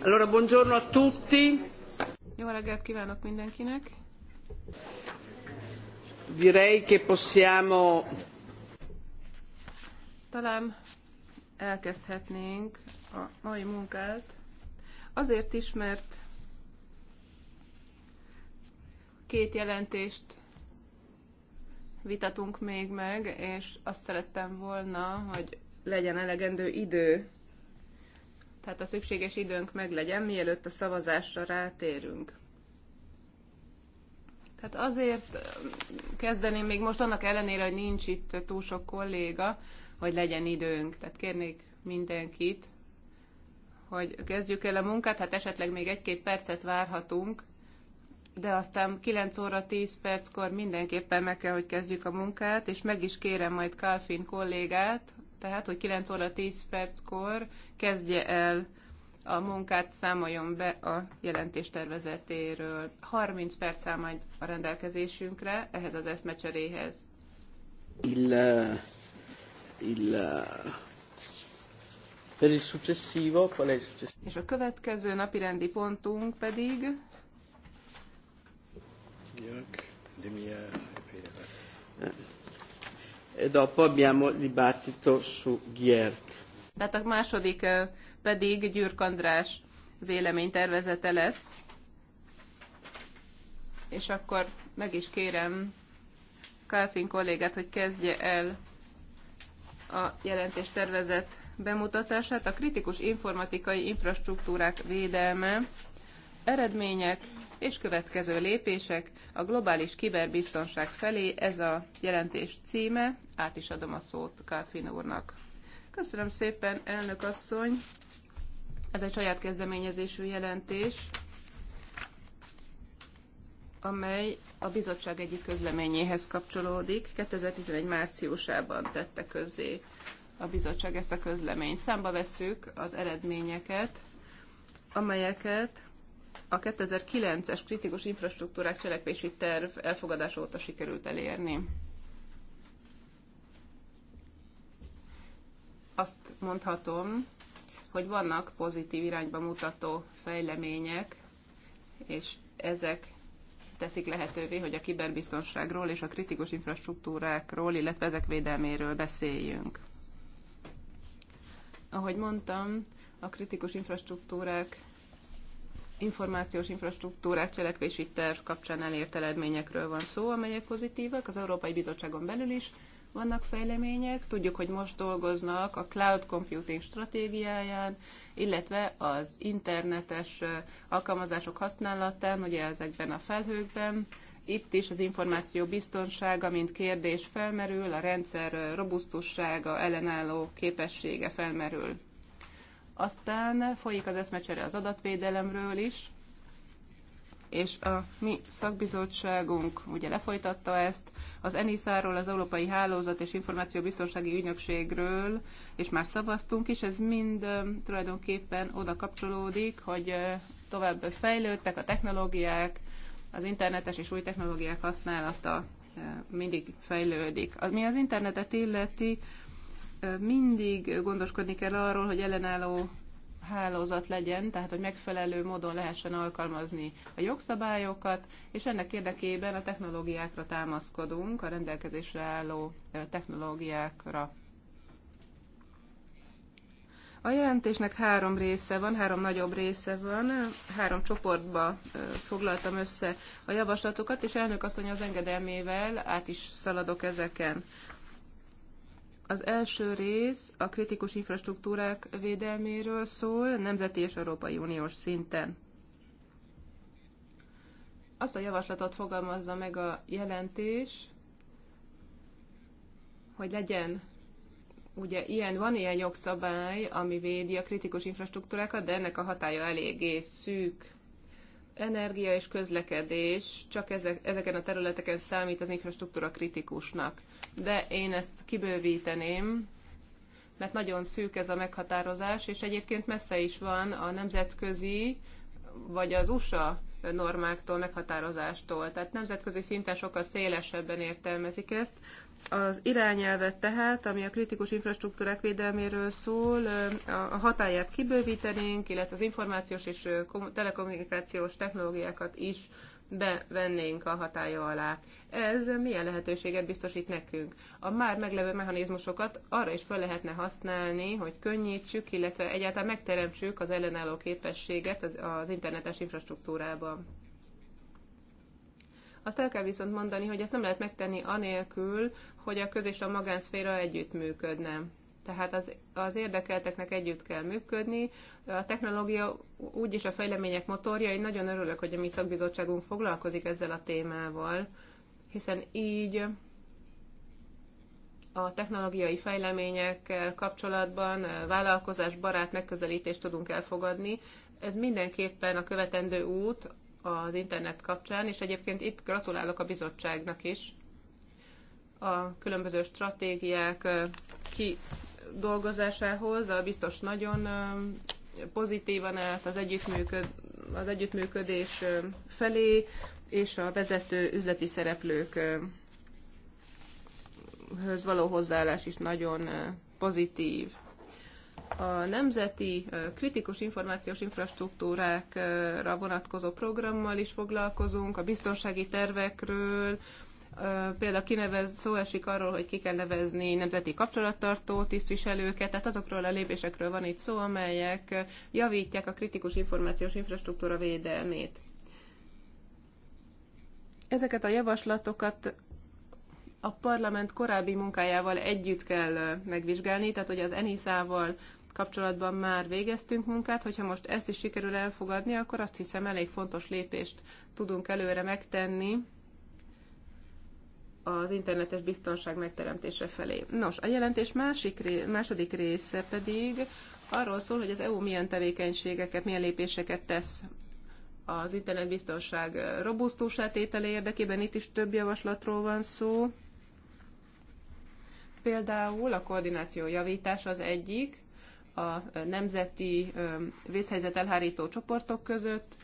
Allora, buongiorno a tutti. Jó reggelt kívánok mindenkinek. Direi che possiamo... Talán elkezdhetnénk a mai munkát. Azért is, mert két jelentést vitatunk még meg, és azt szerettem volna, hogy legyen elegendő idő tehát a szükséges időnk meglegyen, mielőtt a szavazásra rátérünk. Tehát azért kezdeném még most annak ellenére, hogy nincs itt túl sok kolléga, hogy legyen időnk. Tehát kérnék mindenkit, hogy kezdjük el a munkát, hát esetleg még egy-két percet várhatunk, de aztán 9 óra 10 perckor mindenképpen meg kell, hogy kezdjük a munkát, és meg is kérem majd Kalfin kollégát, tehát, hogy 9 óra 10 perckor kezdje el a munkát, számoljon be a jelentés tervezetéről. 30 perc áll majd a rendelkezésünkre ehhez az eszmecseréhez. Il, il, per il successivo, qual è il successivo? És a következő napi rendi pontunk pedig... Jönk, de mi a... E dopo abbiamo il dibattito su Gierk. Tehát a második pedig Gyürk András véleménytervezete lesz. És akkor meg is kérem Kálfin kollégát, hogy kezdje el a jelentés tervezet bemutatását. A kritikus informatikai infrastruktúrák védelme, eredmények, és következő lépések a globális kiberbiztonság felé. Ez a jelentés címe. Át is adom a szót Kálfin úrnak. Köszönöm szépen, elnök asszony. Ez egy saját kezdeményezésű jelentés, amely a bizottság egyik közleményéhez kapcsolódik. 2011 márciusában tette közzé a bizottság ezt a közleményt. Számba vesszük az eredményeket, amelyeket a 2009-es kritikus infrastruktúrák cselekvési terv elfogadása óta sikerült elérni. Azt mondhatom, hogy vannak pozitív irányba mutató fejlemények, és ezek teszik lehetővé, hogy a kiberbiztonságról és a kritikus infrastruktúrákról, illetve ezek védelméről beszéljünk. Ahogy mondtam, a kritikus infrastruktúrák információs infrastruktúrák cselekvési terv kapcsán elért eredményekről van szó, amelyek pozitívak. Az Európai Bizottságon belül is vannak fejlemények. Tudjuk, hogy most dolgoznak a cloud computing stratégiáján, illetve az internetes alkalmazások használatán, ugye ezekben a felhőkben. Itt is az információ biztonsága, mint kérdés felmerül, a rendszer robusztussága, ellenálló képessége felmerül. Aztán folyik az eszmecsere az adatvédelemről is, és a mi szakbizottságunk ugye lefolytatta ezt, az ENISZ-ról, az Európai Hálózat és Információbiztonsági Ügynökségről, és már szavaztunk is, ez mind tulajdonképpen oda kapcsolódik, hogy tovább fejlődtek a technológiák, az internetes és új technológiák használata mindig fejlődik. Ami az internetet illeti, mindig gondoskodni kell arról, hogy ellenálló hálózat legyen, tehát hogy megfelelő módon lehessen alkalmazni a jogszabályokat, és ennek érdekében a technológiákra támaszkodunk, a rendelkezésre álló technológiákra. A jelentésnek három része van, három nagyobb része van, három csoportba foglaltam össze a javaslatokat, és elnök asszony az engedelmével át is szaladok ezeken. Az első rész a kritikus infrastruktúrák védelméről szól, nemzeti és Európai Uniós szinten. Azt a javaslatot fogalmazza meg a jelentés, hogy legyen ugye ilyen, van ilyen jogszabály, ami védi a kritikus infrastruktúrákat, de ennek a hatája eléggé szűk energia és közlekedés csak ezek, ezeken a területeken számít az infrastruktúra kritikusnak. De én ezt kibővíteném, mert nagyon szűk ez a meghatározás, és egyébként messze is van a nemzetközi, vagy az USA normáktól, meghatározástól. Tehát nemzetközi szinten sokkal szélesebben értelmezik ezt. Az irányelvet tehát, ami a kritikus infrastruktúrák védelméről szól, a hatáját kibővítenénk, illetve az információs és telekommunikációs technológiákat is bevennénk a hatája alá. Ez milyen lehetőséget biztosít nekünk? A már meglevő mechanizmusokat arra is fel lehetne használni, hogy könnyítsük, illetve egyáltalán megteremtsük az ellenálló képességet az, az internetes infrastruktúrában. Azt el kell viszont mondani, hogy ezt nem lehet megtenni anélkül, hogy a köz és a magánszféra együttműködne. Tehát az, az érdekelteknek együtt kell működni. A technológia úgyis a fejlemények motorja. Én nagyon örülök, hogy a mi szakbizottságunk foglalkozik ezzel a témával, hiszen így a technológiai fejleményekkel kapcsolatban eh, vállalkozásbarát megközelítést tudunk elfogadni. Ez mindenképpen a követendő út az internet kapcsán, és egyébként itt gratulálok a bizottságnak is, a különböző stratégiák eh, ki dolgozásához, A biztos nagyon pozitívan állt az, együttműköd, az együttműködés felé, és a vezető üzleti szereplők höz való hozzáállás is nagyon pozitív. A nemzeti kritikus információs infrastruktúrákra vonatkozó programmal is foglalkozunk, a biztonsági tervekről, például kinevez, szó esik arról, hogy ki kell nevezni nemzeti kapcsolattartó tisztviselőket, tehát azokról a lépésekről van itt szó, amelyek javítják a kritikus információs infrastruktúra védelmét. Ezeket a javaslatokat a parlament korábbi munkájával együtt kell megvizsgálni, tehát hogy az ENISZ-ával kapcsolatban már végeztünk munkát, hogyha most ezt is sikerül elfogadni, akkor azt hiszem elég fontos lépést tudunk előre megtenni az internetes biztonság megteremtése felé. Nos, a jelentés másik, második része pedig arról szól, hogy az EU milyen tevékenységeket, milyen lépéseket tesz az internetbiztonság robusztusát étele érdekében. Itt is több javaslatról van szó. Például a koordináció javítása az egyik, a nemzeti vészhelyzet elhárító csoportok között,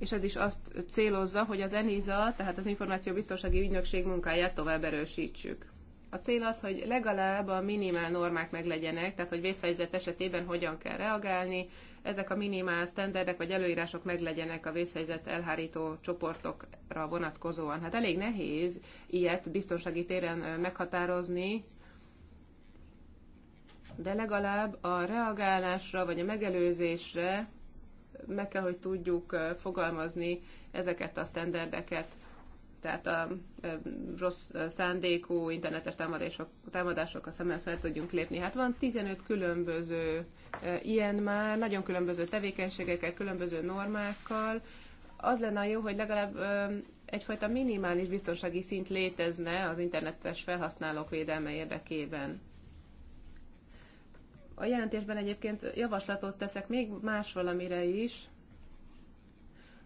és ez is azt célozza, hogy az ENISA, tehát az Információbiztonsági Ügynökség munkáját tovább erősítsük. A cél az, hogy legalább a minimál normák meglegyenek, tehát hogy vészhelyzet esetében hogyan kell reagálni, ezek a minimál standardek vagy előírások meglegyenek a vészhelyzet elhárító csoportokra vonatkozóan. Hát elég nehéz ilyet biztonsági téren meghatározni, de legalább a reagálásra vagy a megelőzésre meg kell, hogy tudjuk fogalmazni ezeket a standardeket, tehát a rossz szándékú internetes támadások, támadásokkal szemben fel tudjunk lépni. Hát van 15 különböző ilyen már, nagyon különböző tevékenységekkel, különböző normákkal. Az lenne jó, hogy legalább egyfajta minimális biztonsági szint létezne az internetes felhasználók védelme érdekében. A jelentésben egyébként javaslatot teszek még más valamire is,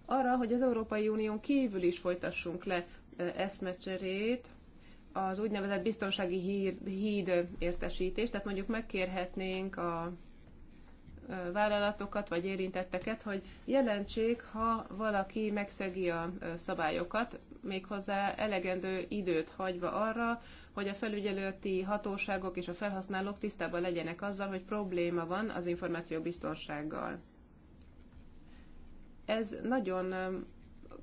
arra, hogy az Európai Unión kívül is folytassunk le e, eszmecserét, az úgynevezett biztonsági híd, híd értesítést, tehát mondjuk megkérhetnénk a vállalatokat vagy érintetteket, hogy jelentsék, ha valaki megszegi a szabályokat, méghozzá elegendő időt hagyva arra, hogy a felügyelőti hatóságok és a felhasználók tisztában legyenek azzal, hogy probléma van az információbiztonsággal. Ez nagyon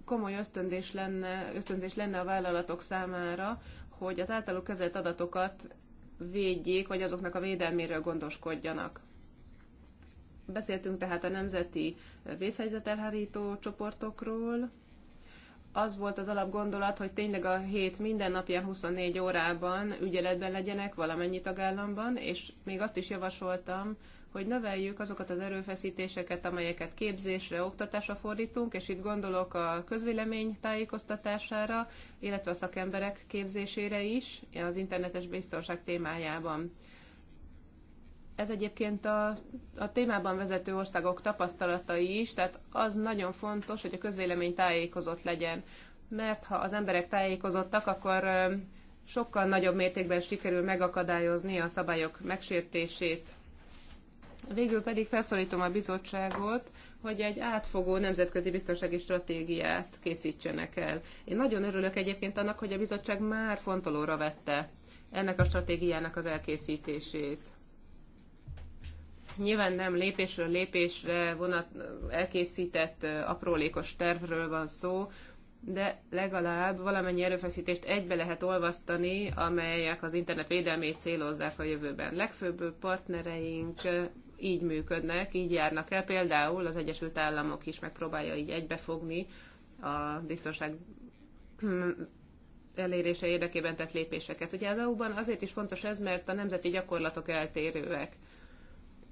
komoly ösztöndés lenne, ösztönzés lenne a vállalatok számára, hogy az általuk kezelt adatokat védjék, vagy azoknak a védelméről gondoskodjanak. Beszéltünk tehát a nemzeti vészhelyzetelhárító csoportokról. Az volt az alapgondolat, hogy tényleg a hét minden napján 24 órában ügyeletben legyenek valamennyi tagállamban, és még azt is javasoltam, hogy növeljük azokat az erőfeszítéseket, amelyeket képzésre, oktatásra fordítunk, és itt gondolok a közvélemény tájékoztatására, illetve a szakemberek képzésére is az internetes biztonság témájában ez egyébként a, a témában vezető országok tapasztalatai is, tehát az nagyon fontos, hogy a közvélemény tájékozott legyen. Mert ha az emberek tájékozottak, akkor sokkal nagyobb mértékben sikerül megakadályozni a szabályok megsértését. Végül pedig felszólítom a bizottságot, hogy egy átfogó nemzetközi biztonsági stratégiát készítsenek el. Én nagyon örülök egyébként annak, hogy a bizottság már fontolóra vette ennek a stratégiának az elkészítését. Nyilván nem lépésről lépésre vonat elkészített aprólékos tervről van szó, de legalább valamennyi erőfeszítést egybe lehet olvasztani, amelyek az internet védelmét célozzák a jövőben. Legfőbb partnereink így működnek, így járnak el. Például az Egyesült Államok is megpróbálja így egybefogni a biztonság elérése érdekében tett lépéseket. Ugye az EU-ban azért is fontos ez, mert a nemzeti gyakorlatok eltérőek.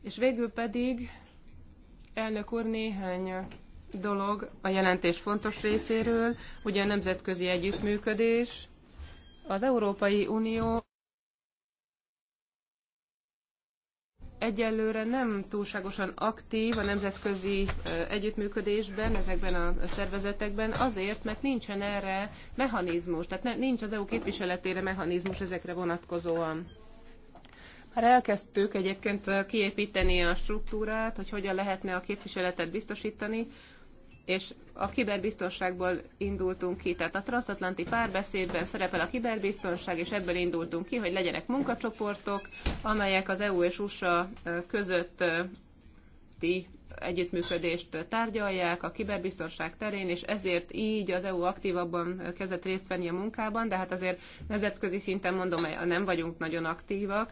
És végül pedig, elnök úr, néhány dolog a jelentés fontos részéről, ugye a nemzetközi együttműködés, az Európai Unió egyelőre nem túlságosan aktív a nemzetközi együttműködésben, ezekben a szervezetekben, azért, mert nincsen erre mechanizmus, tehát nincs az EU képviseletére mechanizmus ezekre vonatkozóan. Már elkezdtük egyébként kiépíteni a struktúrát, hogy hogyan lehetne a képviseletet biztosítani, és a kiberbiztonságból indultunk ki. Tehát a transatlanti párbeszédben szerepel a kiberbiztonság, és ebből indultunk ki, hogy legyenek munkacsoportok, amelyek az EU és USA közötti együttműködést tárgyalják a kiberbiztonság terén, és ezért így az EU aktívabban kezdett részt venni a munkában, de hát azért nemzetközi szinten mondom, nem vagyunk nagyon aktívak.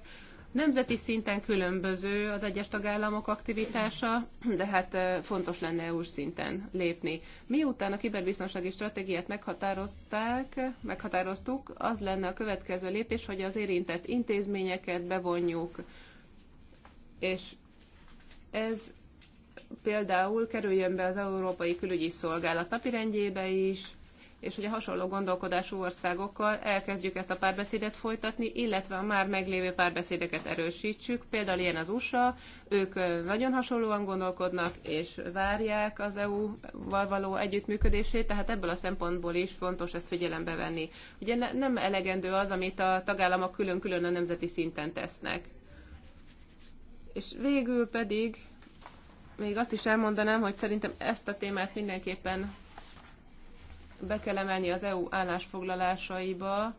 Nemzeti szinten különböző az egyes tagállamok aktivitása, de hát fontos lenne eu szinten lépni. Miután a kiberbiztonsági stratégiát meghatározták, meghatároztuk, az lenne a következő lépés, hogy az érintett intézményeket bevonjuk, és ez például kerüljön be az Európai Külügyi Szolgálat napirendjébe is, és ugye hasonló gondolkodású országokkal elkezdjük ezt a párbeszédet folytatni, illetve a már meglévő párbeszédeket erősítsük. Például ilyen az USA, ők nagyon hasonlóan gondolkodnak, és várják az EU-val való együttműködését, tehát ebből a szempontból is fontos ezt figyelembe venni. Ugye ne, nem elegendő az, amit a tagállamok külön-külön a nemzeti szinten tesznek. És végül pedig még azt is elmondanám, hogy szerintem ezt a témát mindenképpen be kell emelni az EU állásfoglalásaiba,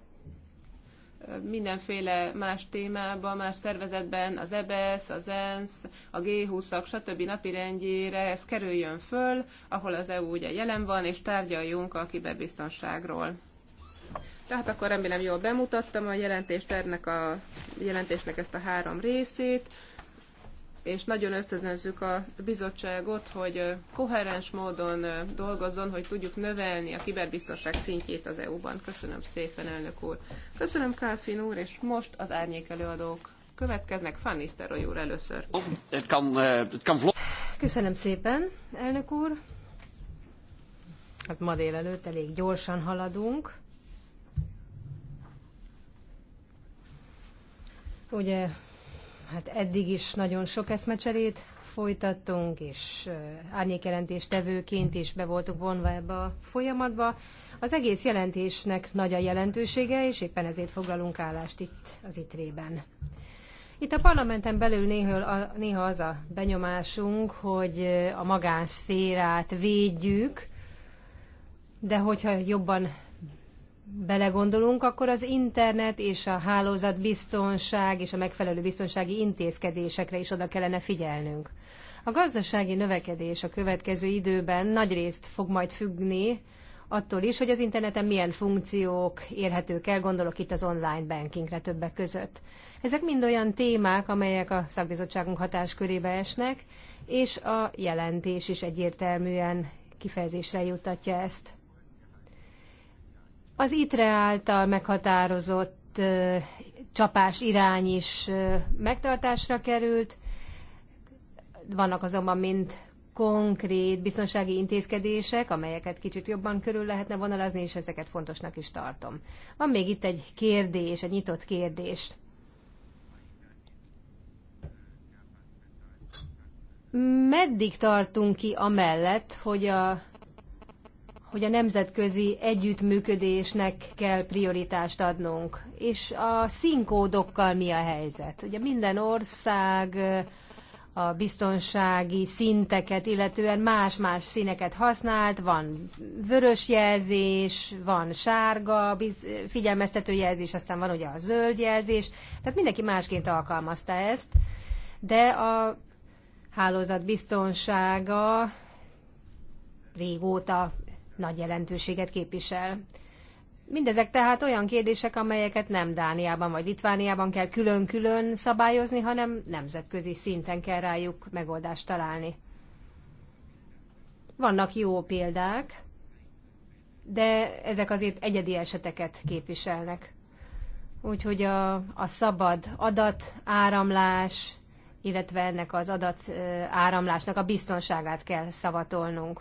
mindenféle más témában, más szervezetben, az EBS, e az ENSZ, a G20-ak, stb. napi rendjére ez kerüljön föl, ahol az EU ugye jelen van, és tárgyaljunk a kiberbiztonságról. Tehát akkor remélem jól bemutattam a jelentést, ennek a jelentésnek ezt a három részét és nagyon ösztönözzük a bizottságot, hogy koherens módon dolgozzon, hogy tudjuk növelni a kiberbiztonság szintjét az EU-ban. Köszönöm szépen, elnök úr. Köszönöm, Kálfin úr, és most az árnyék előadók következnek. Fanny Nisztelrooy úr először. Uh, Köszönöm szépen, elnök úr. Hát ma délelőtt elég gyorsan haladunk. Ugye hát eddig is nagyon sok eszmecserét folytattunk, és tevőként is be voltuk vonva ebbe a folyamatba. Az egész jelentésnek nagy a jelentősége, és éppen ezért foglalunk állást itt az itrében. Itt a parlamenten belül néha, néha az a benyomásunk, hogy a magánszférát védjük, de hogyha jobban belegondolunk, akkor az internet és a hálózat biztonság és a megfelelő biztonsági intézkedésekre is oda kellene figyelnünk. A gazdasági növekedés a következő időben nagyrészt fog majd függni attól is, hogy az interneten milyen funkciók érhetők el, gondolok itt az online bankingre többek között. Ezek mind olyan témák, amelyek a szakbizottságunk hatáskörébe esnek, és a jelentés is egyértelműen kifejezésre juttatja ezt. Az ITRE által meghatározott csapás irány is megtartásra került, vannak azonban mind konkrét biztonsági intézkedések, amelyeket kicsit jobban körül lehetne vonalazni, és ezeket fontosnak is tartom. Van még itt egy kérdés, egy nyitott kérdés. Meddig tartunk ki amellett, hogy a hogy a nemzetközi együttműködésnek kell prioritást adnunk. És a színkódokkal mi a helyzet? Ugye minden ország a biztonsági szinteket, illetően más-más színeket használt, van vörös jelzés, van sárga figyelmeztető jelzés, aztán van ugye a zöld jelzés, tehát mindenki másként alkalmazta ezt, de a hálózat biztonsága régóta nagy jelentőséget képvisel. Mindezek tehát olyan kérdések, amelyeket nem Dániában vagy Litvániában kell külön-külön szabályozni, hanem nemzetközi szinten kell rájuk megoldást találni. Vannak jó példák, de ezek azért egyedi eseteket képviselnek. Úgyhogy a, a szabad adatáramlás, illetve ennek az adat áramlásnak a biztonságát kell szavatolnunk.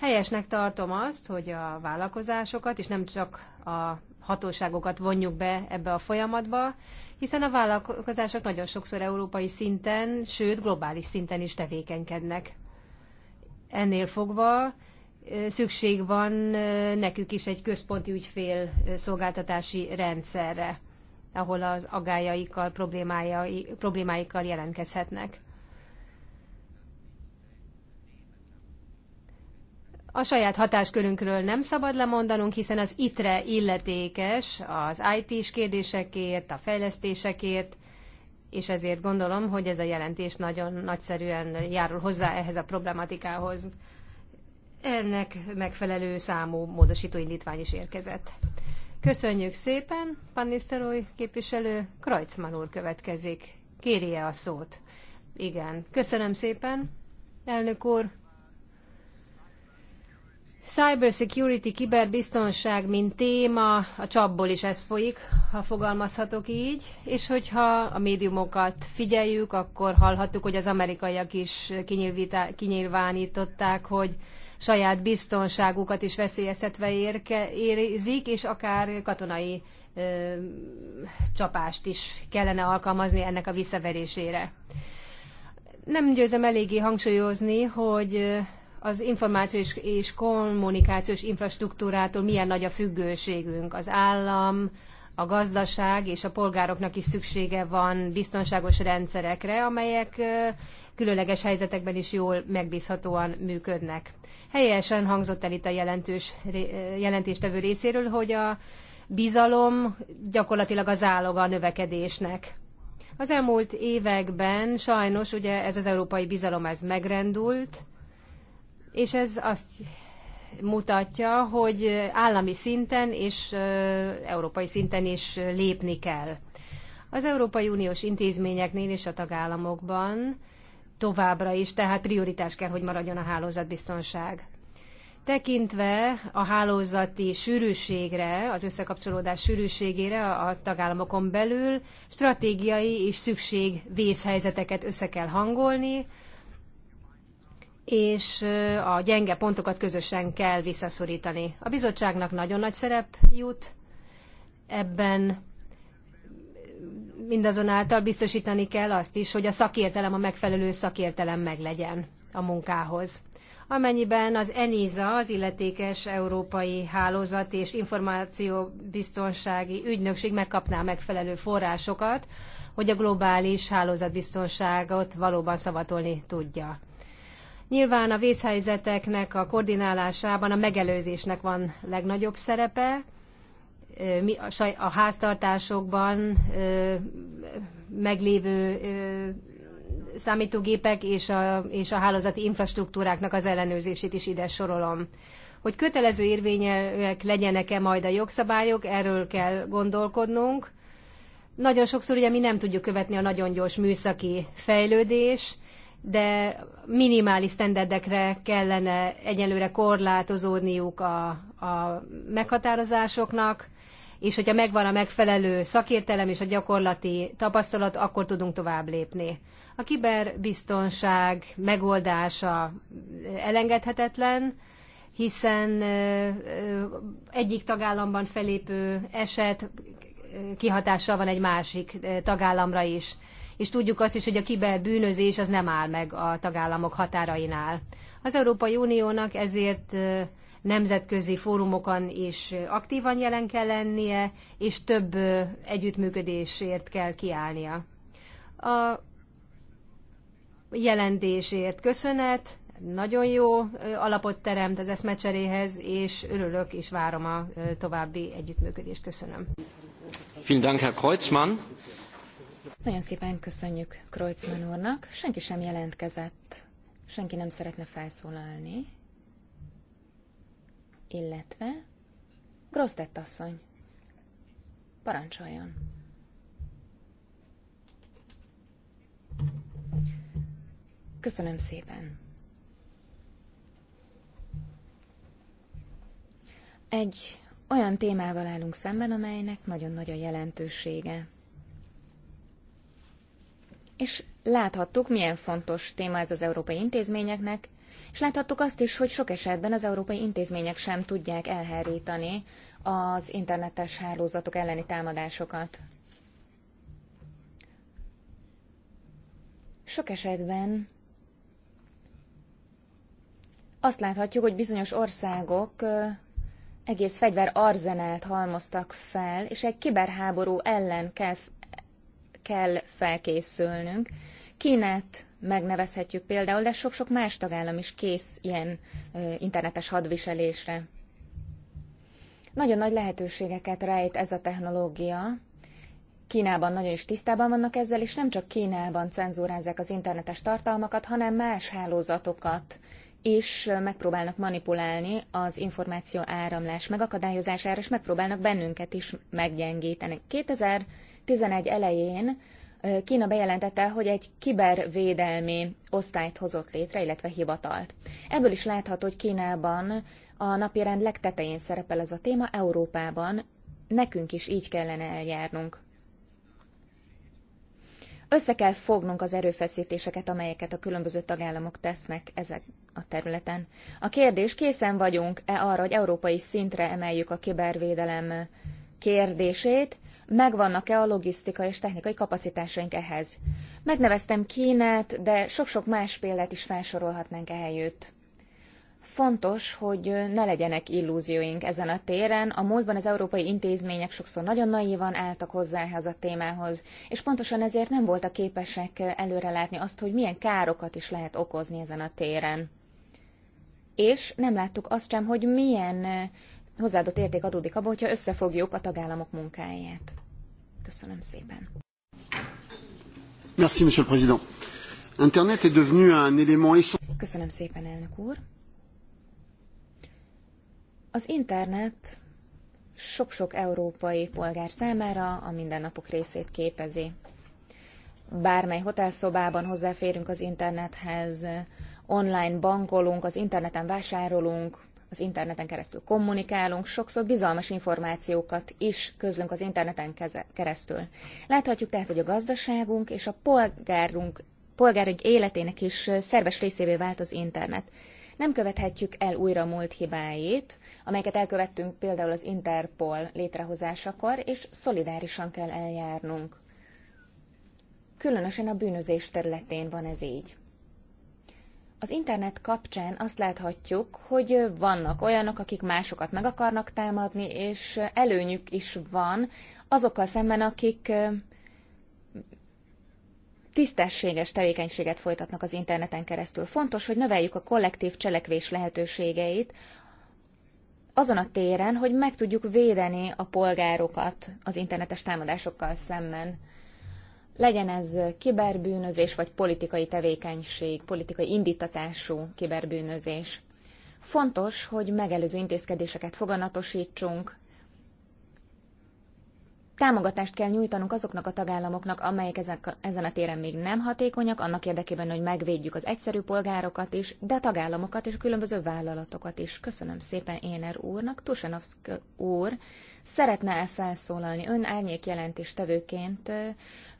Helyesnek tartom azt, hogy a vállalkozásokat, és nem csak a hatóságokat vonjuk be ebbe a folyamatba, hiszen a vállalkozások nagyon sokszor európai szinten, sőt globális szinten is tevékenykednek. Ennél fogva szükség van nekük is egy központi ügyfél szolgáltatási rendszerre, ahol az agályaikkal, problémáikkal jelentkezhetnek. A saját hatáskörünkről nem szabad lemondanunk, hiszen az ITRE illetékes az IT-s kérdésekért, a fejlesztésekért, és ezért gondolom, hogy ez a jelentés nagyon nagyszerűen járul hozzá ehhez a problematikához. Ennek megfelelő számú módosító indítvány is érkezett. Köszönjük szépen, Pannisztelói képviselő, Krajcman úr következik. Kérje a szót. Igen, köszönöm szépen, elnök úr. Cybersecurity, kiberbiztonság, mint téma, a csapból is ez folyik, ha fogalmazhatok így, és hogyha a médiumokat figyeljük, akkor hallhattuk, hogy az amerikaiak is kinyilvánították, hogy saját biztonságukat is veszélyeztetve érke, érzik, és akár katonai ö, csapást is kellene alkalmazni ennek a visszaverésére. Nem győzem eléggé hangsúlyozni, hogy az információs és kommunikációs infrastruktúrától milyen nagy a függőségünk. Az állam, a gazdaság és a polgároknak is szüksége van biztonságos rendszerekre, amelyek különleges helyzetekben is jól megbízhatóan működnek. Helyesen hangzott el itt a jelentős, jelentéstevő részéről, hogy a bizalom gyakorlatilag az áloga a növekedésnek. Az elmúlt években sajnos ugye ez az európai bizalom ez megrendült, és ez azt mutatja, hogy állami szinten és európai szinten is lépni kell. Az Európai Uniós intézményeknél és a tagállamokban továbbra is, tehát prioritás kell, hogy maradjon a hálózatbiztonság. Tekintve a hálózati sűrűségre, az összekapcsolódás sűrűségére a tagállamokon belül stratégiai és szükség vészhelyzeteket össze kell hangolni, és a gyenge pontokat közösen kell visszaszorítani. A bizottságnak nagyon nagy szerep jut ebben, mindazonáltal biztosítani kell azt is, hogy a szakértelem, a megfelelő szakértelem meglegyen a munkához. Amennyiben az ENISA, az illetékes európai hálózat és információbiztonsági ügynökség megkapná megfelelő forrásokat, hogy a globális hálózatbiztonságot valóban szavatolni tudja. Nyilván a vészhelyzeteknek a koordinálásában a megelőzésnek van legnagyobb szerepe, mi a háztartásokban meglévő számítógépek és a, és a hálózati infrastruktúráknak az ellenőrzését is ide sorolom. Hogy kötelező érvények legyenek-e majd a jogszabályok, erről kell gondolkodnunk. Nagyon sokszor ugye mi nem tudjuk követni a nagyon gyors műszaki fejlődés, de minimális standardekre kellene egyelőre korlátozódniuk a, a meghatározásoknak, és hogyha megvan a megfelelő szakértelem és a gyakorlati tapasztalat, akkor tudunk tovább lépni. A kiberbiztonság megoldása elengedhetetlen, hiszen egyik tagállamban felépő eset kihatással van egy másik tagállamra is és tudjuk azt is, hogy a kiberbűnözés az nem áll meg a tagállamok határainál. Az Európai Uniónak ezért nemzetközi fórumokon is aktívan jelen kell lennie, és több együttműködésért kell kiállnia. A jelentésért köszönet, nagyon jó alapot teremt az eszmecseréhez, és örülök és várom a további együttműködést. Köszönöm. Vielen Dank, Herr Kreuzmann. Nagyon szépen köszönjük Kreutzmann úrnak. Senki sem jelentkezett, senki nem szeretne felszólalni. Illetve Grosztett asszony. Parancsoljon. Köszönöm szépen. Egy olyan témával állunk szemben, amelynek nagyon nagy a jelentősége és láthattuk, milyen fontos téma ez az európai intézményeknek, és láthattuk azt is, hogy sok esetben az európai intézmények sem tudják elhárítani az internetes hálózatok elleni támadásokat. Sok esetben azt láthatjuk, hogy bizonyos országok egész fegyver arzenált halmoztak fel, és egy kiberháború ellen kell kell felkészülnünk. Kínát megnevezhetjük például, de sok-sok más tagállam is kész ilyen internetes hadviselésre. Nagyon nagy lehetőségeket rejt ez a technológia. Kínában nagyon is tisztában vannak ezzel, és nem csak Kínában cenzúrázzák az internetes tartalmakat, hanem más hálózatokat is megpróbálnak manipulálni az információ áramlás megakadályozására, és megpróbálnak bennünket is meggyengíteni. 2000 2011 elején Kína bejelentette, hogy egy kibervédelmi osztályt hozott létre, illetve hivatalt. Ebből is látható, hogy Kínában a napirend legtetején szerepel ez a téma, Európában nekünk is így kellene eljárnunk. Össze kell fognunk az erőfeszítéseket, amelyeket a különböző tagállamok tesznek ezek a területen. A kérdés, készen vagyunk-e arra, hogy európai szintre emeljük a kibervédelem kérdését, megvannak-e a logisztikai és technikai kapacitásaink ehhez. Megneveztem Kínát, de sok-sok más példát is felsorolhatnánk ehelyütt. Fontos, hogy ne legyenek illúzióink ezen a téren. A múltban az európai intézmények sokszor nagyon naívan álltak hozzá ehhez a témához, és pontosan ezért nem voltak képesek előrelátni azt, hogy milyen károkat is lehet okozni ezen a téren. És nem láttuk azt sem, hogy milyen hozzáadott érték adódik abból, hogyha összefogjuk a tagállamok munkáját. Köszönöm szépen. Merci, Monsieur le Président. Internet est devenu un élément Köszönöm szépen, elnök úr. Az internet sok-sok európai polgár számára a mindennapok részét képezi. Bármely hotelszobában hozzáférünk az internethez, online bankolunk, az interneten vásárolunk, az interneten keresztül kommunikálunk, sokszor bizalmas információkat is közlünk az interneten keresztül. Láthatjuk tehát, hogy a gazdaságunk és a polgárunk, polgárunk életének is szerves részévé vált az internet. Nem követhetjük el újra múlt hibáit, amelyeket elkövettünk például az Interpol létrehozásakor, és szolidárisan kell eljárnunk. Különösen a bűnözés területén van ez így. Az internet kapcsán azt láthatjuk, hogy vannak olyanok, akik másokat meg akarnak támadni, és előnyük is van azokkal szemben, akik tisztességes tevékenységet folytatnak az interneten keresztül. Fontos, hogy növeljük a kollektív cselekvés lehetőségeit azon a téren, hogy meg tudjuk védeni a polgárokat az internetes támadásokkal szemben legyen ez kiberbűnözés, vagy politikai tevékenység, politikai indítatású kiberbűnözés. Fontos, hogy megelőző intézkedéseket foganatosítsunk, Támogatást kell nyújtanunk azoknak a tagállamoknak, amelyek ezek, ezen a téren még nem hatékonyak, annak érdekében, hogy megvédjük az egyszerű polgárokat is, de a tagállamokat és a különböző vállalatokat is. Köszönöm szépen Éner úrnak. Tusanovszk úr szeretne -e felszólalni? Ön árnyék jelentéstevőként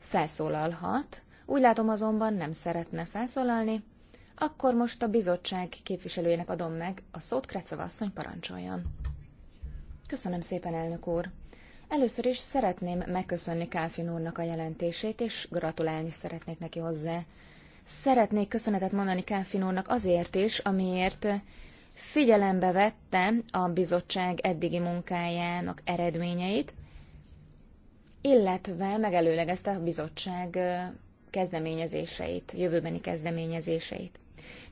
felszólalhat. Úgy látom azonban nem szeretne felszólalni. Akkor most a bizottság képviselőjének adom meg a szót, Kreceva asszony parancsoljon. Köszönöm szépen, elnök úr. Először is szeretném megköszönni Kálfin úrnak a jelentését, és gratulálni szeretnék neki hozzá. Szeretnék köszönetet mondani Kálfin úrnak azért is, amiért figyelembe vette a bizottság eddigi munkájának eredményeit, illetve megelőlegezte a bizottság kezdeményezéseit, jövőbeni kezdeményezéseit.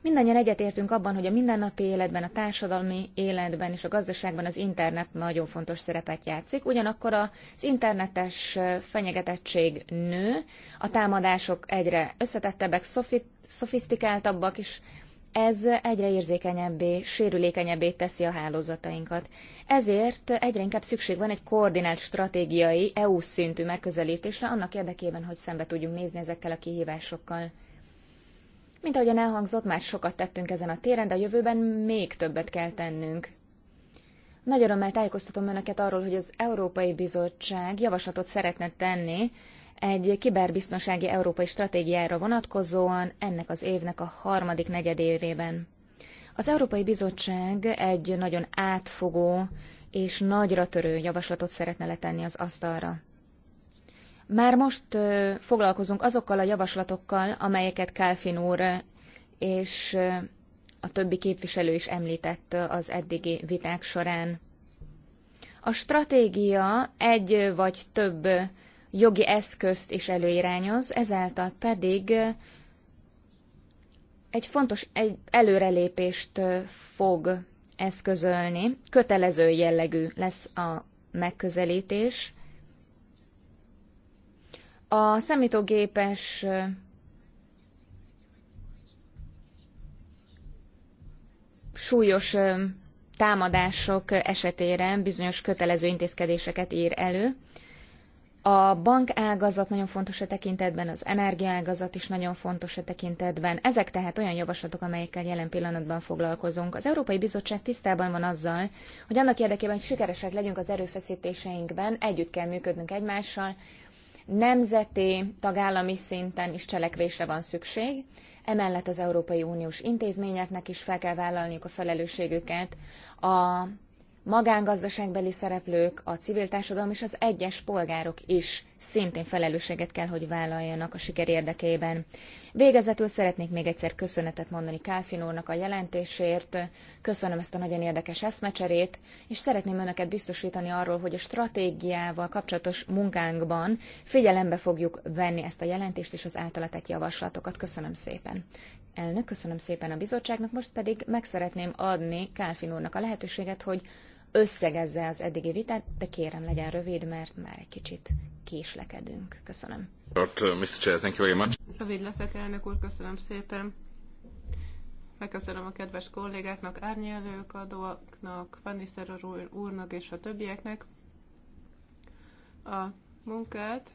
Mindannyian egyetértünk abban, hogy a mindennapi életben, a társadalmi életben és a gazdaságban az internet nagyon fontos szerepet játszik, ugyanakkor az internetes fenyegetettség nő, a támadások egyre összetettebbek, szofisztikáltabbak, és ez egyre érzékenyebbé, sérülékenyebbé teszi a hálózatainkat. Ezért egyre inkább szükség van egy koordinált stratégiai, EU szintű megközelítésre annak érdekében, hogy szembe tudjunk nézni ezekkel a kihívásokkal. Mint ahogyan elhangzott, már sokat tettünk ezen a téren, de a jövőben még többet kell tennünk. Nagy örömmel tájékoztatom Önöket arról, hogy az Európai Bizottság javaslatot szeretne tenni egy kiberbiztonsági európai stratégiára vonatkozóan ennek az évnek a harmadik negyedévében. Az Európai Bizottság egy nagyon átfogó és nagyra törő javaslatot szeretne letenni az asztalra. Már most foglalkozunk azokkal a javaslatokkal, amelyeket Kálfin úr és a többi képviselő is említett az eddigi viták során. A stratégia egy vagy több jogi eszközt is előirányoz, ezáltal pedig egy fontos egy előrelépést fog eszközölni, kötelező jellegű lesz a megközelítés. A számítógépes súlyos támadások esetére bizonyos kötelező intézkedéseket ír elő. A bankágazat nagyon fontos a tekintetben, az energiaágazat is nagyon fontos a tekintetben. Ezek tehát olyan javaslatok, amelyekkel jelen pillanatban foglalkozunk. Az Európai Bizottság tisztában van azzal, hogy annak érdekében, hogy sikeresek legyünk az erőfeszítéseinkben, együtt kell működnünk egymással, nemzeti, tagállami szinten is cselekvésre van szükség. Emellett az Európai Uniós intézményeknek is fel kell vállalniuk a felelősségüket. A magángazdaságbeli szereplők, a civil társadalom és az egyes polgárok is szintén felelősséget kell, hogy vállaljanak a siker érdekében. Végezetül szeretnék még egyszer köszönetet mondani Kálfin úrnak a jelentésért, köszönöm ezt a nagyon érdekes eszmecserét, és szeretném önöket biztosítani arról, hogy a stratégiával kapcsolatos munkánkban figyelembe fogjuk venni ezt a jelentést és az általatett javaslatokat. Köszönöm szépen. Elnök, köszönöm szépen a bizottságnak, most pedig meg szeretném adni Kálfin úrnak a lehetőséget, hogy összegezze az eddigi vitát, de kérem legyen rövid, mert már egy kicsit késlekedünk. Köszönöm. Uh, rövid leszek, elnök úr, köszönöm szépen. Megköszönöm a kedves kollégáknak, árnyelőkadóknak, Fanniszer úrnak és a többieknek a munkát,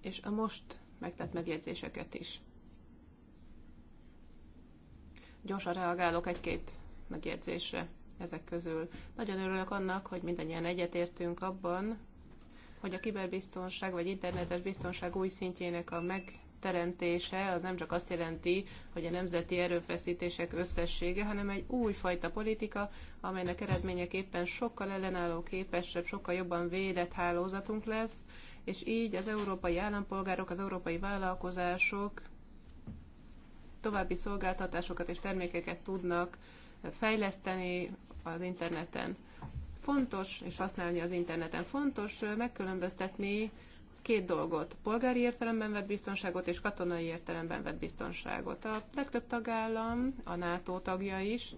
és a most megtett megjegyzéseket is. Gyorsan reagálok egy-két megjegyzésre ezek közül. Nagyon örülök annak, hogy mindannyian egyetértünk abban, hogy a kiberbiztonság vagy internetes biztonság új szintjének a megteremtése az nem csak azt jelenti, hogy a nemzeti erőfeszítések összessége, hanem egy újfajta politika, amelynek eredményeképpen sokkal ellenálló képesebb, sokkal jobban védett hálózatunk lesz, és így az európai állampolgárok, az európai vállalkozások további szolgáltatásokat és termékeket tudnak fejleszteni az interneten. Fontos, és használni az interneten fontos megkülönböztetni két dolgot. Polgári értelemben vett biztonságot és katonai értelemben vett biztonságot. A legtöbb tagállam, a NATO tagja is,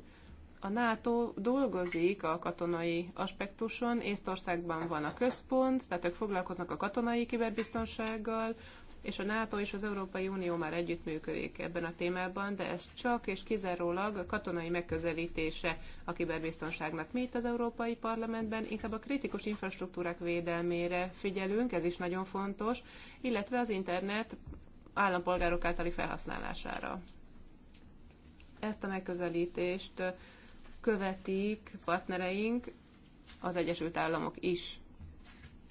a NATO dolgozik a katonai aspektuson, Észtországban van a központ, tehát ők foglalkoznak a katonai kiberbiztonsággal, és a NATO és az Európai Unió már együttműködik ebben a témában, de ez csak és kizárólag a katonai megközelítése a kiberbiztonságnak. Mi itt az Európai Parlamentben inkább a kritikus infrastruktúrák védelmére figyelünk, ez is nagyon fontos, illetve az internet állampolgárok általi felhasználására. Ezt a megközelítést követik partnereink, az Egyesült Államok is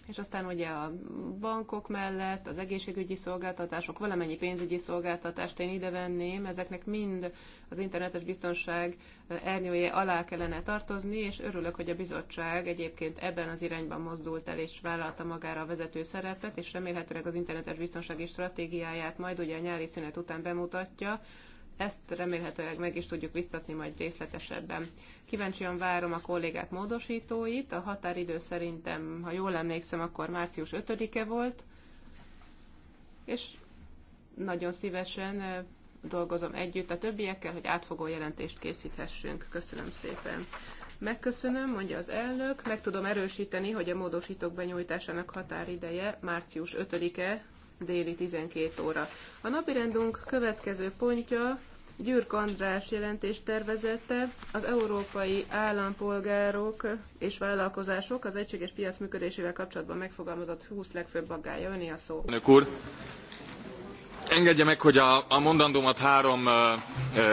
és aztán ugye a bankok mellett az egészségügyi szolgáltatások, valamennyi pénzügyi szolgáltatást én ide venném, ezeknek mind az internetes biztonság eh, ernyője alá kellene tartozni, és örülök, hogy a bizottság egyébként ebben az irányban mozdult el, és vállalta magára a vezető szerepet, és remélhetőleg az internetes biztonsági stratégiáját majd ugye a nyári szünet után bemutatja, ezt remélhetőleg meg is tudjuk biztatni majd részletesebben. Kíváncsian várom a kollégák módosítóit. A határidő szerintem, ha jól emlékszem, akkor március 5-e volt, és nagyon szívesen dolgozom együtt a többiekkel, hogy átfogó jelentést készíthessünk. Köszönöm szépen. Megköszönöm, mondja az elnök. Meg tudom erősíteni, hogy a módosítók benyújtásának határideje március 5-e déli 12 óra. A napirendünk következő pontja Gyürk András jelentést tervezette az európai állampolgárok és vállalkozások az egységes piac működésével kapcsolatban megfogalmazott 20 legfőbb aggája. Öné a szó. Önök úr, engedje meg, hogy a, a mondandómat három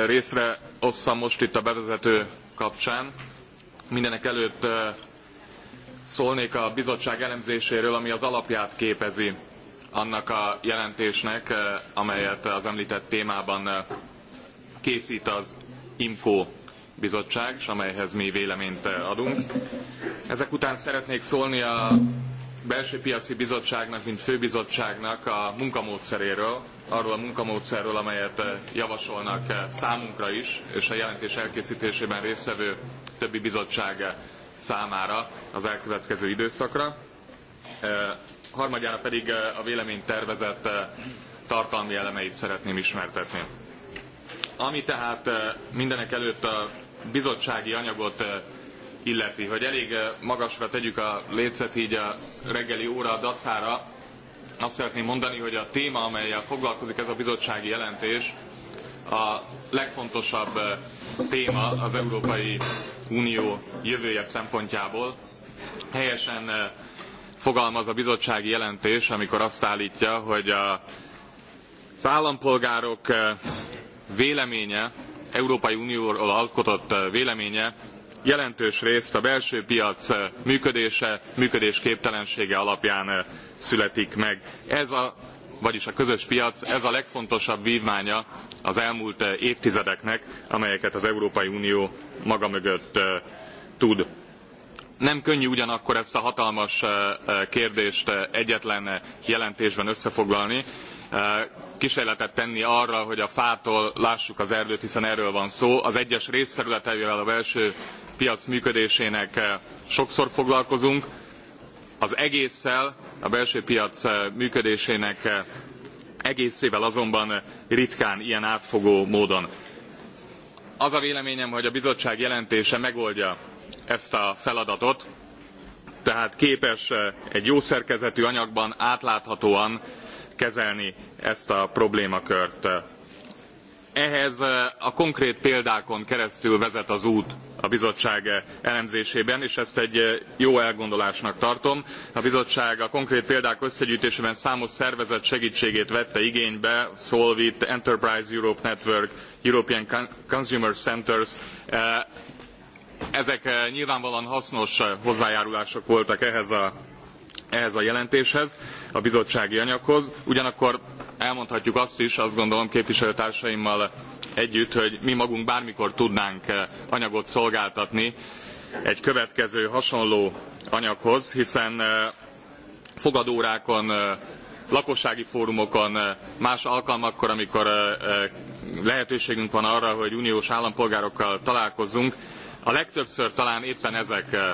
részre osszam most itt a bevezető kapcsán. Mindenek előtt szólnék a bizottság elemzéséről, ami az alapját képezi annak a jelentésnek, amelyet az említett témában készít az IMCO bizottság, és amelyhez mi véleményt eh, adunk. Ezek után szeretnék szólni a belső piaci bizottságnak, mint főbizottságnak a munkamódszeréről, arról a munkamódszerről, amelyet eh, javasolnak eh, számunkra is, és a jelentés elkészítésében résztvevő többi bizottság számára az elkövetkező időszakra. Harmadjára pedig a véleménytervezet tartalmi elemeit szeretném ismertetni. Ami tehát eh, mindenek előtt a bizottsági anyagot eh, illeti, hogy elég eh, magasra tegyük a lécet így a reggeli óra a dacára, azt szeretném mondani, hogy a téma, amelyel foglalkozik ez a bizottsági jelentés, a legfontosabb téma az Európai Unió jövője szempontjából. Helyesen fogalmaz a bizottsági jelentés, amikor azt állítja, hogy a az állampolgárok véleménye, Európai Unióról alkotott eh, véleménye jelentős részt a belső piac eh, működése, működésképtelensége alapján eh, születik meg. Ez a vagyis a közös piac, ez a legfontosabb vívmánya az elmúlt évtizedeknek, amelyeket az Európai Unió maga mögött tud. Nem könnyű ugyanakkor ezt a hatalmas kérdést egyetlen jelentésben összefoglalni, kísérletet tenni arra, hogy a fától lássuk az erdőt, hiszen erről van szó. Az egyes részterületeivel a belső piac működésének sokszor foglalkozunk. Az egésszel, a belső piac működésének egészével azonban ritkán ilyen átfogó módon. Az a véleményem, hogy a bizottság jelentése megoldja ezt a feladatot, tehát képes egy jó szerkezetű anyagban átláthatóan kezelni ezt a problémakört. Ehhez eh, a konkrét példákon keresztül vezet az út a bizottság elemzésében, és ezt egy eh, jó elgondolásnak tartom. A bizottság a konkrét példák összegyűjtésében számos szervezet segítségét vette igénybe, Solvit, Enterprise Europe Network, European Consumer Centers, eh, ezek nyilvánvalóan hasznos hozzájárulások voltak ehhez a, ehhez a jelentéshez a bizottsági anyaghoz. Ugyanakkor elmondhatjuk azt is, azt gondolom képviselőtársaimmal együtt, hogy mi magunk bármikor tudnánk eh, anyagot szolgáltatni egy következő hasonló anyaghoz, hiszen eh, fogadórákon eh, lakossági fórumokon, más alkalmakkor, amikor lehetőségünk van arra, hogy uniós állampolgárokkal találkozzunk, a legtöbbször talán éppen ezek eh,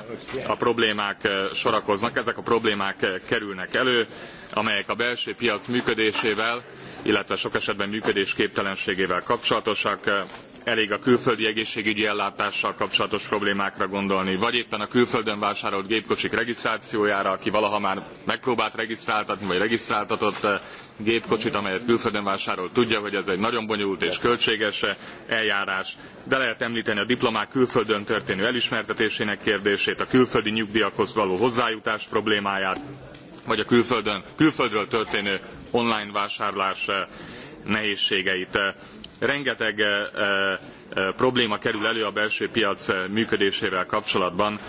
a problémák eh, sorakoznak, ezek a problémák eh, kerülnek elő, amelyek a belső piac működésével, illetve sok esetben működésképtelenségével kapcsolatosak elég a külföldi egészségügyi ellátással kapcsolatos problémákra gondolni, vagy éppen a külföldön vásárolt gépkocsik regisztrációjára, aki valaha már megpróbált regisztráltatni, vagy regisztráltatott eh, gépkocsit, amelyet külföldön vásárolt, tudja, hogy ez egy nagyon bonyolult és költséges eh, eljárás. De lehet említeni a diplomák külföldön történő elismertetésének kérdését, a külföldi nyugdíjakhoz való hozzájutás problémáját, vagy a külföldön, külföldről történő online vásárlás eh, nehézségeit rengeteg eh, eh, eh, probléma kerül elő a belső piac működésével kapcsolatban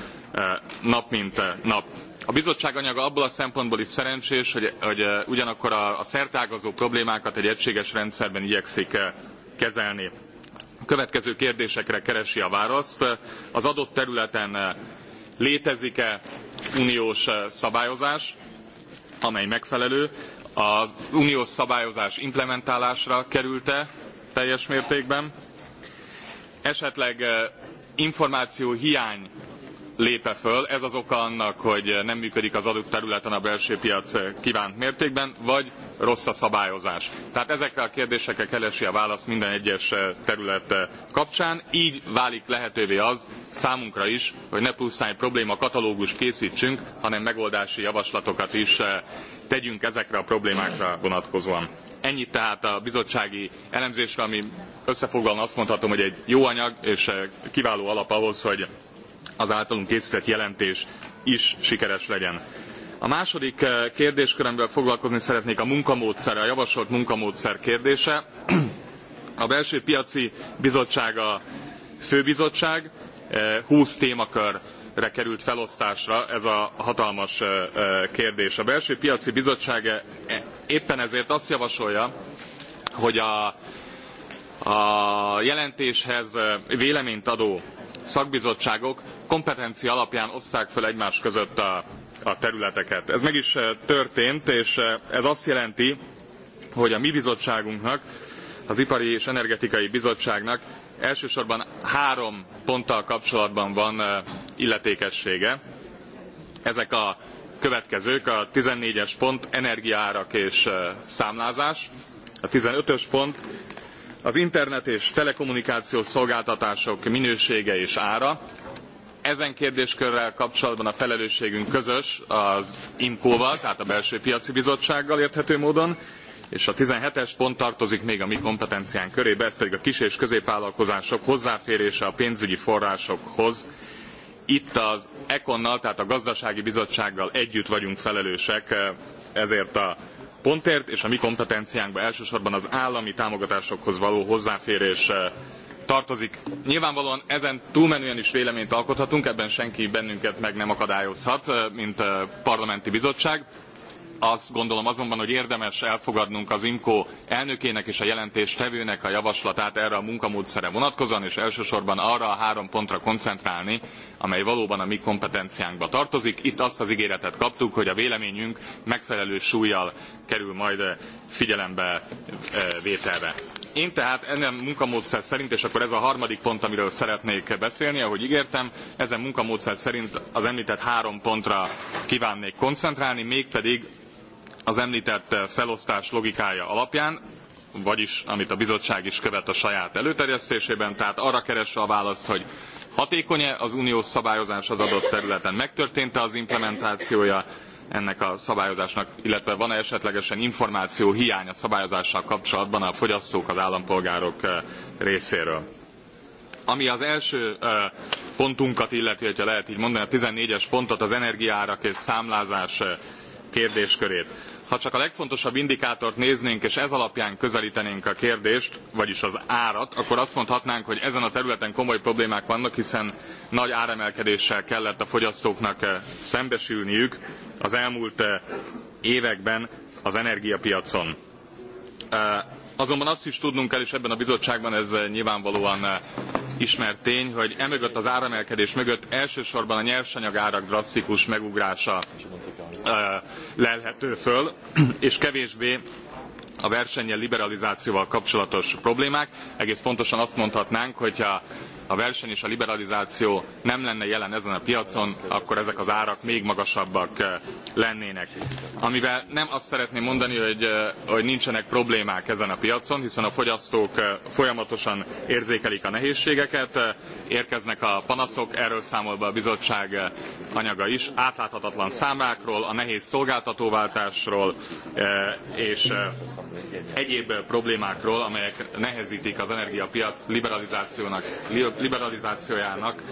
nap mint nap. A bizottság anyaga abból a szempontból is szerencsés, hogy, hogy ugyanakkor a, a szertágazó problémákat egy egységes rendszerben igyekszik kezelni. A következő kérdésekre keresi a választ. Az adott területen létezik-e uniós szabályozás, amely megfelelő? Az uniós szabályozás implementálásra került-e? teljes mértékben. Esetleg információ hiány lépe föl, ez az oka annak, hogy nem működik az adott területen a belső piac kívánt mértékben, vagy rossz a szabályozás. Tehát ezekre a kérdésekre keresi a választ minden egyes terület kapcsán, így válik lehetővé az számunkra is, hogy ne pusztán probléma katalógus készítsünk, hanem megoldási javaslatokat is tegyünk ezekre a problémákra vonatkozóan. Ennyit tehát a bizottsági elemzésre, ami összefoglalva azt mondhatom, hogy egy jó anyag és eh, kiváló alap ahhoz, hogy az általunk készített jelentés is sikeres legyen. A második eh, kérdéskörömben foglalkozni szeretnék a munkamódszer, a javasolt munkamódszer kérdése. A belső piaci bizottság a főbizottság, 20 eh, témakör re került felosztásra ez a hatalmas kérdés. A belső piaci bizottság éppen ezért azt javasolja, hogy a, a jelentéshez véleményt adó szakbizottságok kompetencia alapján osszák föl egymás között a, a területeket. Ez meg is történt, és ez azt jelenti, hogy a mi bizottságunknak, az Ipari és Energetikai Bizottságnak elsősorban három ponttal kapcsolatban van illetékessége. Ezek a következők a 14-es pont energiaárak és számlázás, a 15-ös pont az internet és telekommunikációs szolgáltatások minősége és ára. Ezen kérdéskörrel kapcsolatban a felelősségünk közös az IMCO-val, tehát a Belső Piaci Bizottsággal érthető módon, és a 17-es pont tartozik még a mi kompetenciánk körébe, ez pedig a kis- és középvállalkozások hozzáférése a pénzügyi forrásokhoz. Itt az Econnal, tehát a gazdasági bizottsággal együtt vagyunk felelősek eh, ezért a pontért, és a mi kompetenciánkba elsősorban az állami támogatásokhoz való hozzáférés tartozik. Nyilvánvalóan ezen túlmenően is véleményt alkothatunk, ebben senki bennünket meg nem akadályozhat, eh, mint eh, parlamenti bizottság. Azt gondolom azonban, hogy érdemes elfogadnunk az IMCO elnökének és a jelentéstevőnek a javaslatát erre a munkamódszere vonatkozóan, és elsősorban arra a három pontra koncentrálni, amely valóban a mi kompetenciánkba tartozik. Itt azt az ígéretet kaptuk, hogy a véleményünk megfelelő súlyjal kerül majd figyelembe e, vételre. Én tehát ennen munkamódszer szerint, és akkor ez a harmadik pont, amiről szeretnék beszélni, ahogy ígértem, ezen munkamódszer szerint az említett három pontra kívánnék koncentrálni, mégpedig az említett eh, felosztás logikája alapján, vagyis amit a bizottság is követ a saját előterjesztésében, tehát arra keresse a választ, hogy hatékony-e az uniós szabályozás az adott területen, megtörtént-e az implementációja ennek a szabályozásnak, illetve van-e esetlegesen információ hiány a szabályozással kapcsolatban a fogyasztók, az állampolgárok eh, részéről. Ami az első eh, pontunkat illeti, hogyha lehet így mondani, a 14-es pontot, az energiaárak és számlázás kérdéskörét. Ha csak a legfontosabb indikátort néznénk, és ez alapján közelítenénk a kérdést, vagyis az árat, akkor azt mondhatnánk, hogy ezen a területen komoly problémák vannak, hiszen nagy áremelkedéssel kellett a fogyasztóknak eh, szembesülniük az elmúlt eh, években az energiapiacon eh, Azonban azt is tudnunk kell, és ebben a bizottságban ez eh, nyilvánvalóan eh, ismert tény, hogy emögött az áremelkedés mögött elsősorban a nyersanyagárak drasztikus megugrása eh, lelhető föl, és kevésbé a versennyel liberalizációval kapcsolatos problémák. Egész pontosan azt mondhatnánk, hogyha a verseny és a liberalizáció nem lenne jelen ezen a piacon, akkor ezek az árak még magasabbak eh, lennének. Amivel nem azt szeretném mondani, hogy, eh, hogy nincsenek problémák ezen a piacon, hiszen a fogyasztók eh, folyamatosan érzékelik a nehézségeket, érkeznek a panaszok, erről számol be a bizottság anyaga is, átláthatatlan számákról, a nehéz szolgáltatóváltásról és egyéb problémákról, amelyek nehezítik az energiapiac liberalizációnak, liberalizációjának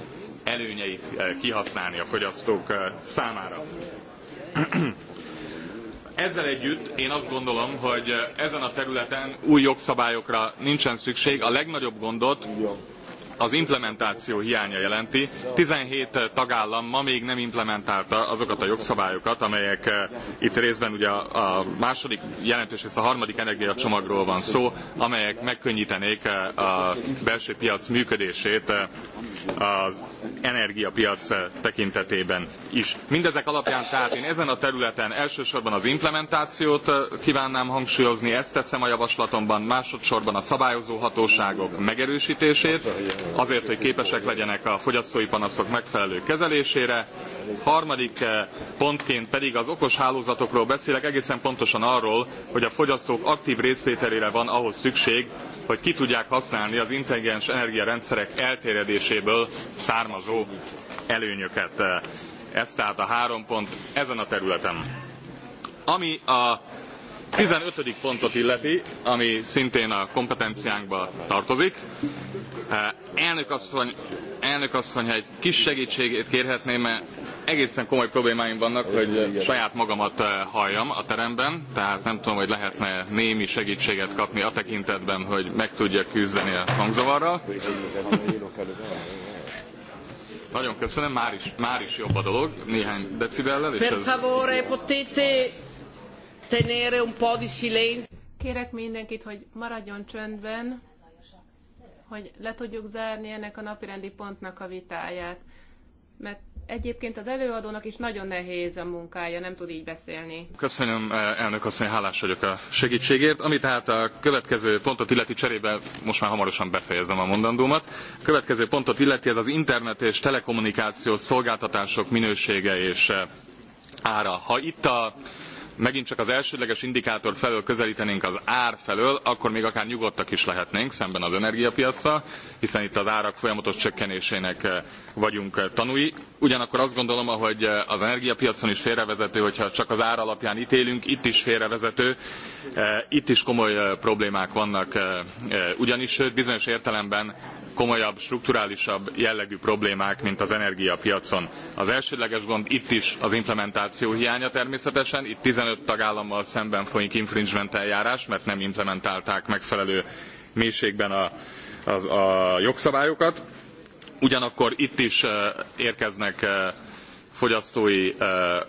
előnyeit eh, kihasználni a fogyasztók eh, számára. Ezzel együtt én azt gondolom, hogy eh, ezen a területen új jogszabályokra nincsen szükség. A legnagyobb gondot az implementáció hiánya jelenti. 17 tagállam ma még nem implementálta azokat a jogszabályokat, amelyek eh, itt részben ugye a második jelentős rész a harmadik energiacsomagról van szó, amelyek megkönnyítenék eh, a belső piac működését eh, az energiapiac tekintetében is. Mindezek alapján tehát én ezen a területen elsősorban az implementációt kívánnám hangsúlyozni, ezt teszem a javaslatomban, másodszorban a szabályozó hatóságok megerősítését, azért, hogy képesek legyenek a fogyasztói panaszok megfelelő kezelésére. Harmadik eh, pontként pedig az okos hálózatokról beszélek, egészen pontosan arról, hogy a fogyasztók aktív részvételére van ahhoz szükség, hogy ki tudják használni az intelligens energiarendszerek elterjedéséből származó előnyöket. Eh, ez tehát a három pont ezen a területen. Ami a 15. pontot illeti, ami szintén a kompetenciánkba tartozik, Elnök asszony, elnök asszony, ha egy kis segítségét kérhetném, mert egészen komoly problémáim vannak, hogy saját magamat halljam a teremben, tehát nem tudom, hogy lehetne némi segítséget kapni a tekintetben, hogy meg tudja küzdeni a hangzavarral. Nagyon köszönöm, már is, már is jobb a dolog, néhány decibellel. És per favore, ez... potete tenere un po' di silenzio. Kérek mindenkit, hogy maradjon csöndben, hogy le tudjuk zárni ennek a napirendi pontnak a vitáját. Mert egyébként az előadónak is nagyon nehéz a munkája, nem tud így beszélni. Köszönöm, eh, elnök asszony, hálás vagyok a segítségért. Ami tehát a következő pontot illeti cserébe, most már hamarosan befejezem a mondandómat. A következő pontot illeti ez az internet és telekommunikációs szolgáltatások minősége és eh, ára. Ha itt a megint csak az elsődleges indikátor felől közelítenénk az ár felől, akkor még akár nyugodtak is lehetnénk szemben az energiapiacsal, hiszen itt az árak folyamatos csökkenésének vagyunk eh, tanúi. Ugyanakkor azt gondolom, hogy eh, az energiapiacon is félrevezető, hogyha csak az ár alapján ítélünk, itt is félrevezető, eh, itt is komoly problémák vannak, ugyanis bizonyos értelemben komolyabb, strukturálisabb jellegű problémák, mint az energiapiacon. Az elsődleges gond itt is az implementáció hiánya természetesen, itt 15 tagállammal szemben folyik infringement eljárás, mert nem implementálták megfelelő mélységben a, az, a jogszabályokat ugyanakkor itt is érkeznek fogyasztói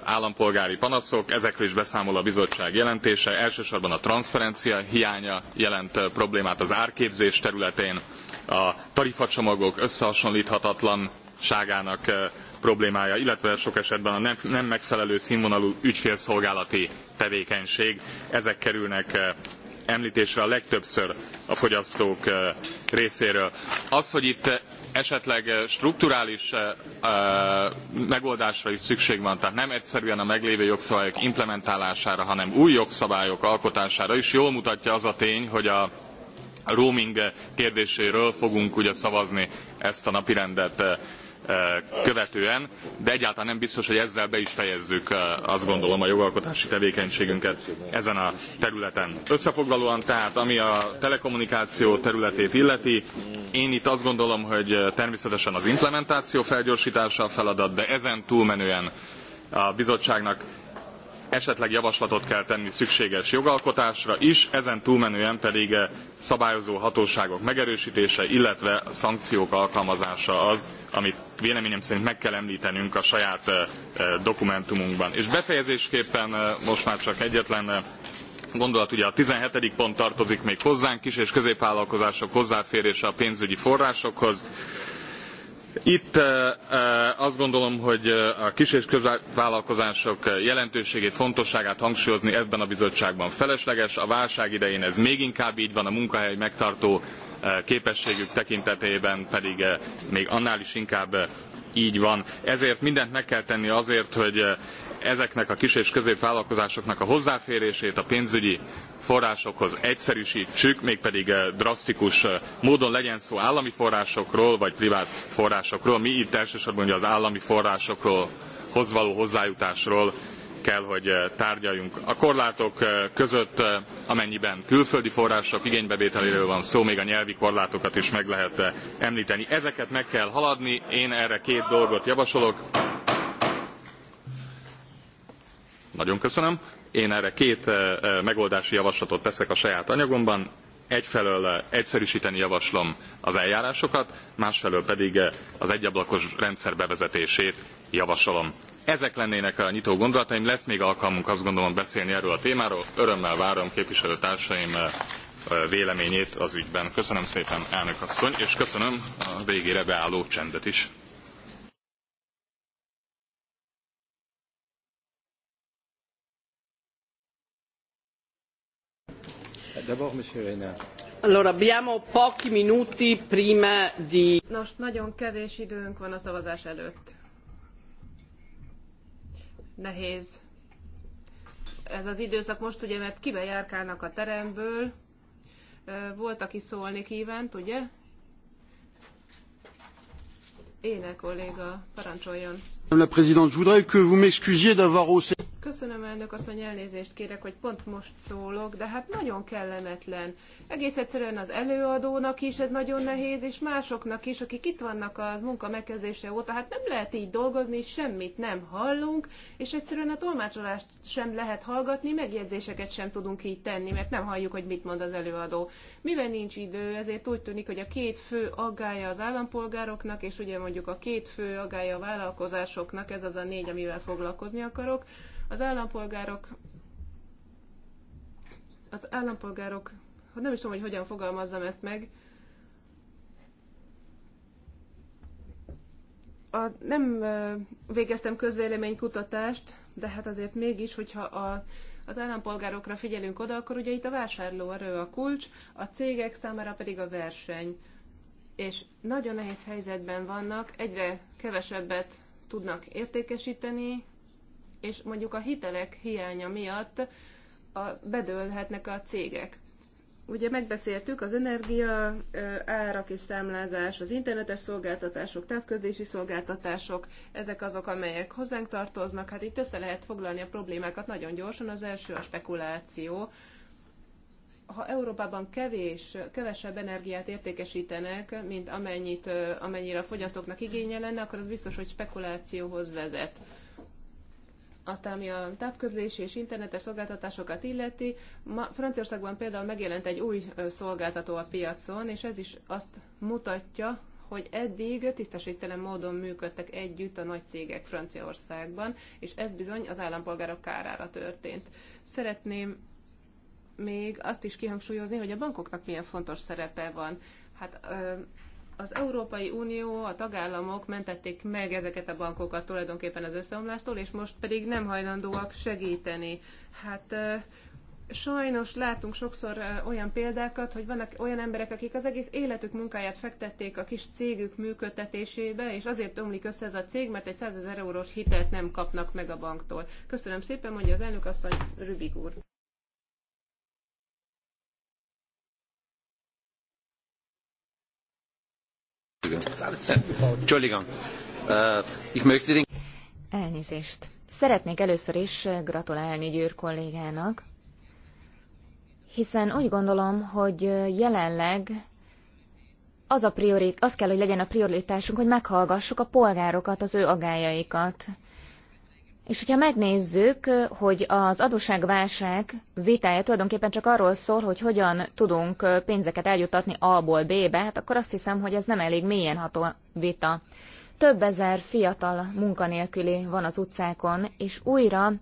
állampolgári panaszok, ezekről is beszámol a bizottság jelentése. Elsősorban a transzferencia hiánya jelent problémát az árképzés területén, a tarifacsomagok összehasonlíthatatlanságának problémája, illetve sok esetben a nem megfelelő színvonalú ügyfélszolgálati tevékenység. Ezek kerülnek említésre a legtöbbször a fogyasztók részéről. Az, hogy itt esetleg eh, strukturális eh, eh, megoldásra is szükség van, tehát nem egyszerűen a meglévő jogszabályok implementálására, hanem új jogszabályok alkotására is. Jól mutatja az a tény, hogy a roaming kérdéséről fogunk ugye szavazni ezt a napirendet követően, de egyáltalán nem biztos, hogy ezzel be is fejezzük azt gondolom a jogalkotási tevékenységünket ezen a területen. Összefoglalóan tehát, ami a telekommunikáció területét illeti, én itt azt gondolom, hogy természetesen az implementáció felgyorsítása a feladat, de ezen túlmenően a bizottságnak esetleg javaslatot kell tenni szükséges jogalkotásra is, ezen túlmenően pedig eh, szabályozó hatóságok megerősítése, illetve a szankciók alkalmazása az, amit véleményem szerint meg kell említenünk a saját eh, eh, dokumentumunkban. És befejezésképpen most már csak egyetlen gondolat ugye a 17. pont tartozik még hozzánk, is és középvállalkozások hozzáférése a pénzügyi forrásokhoz itt azt gondolom, hogy a kis- és közvállalkozások jelentőségét, fontosságát hangsúlyozni ebben a bizottságban felesleges. A válság idején ez még inkább így van, a munkahely megtartó képességük tekintetében pedig még annál is inkább így van. Ezért mindent meg kell tenni azért, hogy ezeknek a kis és középvállalkozásoknak a hozzáférését a pénzügyi forrásokhoz egyszerűsítsük, mégpedig eh, drasztikus eh, módon legyen szó állami forrásokról vagy privát forrásokról. Mi itt elsősorban az állami forrásokról hozvaló való hozzájutásról kell, hogy eh, tárgyaljunk. A korlátok között, amennyiben külföldi források igénybevételéről van szó, még a nyelvi korlátokat is meg lehet említeni. Ezeket meg kell haladni, én erre két dolgot javasolok. Nagyon köszönöm. Én erre két megoldási javaslatot teszek a saját anyagomban. Egyfelől egyszerűsíteni javaslom az eljárásokat, másfelől pedig az egyablakos rendszer bevezetését javasolom. Ezek lennének a nyitó gondolataim, lesz még alkalmunk azt gondolom beszélni erről a témáról. Örömmel várom képviselőtársaim véleményét az ügyben. Köszönöm szépen, elnök asszony, és köszönöm a végére beálló csendet is. D'abord, Monsieur Reynard. Allora, abbiamo Nos, nagyon kevés időnk van a szavazás előtt. Nehéz ez az időszak most ugye, mert kibe járkálnak a teremből, volt, aki szólni kívánt, ugye? Éne kolléga, parancsoljon. Madame la Présidente, je voudrais que vous m'excusiez d'avoir osé... Köszönöm, elnök mondja, elnézést kérek, hogy pont most szólok, de hát nagyon kellemetlen. Egész egyszerűen az előadónak is ez nagyon nehéz, és másoknak is, akik itt vannak az munka megkezdése óta, hát nem lehet így dolgozni, semmit nem hallunk, és egyszerűen a tolmácsolást sem lehet hallgatni, megjegyzéseket sem tudunk így tenni, mert nem halljuk, hogy mit mond az előadó. Mivel nincs idő, ezért úgy tűnik, hogy a két fő aggája az állampolgároknak, és ugye mondjuk a két fő aggája a vállalkozásoknak, ez az a négy, amivel foglalkozni akarok, az állampolgárok az állampolgárok, hogy hát nem is tudom, hogy hogyan fogalmazzam ezt meg, a, nem végeztem közvéleménykutatást, de hát azért mégis, hogyha a, az állampolgárokra figyelünk oda, akkor ugye itt a erő a kulcs, a cégek számára pedig a verseny. És nagyon nehéz helyzetben vannak, egyre kevesebbet tudnak értékesíteni, és mondjuk a hitelek hiánya miatt a, bedőlhetnek a cégek. Ugye megbeszéltük az energia árak és számlázás, az internetes szolgáltatások, távközlési szolgáltatások, ezek azok, amelyek hozzánk tartoznak. Hát itt össze lehet foglalni a problémákat nagyon gyorsan. Az első a spekuláció, ha Európában kevés, kevesebb energiát értékesítenek, mint amennyit, amennyire a fogyasztóknak igénye lenne, akkor az biztos, hogy spekulációhoz vezet. Aztán, ami a távközlési és internetes szolgáltatásokat illeti, ma Franciaországban például megjelent egy új szolgáltató a piacon, és ez is azt mutatja, hogy eddig tisztességtelen módon működtek együtt a nagy cégek Franciaországban, és ez bizony az állampolgárok kárára történt. Szeretném még azt is kihangsúlyozni, hogy a bankoknak milyen fontos szerepe van. Hát az Európai Unió, a tagállamok mentették meg ezeket a bankokat tulajdonképpen az összeomlástól, és most pedig nem hajlandóak segíteni. Hát sajnos látunk sokszor olyan példákat, hogy vannak olyan emberek, akik az egész életük munkáját fektették a kis cégük működtetésébe, és azért ömlik össze ez a cég, mert egy 100 ezer eurós hitelt nem kapnak meg a banktól. Köszönöm szépen, mondja az elnök asszony Rübig úr. Entschuldigung. Uh, ich möchte den... Elnézést. Szeretnék először is gratulálni Győr kollégának, hiszen úgy gondolom, hogy jelenleg az, a priorit, az kell, hogy legyen a prioritásunk, hogy meghallgassuk a polgárokat, az ő agályaikat. És hogyha megnézzük, hogy az adósságválság vitája tulajdonképpen csak arról szól, hogy hogyan tudunk pénzeket eljutatni A-ból B-be, hát akkor azt hiszem, hogy ez nem elég mélyen ható vita. Több ezer fiatal munkanélküli van az utcákon, és újra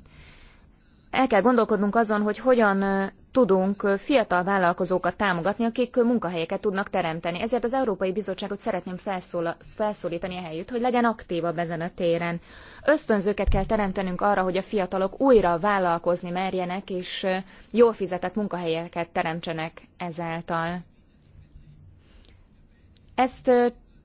el kell gondolkodnunk azon, hogy hogyan tudunk fiatal vállalkozókat támogatni, akik munkahelyeket tudnak teremteni. Ezért az Európai Bizottságot szeretném felszól, felszólítani ehelyütt, hogy legyen aktívabb ezen a téren. Ösztönzőket kell teremtenünk arra, hogy a fiatalok újra vállalkozni merjenek, és jól fizetett munkahelyeket teremtsenek ezáltal. Ezt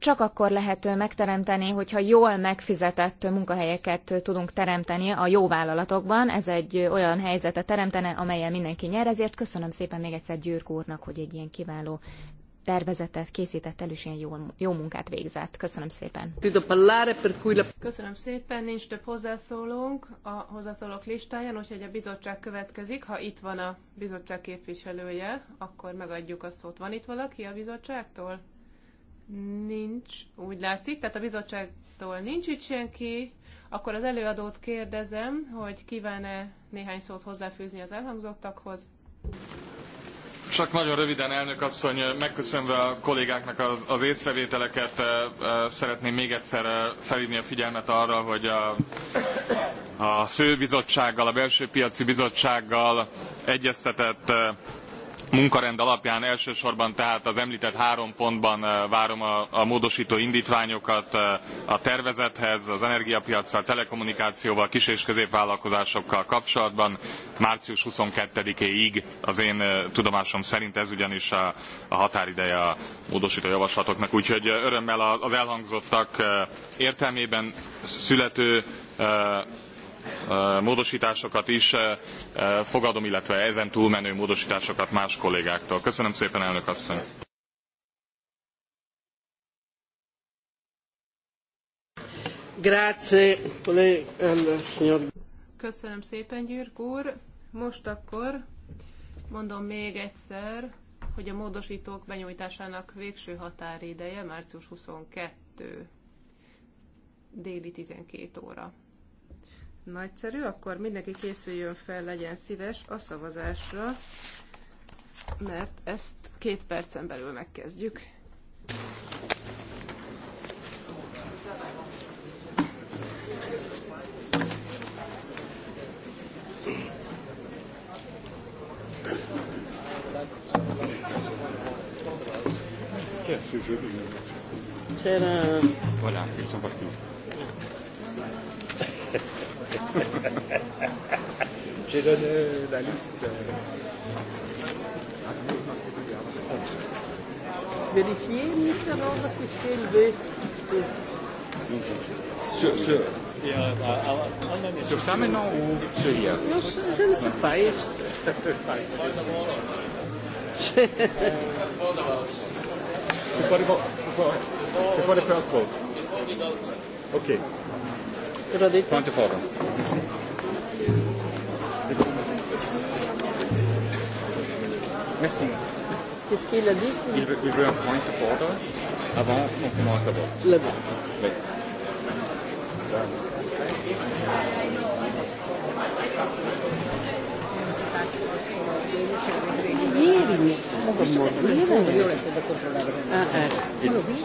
csak akkor lehet megteremteni, hogyha jól megfizetett munkahelyeket tudunk teremteni a jó vállalatokban. Ez egy olyan helyzetet teremtene, amelyen mindenki nyer, ezért köszönöm szépen még egyszer Győrk úrnak, hogy egy ilyen kiváló tervezetet készített el, és ilyen jó, jó munkát végzett. Köszönöm szépen. Köszönöm szépen, nincs több hozzászólónk a hozzászólók listáján, úgyhogy a bizottság következik. Ha itt van a bizottság képviselője, akkor megadjuk a szót. Van itt valaki a bizottságtól? Nincs, úgy látszik, tehát a bizottságtól nincs itt senki. Akkor az előadót kérdezem, hogy kíván-e néhány szót hozzáfűzni az elhangzottakhoz. Csak nagyon röviden, elnök asszony, megköszönve a kollégáknak az, az észrevételeket, eh, eh, szeretném még egyszer eh, felhívni a figyelmet arra, hogy a, a főbizottsággal, a belső piaci bizottsággal egyeztetett munkarend alapján elsősorban tehát az említett három pontban eh, várom a, a módosító indítványokat eh, a tervezethez, az energiapiacsal, telekommunikációval, kis- és középvállalkozásokkal kapcsolatban. Március 22-éig az én eh, tudomásom szerint ez ugyanis a, a határideje a módosító javaslatoknak. Úgyhogy örömmel az elhangzottak értelmében születő módosításokat is fogadom, illetve ezen túlmenő módosításokat más kollégáktól. Köszönöm szépen, elnök asszony! Grazie, Köszönöm szépen, Gyürk úr. Most akkor mondom még egyszer, hogy a módosítók benyújtásának végső határideje március 22 déli 12 óra. Nagyszerű, akkor mindenki készüljön fel, legyen szíves a szavazásra, mert ezt két percen belül megkezdjük. Voilà, ils sont partis. J'ai donné la liste. Vérifiez, Vérifier, Mister, parce que c'est élevé. Sur, sur, sur ça maintenant ou sur hier non, Je ne sais pas. Je... before, the, before, before the first vote. Okay. Oder dico? Quante foto? Merci. Qu'est-ce qu'il a dit il veut, il veut un point de photo avant qu'on commence le vote. Le vote. Oui. Thank you. Ieri mi comunque morire. Ah, eh. Quello lì,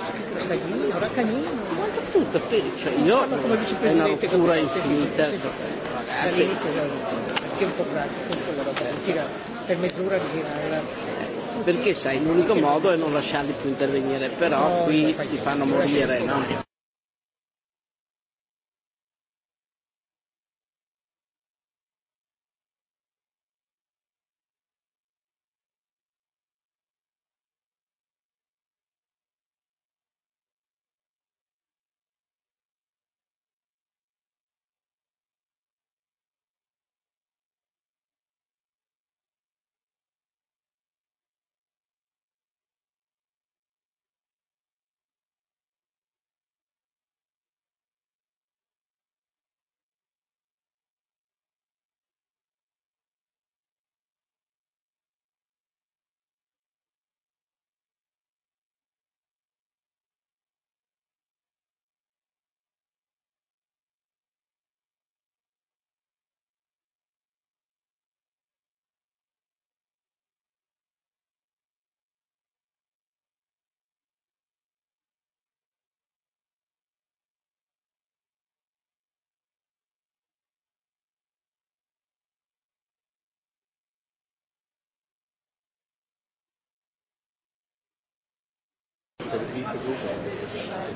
Cagnino, Cagnino. Quanto tutto, cioè, io è una rottura infinita. Ragazzi. Che un po' pratico questo loro per mezz'ora girare perché sai l'unico modo è non lasciarli più intervenire però no, qui ti fanno morire no?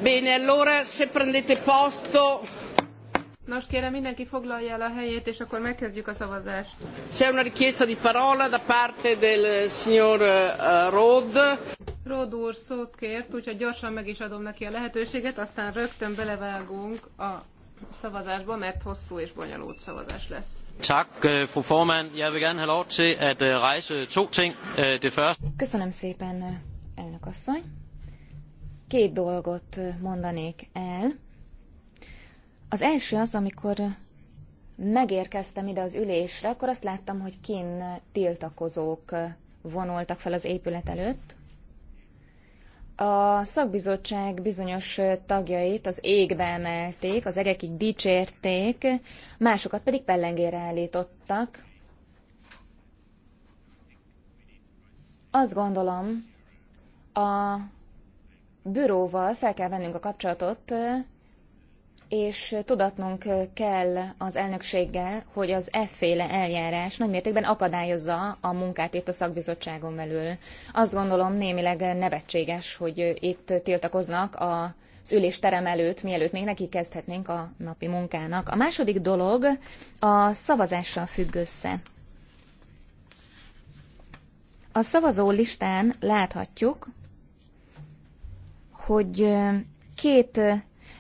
Bene, allora se prendete posto. Nos kérem, mindenki foglalja el a helyét, és akkor megkezdjük a szavazást. C'è una richiesta di parola da parte del signor uh, Rod. Rod úr szót kért, úgyhogy gyorsan meg is adom neki a lehetőséget, aztán rögtön belevágunk a szavazásba, mert hosszú és bonyolult szavazás lesz. Tak, eh, fru formand. Jeg vil gerne have lov til at eh, rejse to ting. Det første... Köszönöm szépen, elnök asszony. Két dolgot mondanék el. Az első az, amikor megérkeztem ide az ülésre, akkor azt láttam, hogy kin tiltakozók vonultak fel az épület előtt. A szakbizottság bizonyos tagjait az égbe emelték, az egekig dicsérték, másokat pedig pellengére állítottak. Azt gondolom, a büróval fel kell vennünk a kapcsolatot, és tudatnunk kell az elnökséggel, hogy az efféle eljárás nagymértékben akadályozza a munkát itt a szakbizottságon belül. Azt gondolom némileg nevetséges, hogy itt tiltakoznak a az ülésterem előtt, mielőtt még neki kezdhetnénk a napi munkának. A második dolog a szavazással függ össze. A szavazó listán láthatjuk, hogy két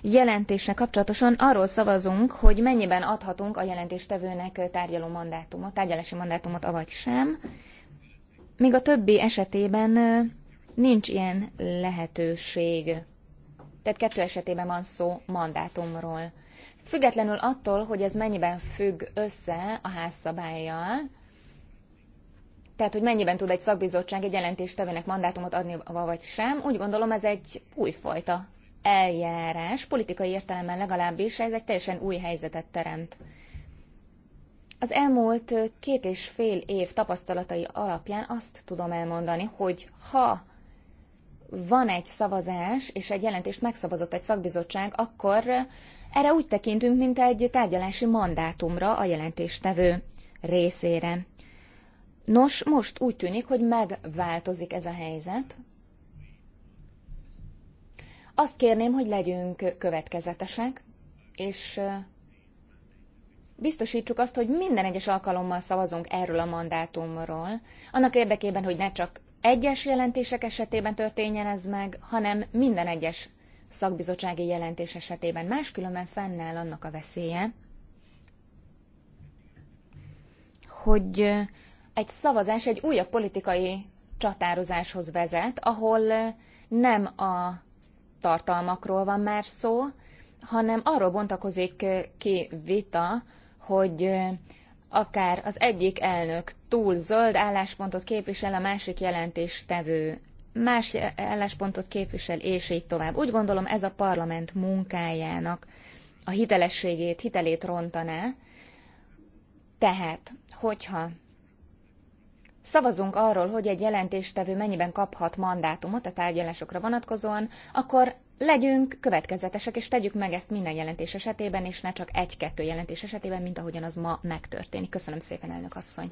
jelentésnek kapcsolatosan arról szavazunk, hogy mennyiben adhatunk a jelentéstevőnek tárgyaló mandátumot, tárgyalási mandátumot, avagy sem, Még a többi esetében nincs ilyen lehetőség. Tehát kettő esetében van szó mandátumról. Függetlenül attól, hogy ez mennyiben függ össze a házszabályjal, tehát, hogy mennyiben tud egy szakbizottság egy jelentéstevőnek mandátumot adni, vagy sem, úgy gondolom ez egy újfajta eljárás, politikai értelemben legalábbis ez egy teljesen új helyzetet teremt. Az elmúlt két és fél év tapasztalatai alapján azt tudom elmondani, hogy ha van egy szavazás, és egy jelentést megszavazott egy szakbizottság, akkor erre úgy tekintünk, mint egy tárgyalási mandátumra a jelentéstevő részére. Nos, most úgy tűnik, hogy megváltozik ez a helyzet. Azt kérném, hogy legyünk következetesek, és biztosítsuk azt, hogy minden egyes alkalommal szavazunk erről a mandátumról, annak érdekében, hogy ne csak egyes jelentések esetében történjen ez meg, hanem minden egyes szakbizottsági jelentés esetében. Máskülönben fennáll annak a veszélye, hogy egy szavazás egy újabb politikai csatározáshoz vezet, ahol nem a tartalmakról van már szó, hanem arról bontakozik ki vita, hogy akár az egyik elnök túl zöld álláspontot képvisel, a másik jelentéstevő más álláspontot képvisel, és így tovább. Úgy gondolom, ez a parlament munkájának a hitelességét, hitelét rontaná. Tehát, hogyha szavazunk arról, hogy egy jelentéstevő mennyiben kaphat mandátumot a tárgyalásokra vonatkozóan, akkor legyünk következetesek, és tegyük meg ezt minden jelentés esetében, és ne csak egy-kettő jelentés esetében, mint ahogyan az ma megtörténik. Köszönöm szépen, elnök asszony.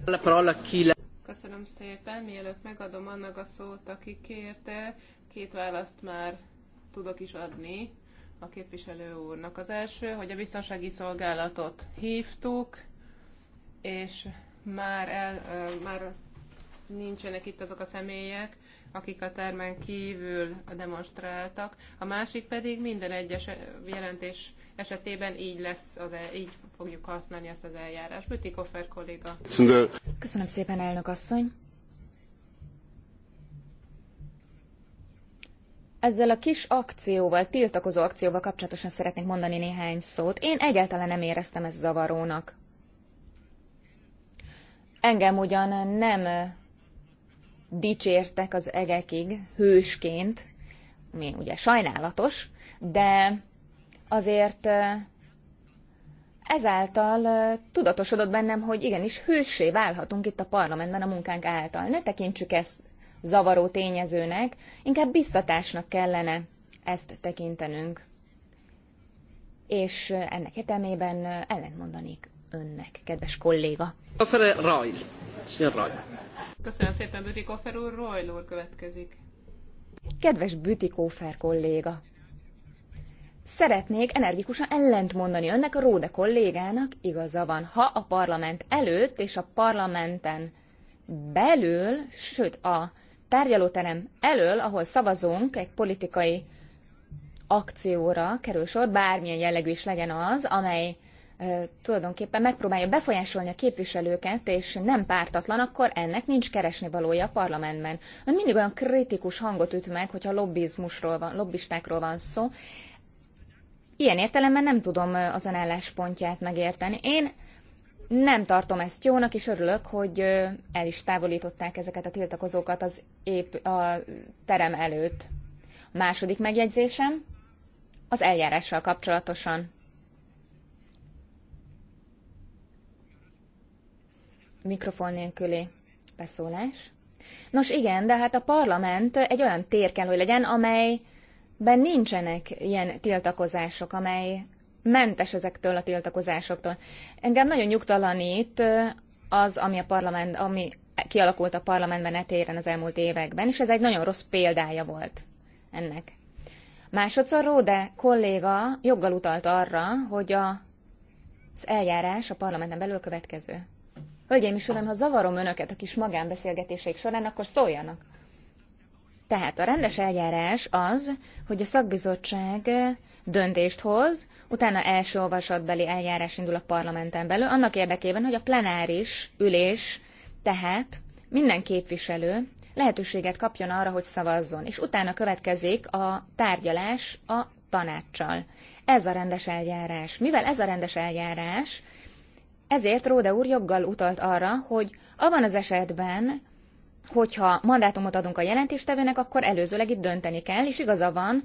Köszönöm szépen, mielőtt megadom annak a szót, aki kérte, két választ már tudok is adni a képviselő úrnak. Az első, hogy a biztonsági szolgálatot hívtuk, és már, el, már nincsenek itt azok a személyek, akik a termen kívül demonstráltak. A másik pedig minden egyes jelentés esetében így lesz, az el, így fogjuk használni ezt az eljárást. Bütikoffer kolléga. Köszönöm szépen, elnök asszony. Ezzel a kis akcióval, tiltakozó akcióval kapcsolatosan szeretnék mondani néhány szót. Én egyáltalán nem éreztem ezt zavarónak. Engem ugyan nem dicsértek az egekig hősként, ami ugye sajnálatos, de azért ezáltal tudatosodott bennem, hogy igenis hőssé válhatunk itt a parlamentben a munkánk által. Ne tekintsük ezt zavaró tényezőnek, inkább biztatásnak kellene ezt tekintenünk. És ennek értelmében ellentmondanék önnek, kedves kolléga. Royl. Royl. Köszönöm szépen, Bütikófer úr. Royl úr következik. Kedves Bütikófer kolléga, Szeretnék energikusan ellentmondani önnek a Róde kollégának, igaza van, ha a parlament előtt és a parlamenten belül, sőt a tárgyalóterem elől, ahol szavazunk egy politikai akcióra kerül sor, bármilyen jellegű is legyen az, amely tulajdonképpen megpróbálja befolyásolni a képviselőket, és nem pártatlan, akkor ennek nincs keresni valója a parlamentben. Ön mindig olyan kritikus hangot üt meg, hogyha lobbizmusról van, lobbistákról van szó. Ilyen értelemben nem tudom az ön álláspontját megérteni. Én nem tartom ezt jónak, és örülök, hogy el is távolították ezeket a tiltakozókat az ép, a terem előtt. Második megjegyzésem az eljárással kapcsolatosan. mikrofon nélküli beszólás. Nos igen, de hát a parlament egy olyan tér kell, hogy legyen, amelyben nincsenek ilyen tiltakozások, amely mentes ezektől a tiltakozásoktól. Engem nagyon nyugtalanít az, ami a parlament, ami kialakult a parlamentben etéren az elmúlt években, és ez egy nagyon rossz példája volt ennek. Másodszor Róde kolléga joggal utalt arra, hogy a, az eljárás a parlamenten belül következő. Hölgyeim és uram, ha zavarom önöket a kis magánbeszélgetéseik során, akkor szóljanak. Tehát a rendes eljárás az, hogy a szakbizottság döntést hoz, utána első olvasatbeli eljárás indul a parlamenten belül, annak érdekében, hogy a plenáris ülés, tehát minden képviselő lehetőséget kapjon arra, hogy szavazzon, és utána következik a tárgyalás a tanácssal. Ez a rendes eljárás. Mivel ez a rendes eljárás, ezért Róde úr joggal utalt arra, hogy abban az esetben, hogyha mandátumot adunk a jelentéstevőnek, akkor előzőleg itt dönteni kell, és igaza van,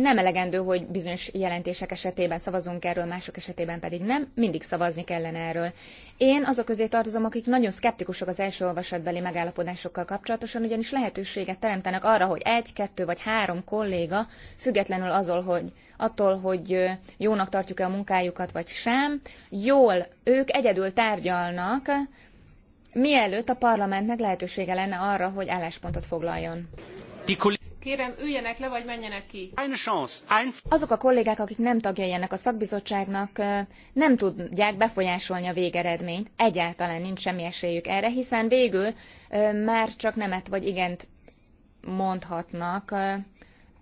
nem elegendő, hogy bizonyos jelentések esetében szavazunk erről, mások esetében pedig nem, mindig szavazni kellene erről. Én azok közé tartozom, akik nagyon szkeptikusok az első olvasatbeli megállapodásokkal kapcsolatosan, ugyanis lehetőséget teremtenek arra, hogy egy, kettő vagy három kolléga, függetlenül azol, hogy attól, hogy jónak tartjuk-e a munkájukat vagy sem, jól ők egyedül tárgyalnak, mielőtt a parlamentnek lehetősége lenne arra, hogy álláspontot foglaljon. Kérem, üljenek le, vagy menjenek ki. Azok a kollégák, akik nem tagjai ennek a szakbizottságnak, nem tudják befolyásolni a végeredményt. Egyáltalán nincs semmi esélyük erre, hiszen végül már csak nemet vagy igent mondhatnak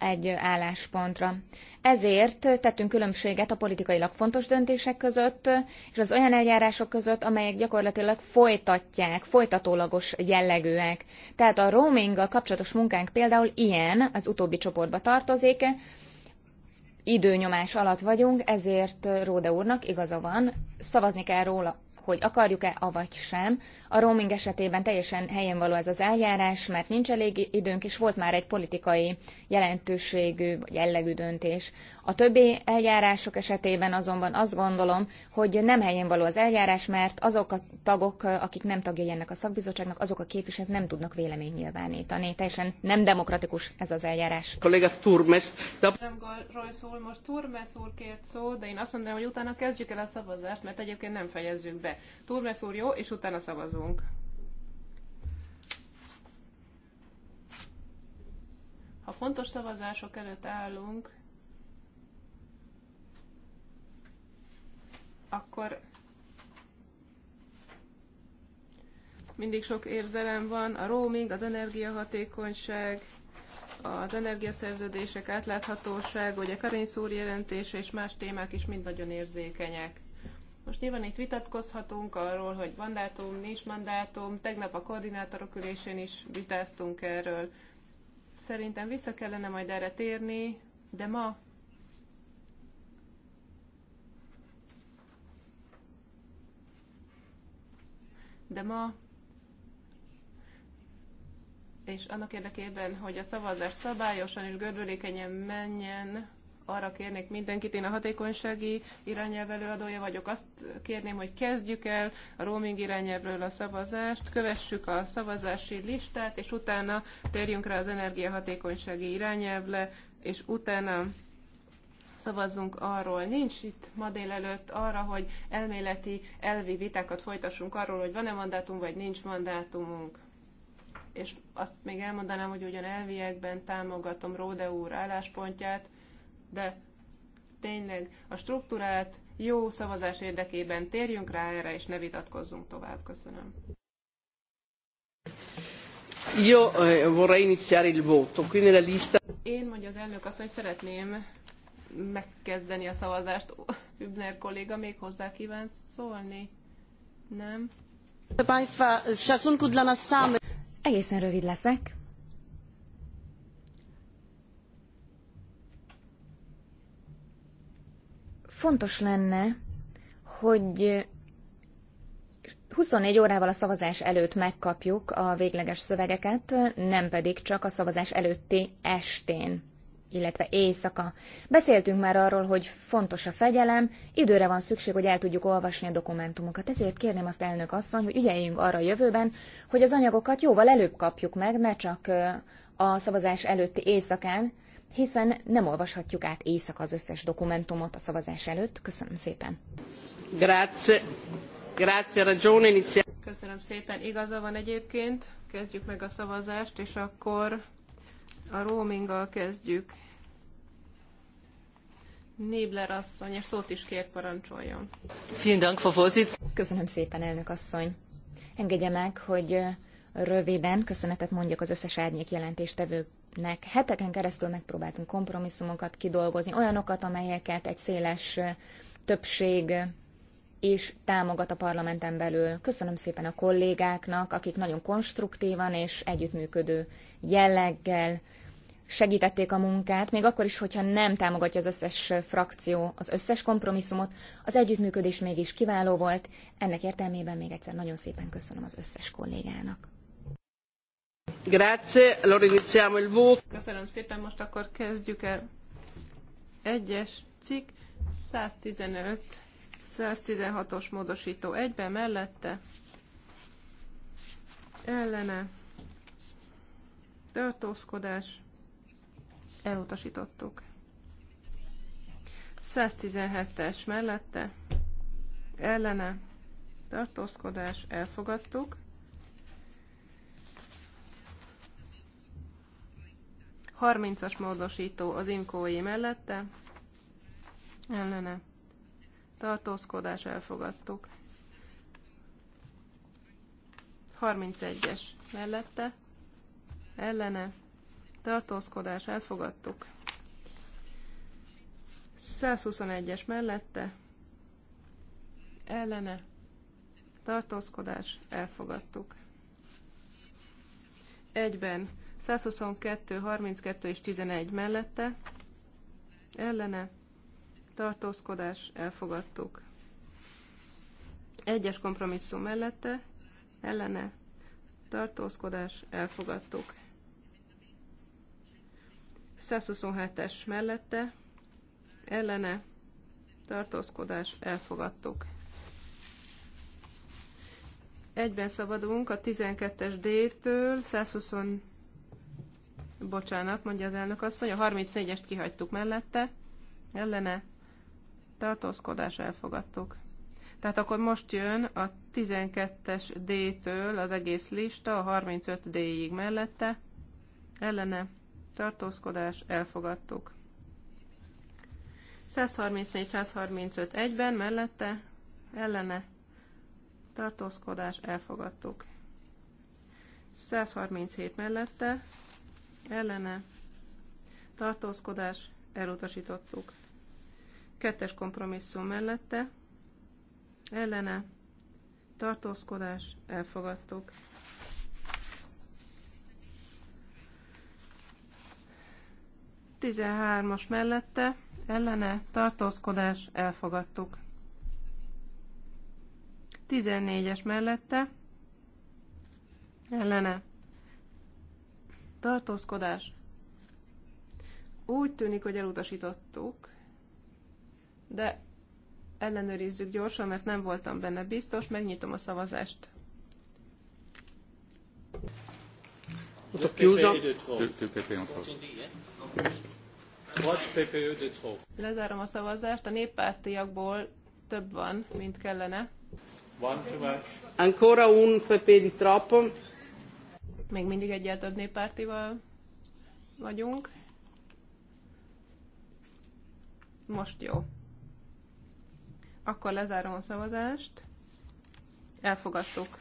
egy álláspontra. Ezért tettünk különbséget a politikailag fontos döntések között, és az olyan eljárások között, amelyek gyakorlatilag folytatják, folytatólagos jellegűek. Tehát a roaminggal kapcsolatos munkánk például ilyen, az utóbbi csoportba tartozik, időnyomás alatt vagyunk, ezért Róde úrnak igaza van, szavazni kell róla, hogy akarjuk-e, avagy sem. A roaming esetében teljesen helyen való ez az eljárás, mert nincs elég időnk, és volt már egy politikai jelentőségű vagy jellegű döntés. A többi eljárások esetében azonban azt gondolom, hogy nem helyén való az eljárás, mert azok a tagok, akik nem tagjai ennek a szakbizottságnak, azok a képviselők nem tudnak vélemény nyilvánítani. Teljesen nem demokratikus ez az eljárás. Kolléga Turmes. De... Nem Royce úr, most Turmes úr kért szó, de én azt mondanám, hogy utána kezdjük el a szavazást, mert egyébként nem fejezzük be. Turmes úr jó, és utána szavazunk. Ha fontos szavazások előtt állunk, akkor mindig sok érzelem van, a roaming, az energiahatékonyság, az energiaszerződések átláthatóság, ugye a Szúr jelentése és más témák is mind nagyon érzékenyek. Most nyilván itt vitatkozhatunk arról, hogy mandátum, nincs mandátum, tegnap a koordinátorok ülésén is vitáztunk erről. Szerintem vissza kellene majd erre térni, de ma de ma és annak érdekében, hogy a szavazás szabályosan és gördülékenyen menjen, arra kérnék mindenkit, én a hatékonysági irányelv előadója vagyok, azt kérném, hogy kezdjük el a roaming irányelvről a szavazást, kövessük a szavazási listát, és utána térjünk rá az energiahatékonysági irányelvre, és utána szavazzunk arról. Nincs itt ma délelőtt arra, hogy elméleti elvi vitákat folytassunk arról, hogy van-e mandátum, vagy nincs mandátumunk. És azt még elmondanám, hogy ugyan elviekben támogatom Róde úr álláspontját, de tényleg a struktúrát jó szavazás érdekében térjünk rá erre, és ne vitatkozzunk tovább. Köszönöm. Io eh, vorrei iniziare il voto, quindi la lista... Én, mondja az elnök asszony, szeretném megkezdeni a szavazást. Übner kolléga még hozzá kíván szólni? Nem? Egészen rövid leszek. Fontos lenne, hogy 24 órával a szavazás előtt megkapjuk a végleges szövegeket, nem pedig csak a szavazás előtti estén illetve éjszaka. Beszéltünk már arról, hogy fontos a fegyelem, időre van szükség, hogy el tudjuk olvasni a dokumentumokat. Ezért kérném azt elnök asszony, hogy ügyeljünk arra a jövőben, hogy az anyagokat jóval előbb kapjuk meg, ne csak a szavazás előtti éjszakán, hiszen nem olvashatjuk át éjszaka az összes dokumentumot a szavazás előtt. Köszönöm szépen. Grazie. Grazie, ragione iniziale. Köszönöm szépen. Igaza van egyébként. Kezdjük meg a szavazást, és akkor a roaminggal kezdjük. Nébler asszony, és szót is kér parancsoljon. Köszönöm szépen, elnök asszony. Engedje meg, hogy röviden köszönetet mondjak az összes árnyék jelentéstevőknek. Heteken keresztül megpróbáltunk kompromisszumokat kidolgozni, olyanokat, amelyeket egy széles többség és támogat a parlamenten belül. Köszönöm szépen a kollégáknak, akik nagyon konstruktívan és együttműködő jelleggel segítették a munkát, még akkor is, hogyha nem támogatja az összes frakció az összes kompromisszumot, az együttműködés mégis kiváló volt. Ennek értelmében még egyszer nagyon szépen köszönöm az összes kollégának. Grazie, allora iniziamo il voto. Köszönöm szépen, most akkor kezdjük el. Egyes cikk, 115, 116-os módosító egyben mellette, ellene, tartózkodás, elutasítottuk. 117-es mellette ellene tartózkodás elfogadtuk. 30-as módosító az inkói mellette ellene tartózkodás elfogadtuk. 31-es mellette ellene tartózkodás, elfogadtuk. 121-es mellette, ellene, tartózkodás, elfogadtuk. Egyben 122, 32 és 11 mellette, ellene, tartózkodás, elfogadtuk. Egyes kompromisszum mellette, ellene, tartózkodás, elfogadtuk. 127-es mellette ellene tartózkodás elfogadtuk. Egyben szabadunk a 12-es D-től, 120 bocsánat, mondja az elnök asszony, a 34-est kihagytuk mellette, ellene tartózkodás elfogadtuk. Tehát akkor most jön a 12-es D-től az egész lista, a 35 D-ig mellette, ellene tartózkodás, elfogadtuk. 134-135 egyben, mellette, ellene, tartózkodás, elfogadtuk. 137 mellette, ellene, tartózkodás, elutasítottuk. Kettes kompromisszum mellette, ellene, tartózkodás, elfogadtuk. 13-as mellette ellene tartózkodás elfogadtuk. 14-es mellette ellene tartózkodás. Úgy tűnik, hogy elutasítottuk, de ellenőrizzük gyorsan, mert nem voltam benne biztos, megnyitom a szavazást. Ott a Lezárom a szavazást, a néppártiakból több van, mint kellene. Ancora un PP di troppo. Még mindig egyel több néppártival vagyunk. Most jó. Akkor lezárom a szavazást. Elfogadtuk.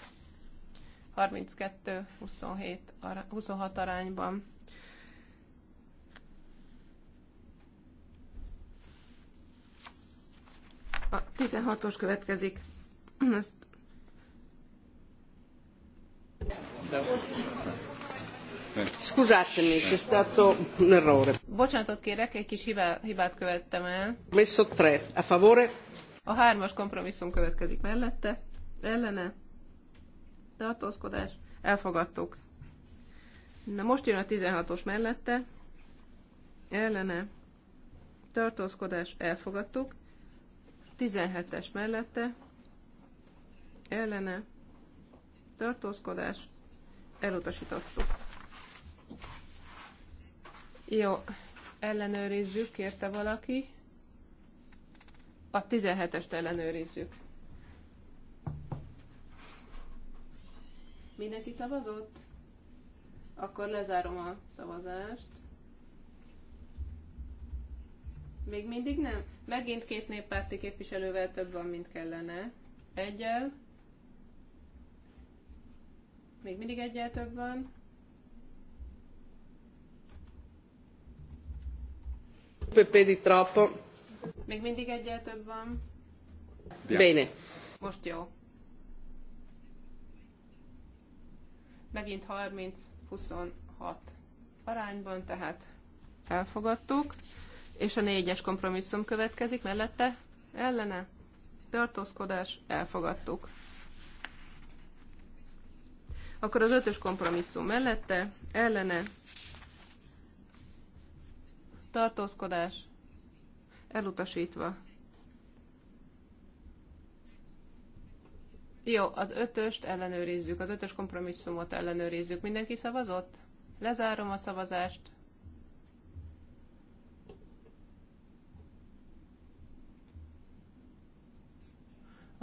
32-26 arányban. A 16-os következik. Ezt Scusatemi, c'è stato un errore. Bocsánatot kérek, egy kis hibá, hibát követtem el. Messo tre, a favore. A hármas kompromisszum következik mellette. Ellene. Tartózkodás. Elfogadtuk. Na most jön a 16-os mellette. Ellene. Tartózkodás. Elfogadtuk. 17-es mellette ellene tartózkodás elutasítottuk. Jó, ellenőrizzük, kérte valaki. A 17-est ellenőrizzük. Mindenki szavazott? Akkor lezárom a szavazást. Még mindig nem? Megint két néppárti képviselővel több van, mint kellene. Egyel. Még mindig egyel több van. Pepedi troppo. Még mindig egyel több van. Bene. Most jó. Megint 30-26 arányban, tehát elfogadtuk és a négyes kompromisszum következik mellette, ellene, tartózkodás, elfogadtuk. Akkor az ötös kompromisszum mellette, ellene, tartózkodás, elutasítva. Jó, az ötöst ellenőrizzük, az ötös kompromisszumot ellenőrizzük. Mindenki szavazott? Lezárom a szavazást.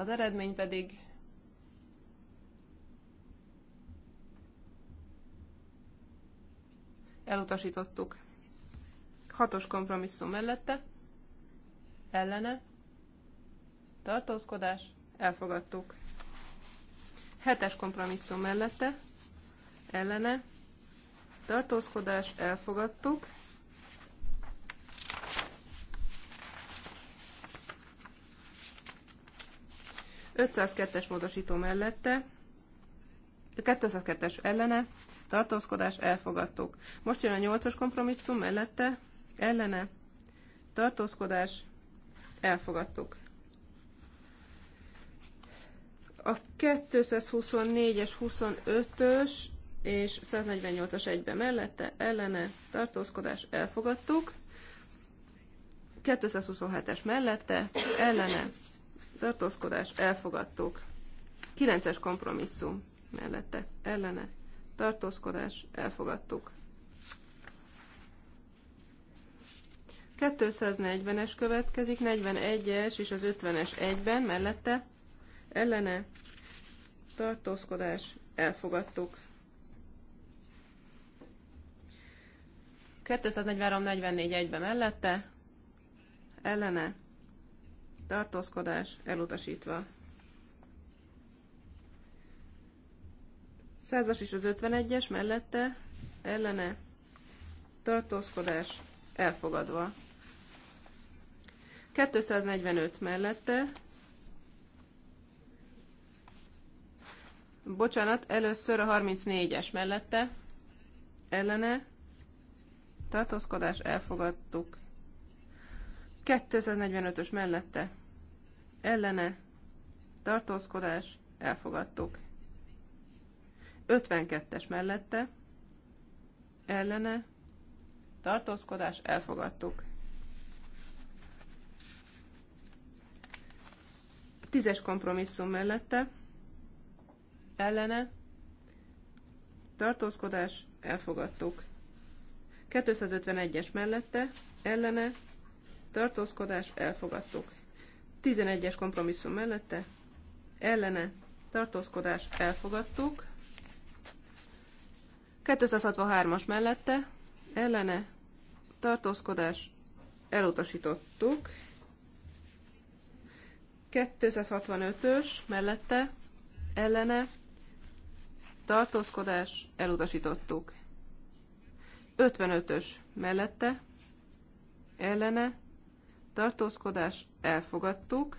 Az eredmény pedig elutasítottuk. Hatos kompromisszum mellette, ellene, tartózkodás, elfogadtuk. Hetes kompromisszum mellette, ellene, tartózkodás, elfogadtuk. 502-es módosító mellette, 202-es ellene, tartózkodás elfogadtuk. Most jön a 8-as kompromisszum mellette, ellene, tartózkodás elfogadtuk. A 224-es, 25-ös és 148-as egybe mellette, ellene, tartózkodás elfogadtuk. 227-es mellette, ellene, tartózkodás, elfogadtuk. 9-es kompromisszum mellette, ellene, tartózkodás, elfogadtuk. 240-es következik, 41-es és az 50-es egyben, mellette, ellene, tartózkodás, elfogadtuk. 243-44 egyben mellette, ellene, tartózkodás elutasítva. Százas is az 51-es mellette, ellene, tartózkodás elfogadva. 245 mellette, bocsánat, először a 34-es mellette, ellene, tartózkodás elfogadtuk. 245-ös mellette, ellene tartózkodás elfogadtuk. 52-es mellette ellene tartózkodás elfogadtuk. Tízes kompromisszum mellette ellene tartózkodás elfogadtuk. 251-es mellette ellene tartózkodás elfogadtuk. 11-es kompromisszum mellette ellene tartózkodás elfogadtuk. 263-as mellette ellene tartózkodás elutasítottuk. 265-ös mellette ellene tartózkodás elutasítottuk. 55-ös mellette ellene tartózkodás elfogadtuk.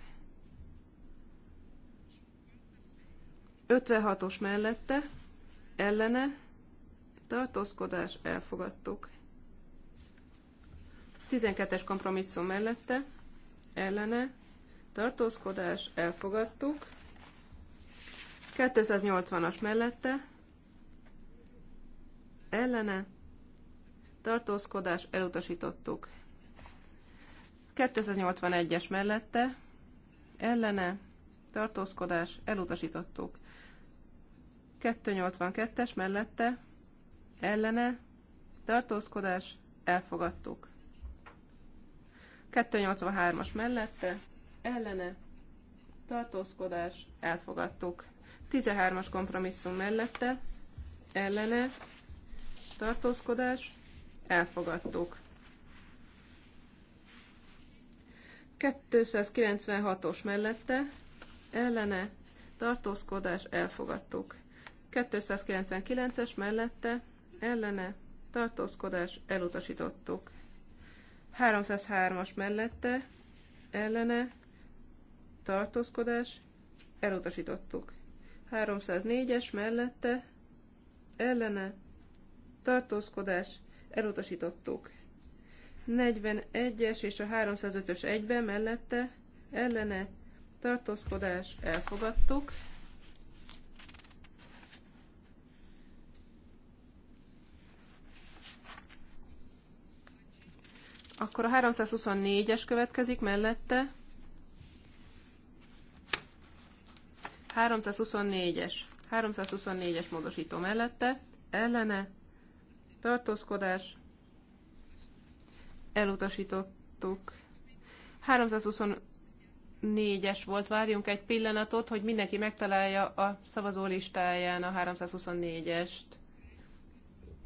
56-os mellette, ellene, tartózkodás, elfogadtuk. 12-es kompromisszum mellette, ellene, tartózkodás, elfogadtuk. 280-as mellette, ellene, tartózkodás, elutasítottuk. 281-es mellette ellene tartózkodás elutasítottuk. 282-es mellette ellene tartózkodás elfogadtuk. 283-as mellette ellene tartózkodás elfogadtuk. 13-as kompromisszum mellette ellene tartózkodás elfogadtuk. 296-os mellette ellene tartózkodás elfogadtuk. 299-es mellette ellene tartózkodás elutasítottuk. 303-as mellette ellene tartózkodás elutasítottuk. 304-es mellette ellene tartózkodás elutasítottuk. 41-es és a 305-ös egyben mellette ellene tartózkodás elfogadtuk. Akkor a 324-es következik mellette. 324-es. 324-es módosító mellette. Ellene. Tartózkodás elutasítottuk. 324-es volt, várjunk egy pillanatot, hogy mindenki megtalálja a szavazó listáján a 324-est.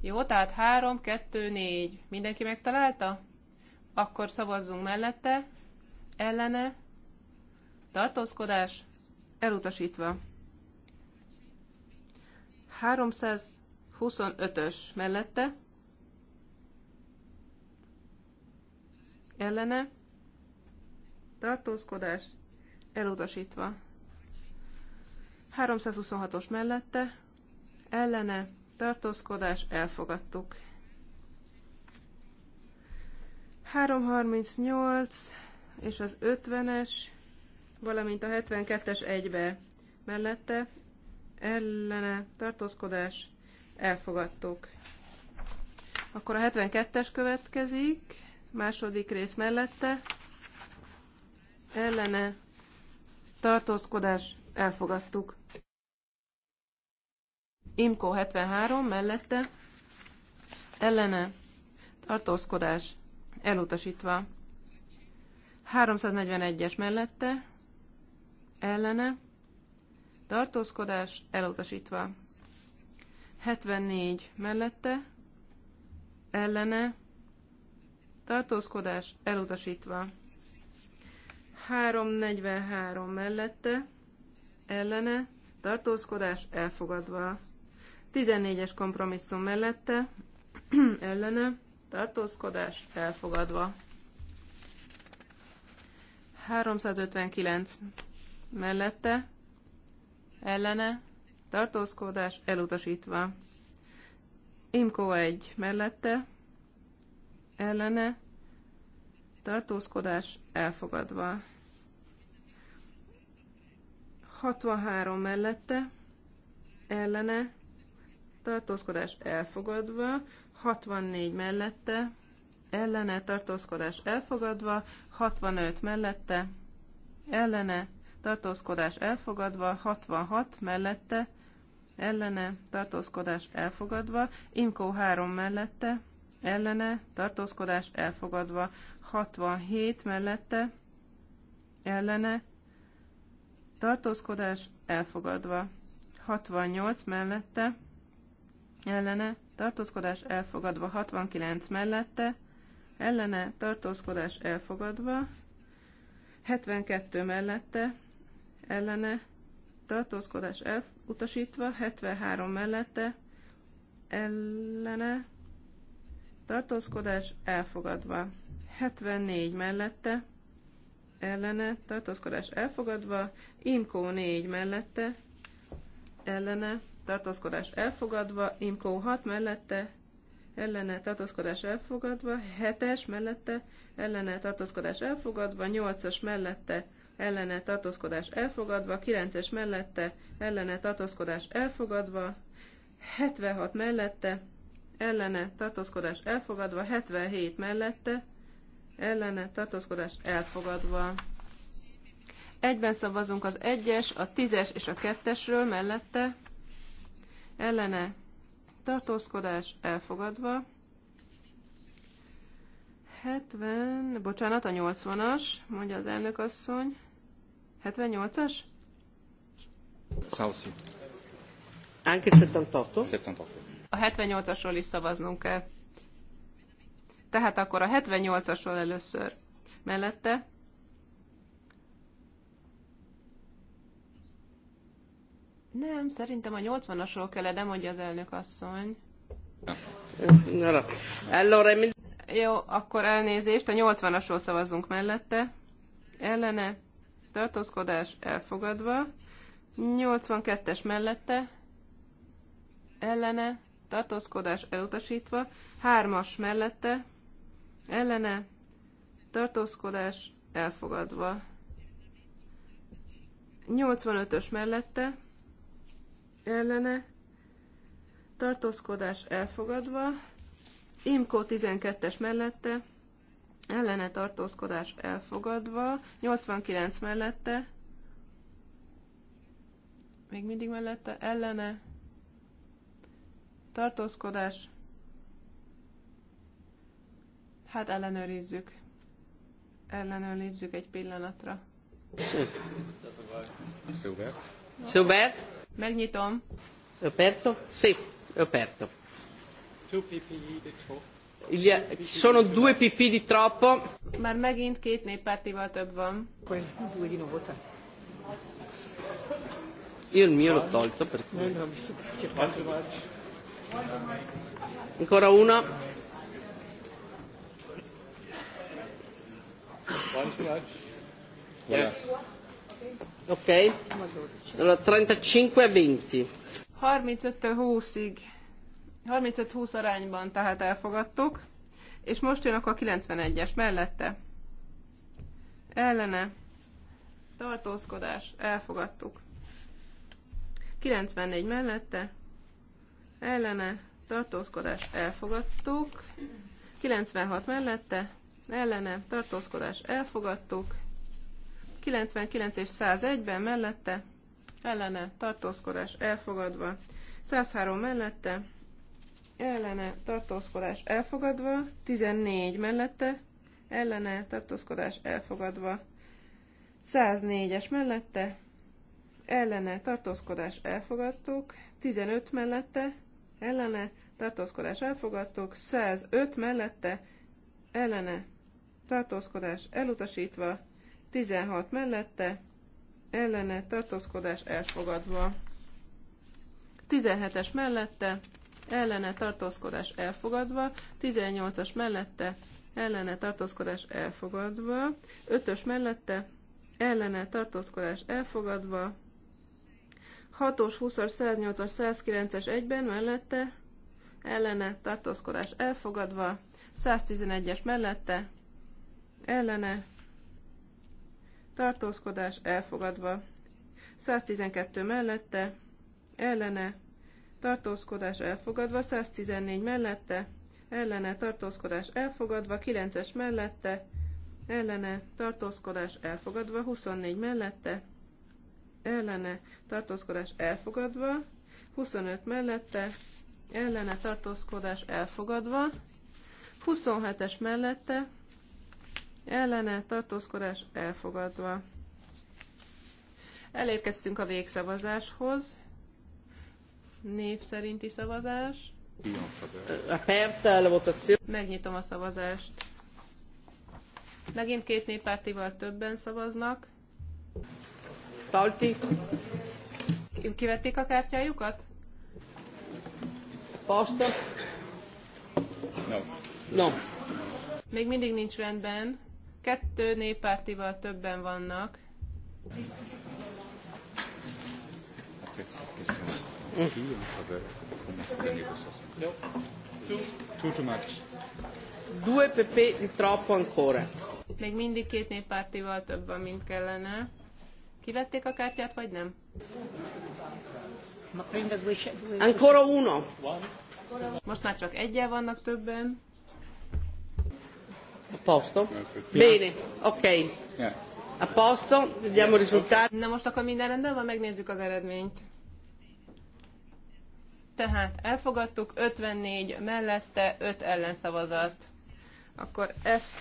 Jó, tehát 3, 2, 4. Mindenki megtalálta? Akkor szavazzunk mellette. Ellene. Tartózkodás. Elutasítva. 325-ös mellette ellene, tartózkodás, elutasítva. 326-os mellette, ellene, tartózkodás, elfogadtuk. 338 és az 50-es, valamint a 72-es egybe mellette, ellene, tartózkodás, elfogadtuk. Akkor a 72-es következik, második rész mellette, ellene, tartózkodás, elfogadtuk. Imko 73 mellette, ellene, tartózkodás, elutasítva. 341-es mellette, ellene, tartózkodás, elutasítva. 74 mellette, ellene, tartózkodás elutasítva. 343 mellette, ellene, tartózkodás elfogadva. 14-es kompromisszum mellette, ellene, tartózkodás elfogadva. 359 mellette, ellene, tartózkodás elutasítva. Imko 1 mellette, ellene tartózkodás elfogadva. 63 mellette ellene tartózkodás elfogadva, 64 mellette ellene tartózkodás elfogadva, 65 mellette ellene tartózkodás elfogadva, 66 mellette ellene tartózkodás elfogadva, Imkó 3 mellette ellene, tartózkodás elfogadva, 67 mellette, ellene, tartózkodás elfogadva, 68 mellette, ellene, tartózkodás elfogadva, 69 mellette, ellene, tartózkodás elfogadva, 72 mellette, ellene, tartózkodás elutasítva, 73 mellette, ellene, tartózkodás elfogadva. 74 mellette ellene tartózkodás elfogadva, Imkó 4 mellette ellene tartózkodás elfogadva, Imkó 6 mellette ellene tartózkodás elfogadva, 7-es mellette ellene tartózkodás elfogadva, 8-as mellette ellene tartózkodás elfogadva, 9-es mellette ellene tartózkodás elfogadva, 76 mellette ellene tartózkodás elfogadva, 77 mellette ellene tartózkodás elfogadva. Egyben szavazunk az 1-es, a 10-es és a 2-esről mellette ellene tartózkodás elfogadva. 70, bocsánat, a 80-as, mondja az elnök asszony. 78-as? Sausi. Anche 78. 78. A 78-asról is szavaznunk kell. Tehát akkor a 78-asról először. Mellette Nem, szerintem a 80-asról de mondja az elnök asszony. Jó, akkor elnézést, a 80-asról szavazunk mellette. Ellene, tartózkodás elfogadva. 82-es mellette, ellene, tartózkodás elutasítva, hármas mellette, ellene, tartózkodás elfogadva. 85-ös mellette, ellene, tartózkodás elfogadva, IMCO 12-es mellette, ellene tartózkodás elfogadva, 89 mellette, még mindig mellette, ellene, tartózkodás. Hát ellenőrizzük. Ellenőrizzük egy pillanatra. Szuper. Szuper. Megnyitom. Öperto? Sí, öperto. Two PPE di troppo. Sono due PP di troppo. Már megint két néppártival több van. Due di Io il mio l'ho tolto perché... Ancora una. Yes. Ok. Allora 35 a 20. 35-20-ig. 35-20 arányban tehát elfogadtuk. És most jön akkor a 91-es mellette. Ellene. Tartózkodás. Elfogadtuk. 94 mellette ellene tartózkodás elfogadtuk, 96 mellette ellene tartózkodás elfogadtuk, 99 és 101-ben mellette ellene tartózkodás elfogadva, 103 mellette ellene tartózkodás elfogadva, 14 mellette ellene tartózkodás elfogadva, 104-es mellette ellene tartózkodás elfogadtuk, 15 mellette ellene, tartózkodás elfogadtuk, 105 mellette, ellene, tartózkodás elutasítva, 16 mellette, ellene, tartózkodás elfogadva, 17-es mellette, ellene, tartózkodás elfogadva, 18-as mellette, ellene, tartózkodás elfogadva, 5-ös mellette, ellene, tartózkodás elfogadva, 6-os, 20-as, 108-as, 109-es egyben mellette, ellene, tartózkodás elfogadva, 111-es mellette, ellene, tartózkodás elfogadva, 112 mellette, ellene, tartózkodás elfogadva, 114 mellette, ellene, tartózkodás elfogadva, 9-es mellette, ellene, tartózkodás elfogadva, 24 mellette, ellene tartózkodás elfogadva, 25 mellette ellene tartózkodás elfogadva, 27-es mellette ellene tartózkodás elfogadva. Elérkeztünk a végszavazáshoz. Név szerinti szavazás. Megnyitom a szavazást. Megint két néppártival többen szavaznak. Talti. Kivették a kártyájukat? Pasta. No. No. Még mindig nincs rendben. Kettő néppártival többen vannak. Due PP troppo ancora. Még mindig két néppártival több van, mint kellene. Kivették a kártyát, vagy nem? Ancora uno. Most már csak egyel vannak többen. A posto. Bene, ok. A posto, vediamo risultati. Na most akkor minden rendben van, megnézzük az eredményt tehát elfogadtuk 54 mellette 5 ellenszavazat. Akkor ezt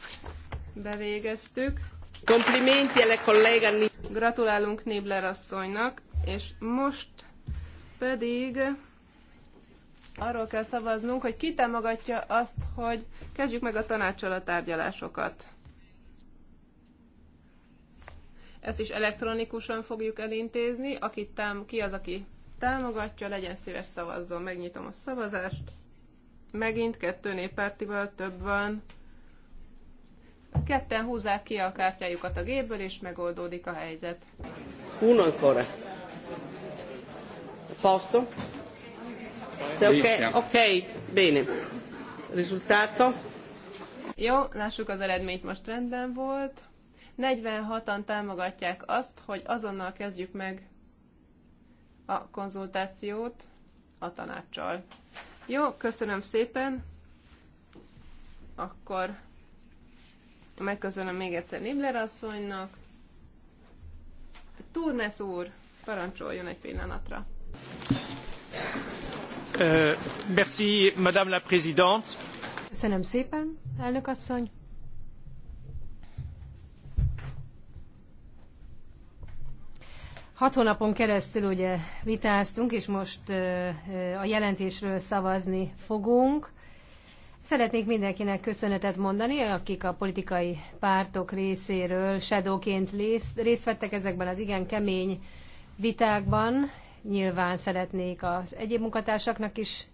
bevégeztük. Komplimenti alle kollega Gratulálunk Nibler asszonynak, és most pedig arról kell szavaznunk, hogy ki támogatja azt, hogy kezdjük meg a tanácsal a tárgyalásokat. Ezt is elektronikusan fogjuk elintézni. Aki tám- ki az, aki támogatja, legyen szíves szavazzon. Megnyitom a szavazást. Megint kettő néppártival több van. Ketten húzzák ki a kártyájukat a gépből, és megoldódik a helyzet. Uno ancora. Posto? Se ok, ok, bene. Risultato? Jó, lássuk az eredményt, most rendben volt. 46-an támogatják azt, hogy azonnal kezdjük meg a konzultációt a tanácssal. Jó, köszönöm szépen. Akkor Megköszönöm még egyszer Nibler asszonynak. Turnes úr, parancsoljon egy pillanatra. Uh, merci, Madame la Présidente. Köszönöm szépen, elnök asszony. Hat hónapon keresztül ugye vitáztunk, és most uh, a jelentésről szavazni fogunk. Szeretnék mindenkinek köszönetet mondani, akik a politikai pártok részéről sedóként részt vettek ezekben az igen kemény vitákban. Nyilván szeretnék az egyéb munkatársaknak is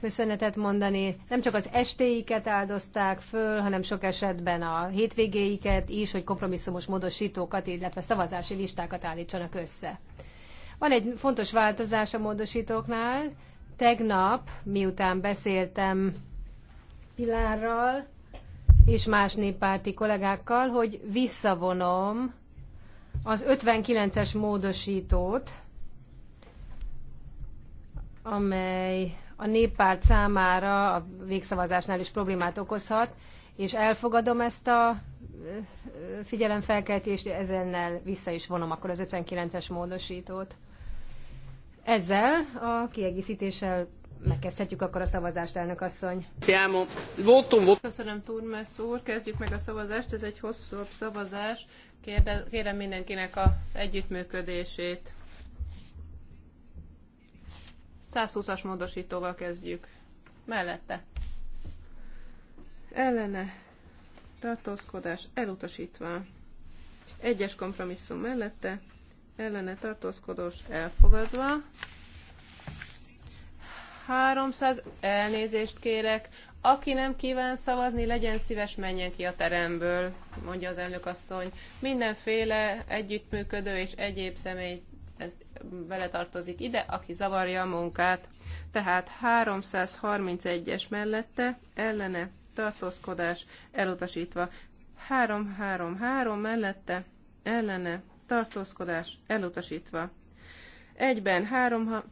köszönetet mondani. Nem csak az estéiket áldozták föl, hanem sok esetben a hétvégéiket is, hogy kompromisszumos módosítókat, illetve szavazási listákat állítsanak össze. Van egy fontos változás a módosítóknál. Tegnap, miután beszéltem Pilárral és más néppárti kollégákkal, hogy visszavonom az 59-es módosítót, amely a néppárt számára a végszavazásnál is problémát okozhat, és elfogadom ezt a figyelemfelkeltést, ezennel vissza is vonom akkor az 59-es módosítót. Ezzel a kiegészítéssel megkezdhetjük akkor a szavazást, elnök asszony. Köszönöm, Turmes úr. Kezdjük meg a szavazást. Ez egy hosszabb szavazás. Kérde, kérem mindenkinek az együttműködését. 120-as módosítóval kezdjük. Mellette. Ellene. Tartózkodás elutasítva. Egyes kompromisszum mellette. Ellene tartózkodós elfogadva. 300, elnézést kérek, aki nem kíván szavazni, legyen szíves, menjen ki a teremből, mondja az elnök asszony. Mindenféle együttműködő és egyéb személy ez beletartozik ide, aki zavarja a munkát. Tehát 331-es mellette ellene tartózkodás elutasítva. 333 mellette ellene tartózkodás elutasítva. Egyben 3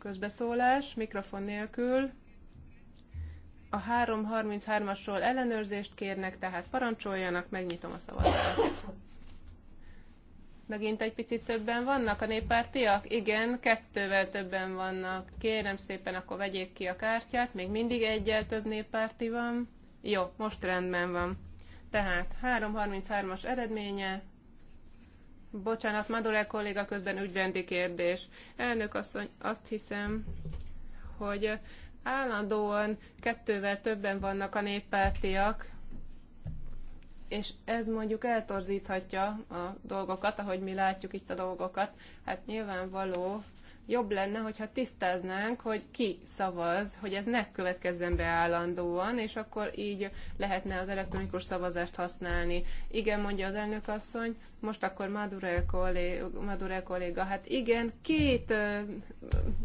Közbeszólás, mikrofon nélkül. A 333-asról ellenőrzést kérnek, tehát parancsoljanak, megnyitom a szavazást. Megint egy picit többen vannak a néppártiak? Igen, kettővel többen vannak. Kérem szépen, akkor vegyék ki a kártyát. Még mindig egyel több néppárti van. Jó, most rendben van. Tehát 3.33-as eredménye, Bocsánat, Madure kolléga közben ügyrendi kérdés. Elnök asszony, azt hiszem, hogy állandóan kettővel többen vannak a néppártiak, és ez mondjuk eltorzíthatja a dolgokat, ahogy mi látjuk itt a dolgokat. Hát nyilvánvaló, jobb lenne, hogyha tisztáznánk, hogy ki szavaz, hogy ez ne következzen be állandóan, és akkor így lehetne az elektronikus szavazást használni. Igen, mondja az elnök asszony, most akkor Madurel kolléga, Madurel kolléga hát igen, két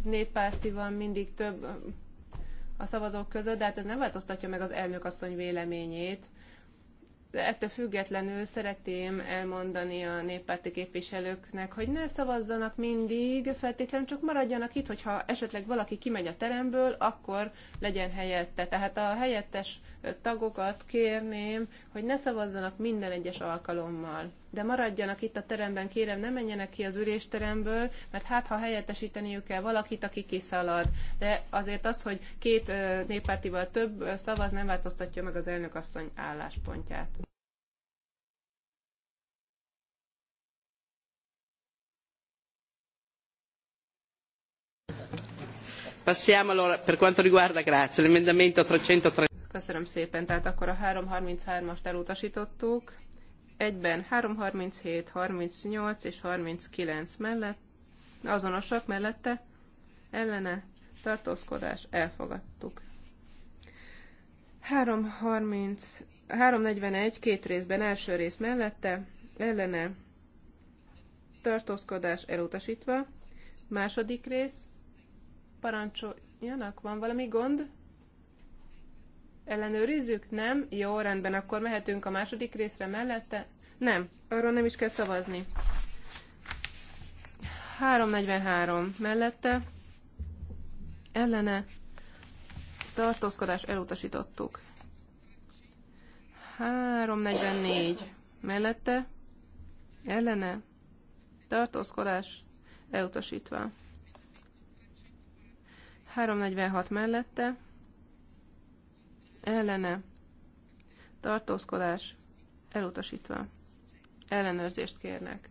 néppárti van mindig több a szavazók között, de hát ez nem változtatja meg az elnök asszony véleményét ettől függetlenül szeretném elmondani a néppárti képviselőknek, hogy ne szavazzanak mindig, feltétlenül csak maradjanak itt, hogyha esetleg valaki kimegy a teremből, akkor legyen helyette. Tehát a helyettes tagokat kérném, hogy ne szavazzanak minden egyes alkalommal de maradjanak itt a teremben, kérem, ne menjenek ki az ülésteremből, mert hát ha helyettesíteniük kell valakit, aki kiszalad. De azért az, hogy két néppártival több szavaz nem változtatja meg az elnökasszony álláspontját. Passiamo allora per quanto riguarda, grazie, l'emendamento 330. Köszönöm szépen, tehát akkor a 333-ast elutasítottuk egyben 337, 38 és 39 mellett, azonosak mellette, ellene tartózkodás elfogadtuk. 330, 341 két részben első rész mellette, ellene tartózkodás elutasítva, második rész, parancsoljanak, van valami gond? Ellenőrizzük? Nem? Jó, rendben, akkor mehetünk a második részre mellette. Nem, arról nem is kell szavazni. 343 mellette, ellene, tartózkodás elutasítottuk. 344 mellette, ellene, tartózkodás elutasítva. 346 mellette, ellene, tartózkodás elutasítva. Ellenőrzést kérnek.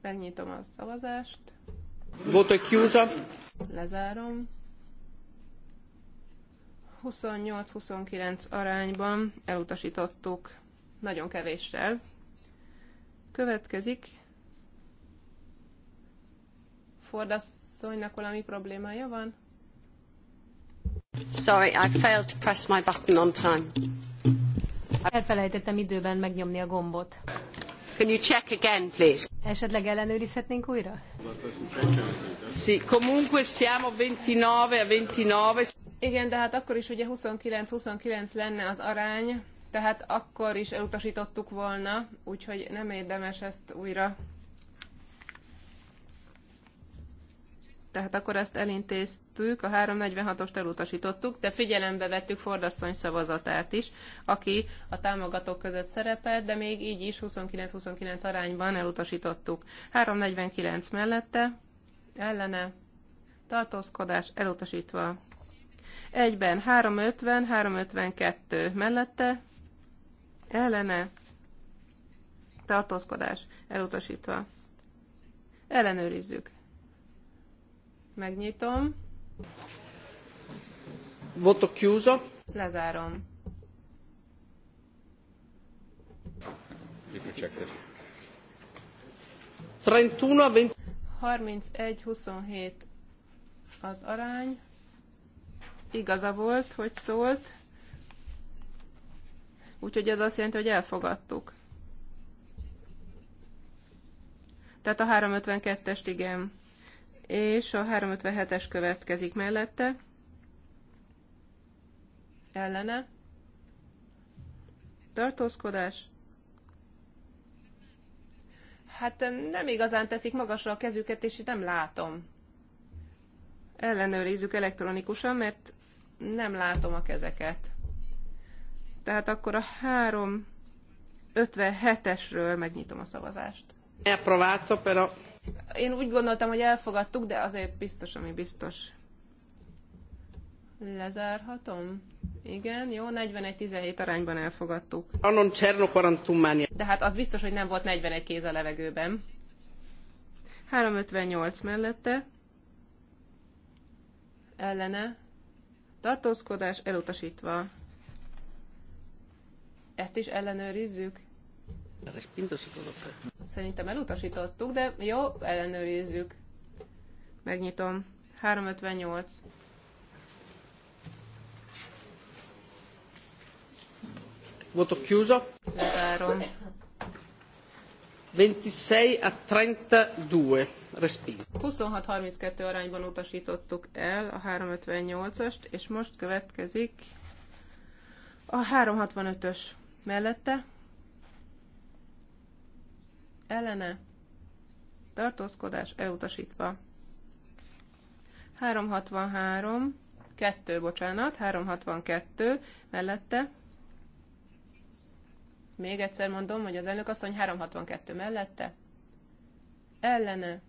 Megnyitom a szavazást. Voto chiusa. Lezárom. 28-29 arányban elutasítottuk nagyon kevéssel. Következik Fordasszonynak valami problémája van? Sorry, I failed to press my button on time. Elfelejtettem időben megnyomni a gombot. Can you check again, please? Esetleg ellenőrizhetnénk újra? Sì, comunque siamo 29 a 29. Igen, de hát akkor is ugye 29-29 lenne az arány, tehát akkor is elutasítottuk volna, úgyhogy nem érdemes ezt újra Tehát akkor ezt elintéztük, a 346-ost elutasítottuk, de figyelembe vettük Fordasszony szavazatát is, aki a támogatók között szerepelt, de még így is 29-29 arányban elutasítottuk. 349 mellette, ellene, tartózkodás elutasítva. Egyben 350, 352 mellette, ellene, tartózkodás elutasítva. Ellenőrizzük. Megnyitom. Voto chiuso. Lezárom. Rejected. 31 31-27 az arány. Igaza volt, hogy szólt. Úgyhogy ez azt jelenti, hogy elfogadtuk. Tehát a 352-est igen és a 357-es következik mellette, ellene, tartózkodás, Hát nem igazán teszik magasra a kezüket, és itt nem látom. Ellenőrizzük elektronikusan, mert nem látom a kezeket. Tehát akkor a 357-esről megnyitom a szavazást. Elpróbálta, però én úgy gondoltam, hogy elfogadtuk, de azért biztos, ami biztos. Lezárhatom? Igen, jó, 41-17 arányban elfogadtuk. De hát az biztos, hogy nem volt 41 kéz a levegőben. 358 mellette. Ellene. Tartózkodás elutasítva. Ezt is ellenőrizzük. Szerintem elutasítottuk, de jó, ellenőrizzük. Megnyitom. 358. Voto chiuso. Lezárom. 26 a 32. 26-32 arányban utasítottuk el a 358-ast, és most következik a 365-ös mellette ellene, tartózkodás elutasítva. 363, 2, bocsánat, 362 mellette. Még egyszer mondom, hogy az elnök asszony 362 mellette, ellene,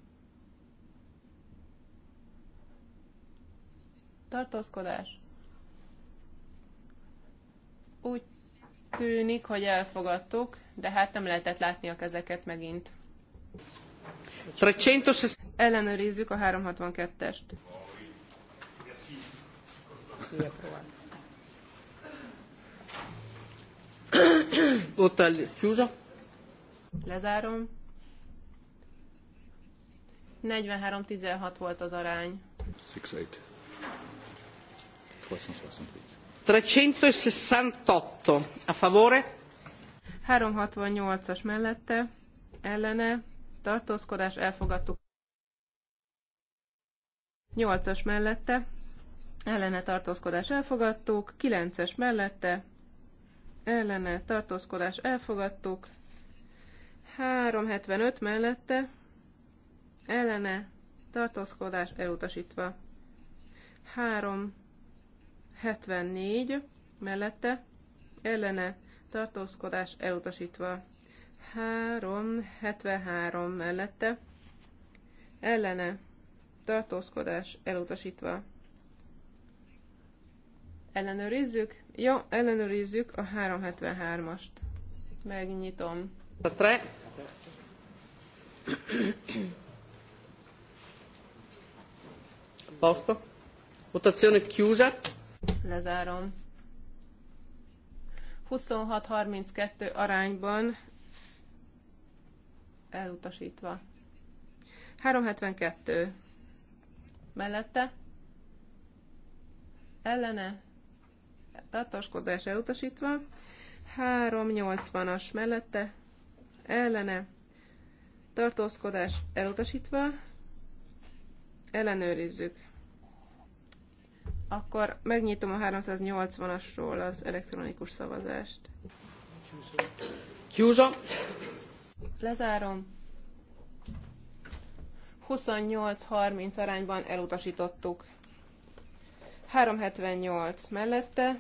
tartózkodás. Úgy tűnik, hogy elfogadtuk, de hát nem lehetett látni a kezeket megint. 360... Ellenőrizzük a 362-est. Hotel Fiúza. Lezárom. 43-16 volt az arány. 6-8. 368. 368 a favore. 368-as mellette, ellene, tartózkodás, elfogadtuk. 8-as mellette, ellene tartózkodás elfogadtuk, 9-es mellette, ellene tartózkodás elfogadtuk, 375 mellette, ellene tartózkodás elutasítva. 3 74 mellette ellene tartózkodás elutasítva. 373 mellette ellene tartózkodás elutasítva. Ellenőrizzük? Jó, ellenőrizzük a 373-ast. Megnyitom. A tre. Posto. Votazione chiusa. Lezárom. 26-32 arányban elutasítva. 372 mellette ellene tartaskodás elutasítva, 380-as mellette ellene tartózkodás elutasítva, ellenőrizzük. Akkor megnyitom a 380-asról az elektronikus szavazást. Kiúzom. Lezárom. 28-30 arányban elutasítottuk. 378 mellette,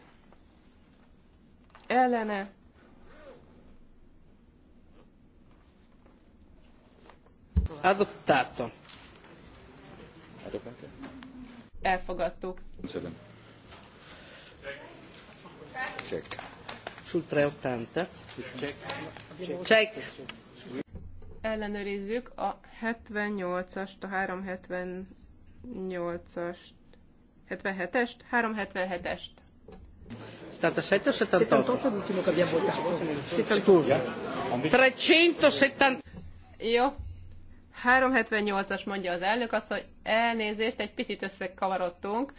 ellene, adottato. Elfogadtuk. Köszönöm. Check. Sul 380. Check. Check. Ellenőrizzük a 78-ast, a 378-ast, 77-est, 377-est. Stata 7 o 78? l'ultimo che abbiamo votato. 370. Jó, 378-as mondja az elnök azt, hogy elnézést, egy picit összekavarodtunk.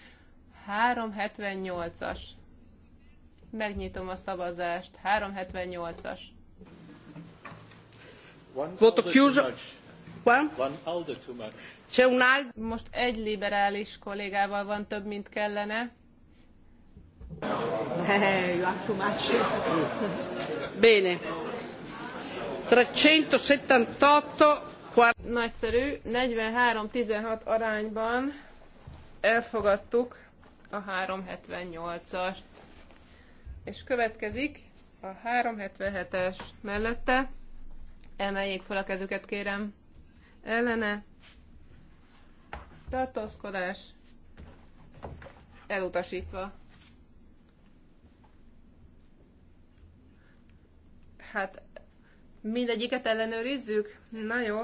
378-as. Megnyitom a szavazást. 378-as. Voto chiuso. Most egy liberális kollégával van több, mint kellene. Bene. 378 Nagyszerű, 43-16 arányban elfogadtuk a 378-ast. És következik a 377-es mellette. Emeljék fel a kezüket, kérem. Ellene. Tartózkodás. Elutasítva. Hát mindegyiket ellenőrizzük? Na jó.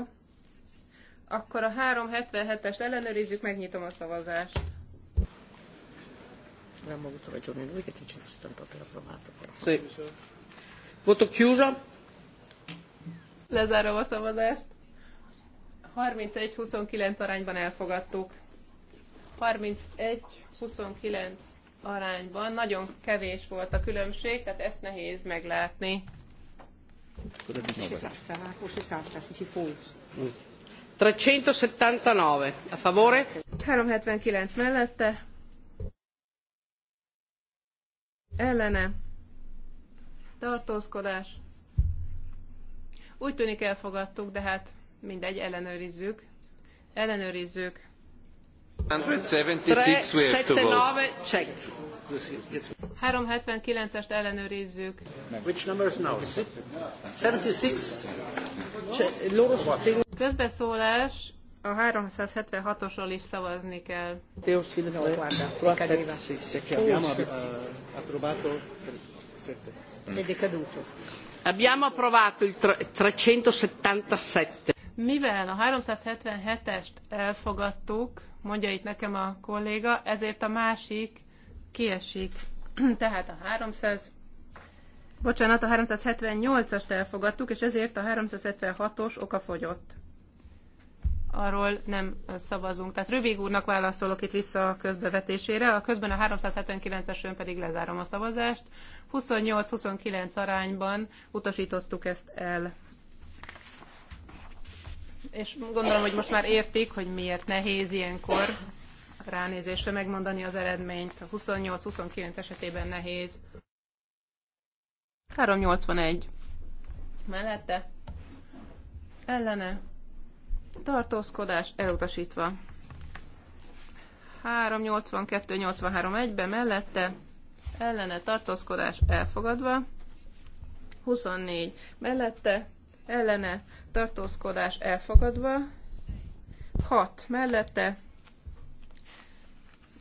Akkor a 377-est ellenőrizzük, megnyitom a szavazást. Nem maguk a ragione lui che dice che tanto appena provato. Sì. Voto Lezárom a szavazást. 31-29 arányban elfogadtuk. 31-29 arányban nagyon kevés volt a különbség, tehát ezt nehéz meglátni. Cosa dice Sarta? Forse Sarta, 379 a favore. 379 mellette. Ellene. Tartózkodás. Úgy tűnik elfogadtuk, de hát mindegy, ellenőrizzük. Ellenőrizzük. 379 we have to vote. Check. 379-est ellenőrizzük. Which number is now? 76? Közbeszólás, a 376-osról is szavazni kell. Eh, Abbiamo approvato il 377. Mivel a 377-est elfogadtuk, mondja itt nekem a kolléga, ezért a másik kiesik. Tehát a 300 Bocsánat, a 378-ast elfogadtuk, és ezért a 376-os oka fogyott. Arról nem szavazunk. Tehát Rövig úrnak válaszolok itt vissza a közbevetésére, a közben a 379-esön pedig lezárom a szavazást. 28-29 arányban utasítottuk ezt el. És gondolom, hogy most már értik, hogy miért nehéz ilyenkor ránézésre megmondani az eredményt. 28-29 esetében nehéz. 381. Mellette. Ellene. Tartózkodás elutasítva. 382-83-1-ben mellette. Ellene tartózkodás elfogadva. 24. Mellette. Ellene tartózkodás elfogadva. 6. Mellette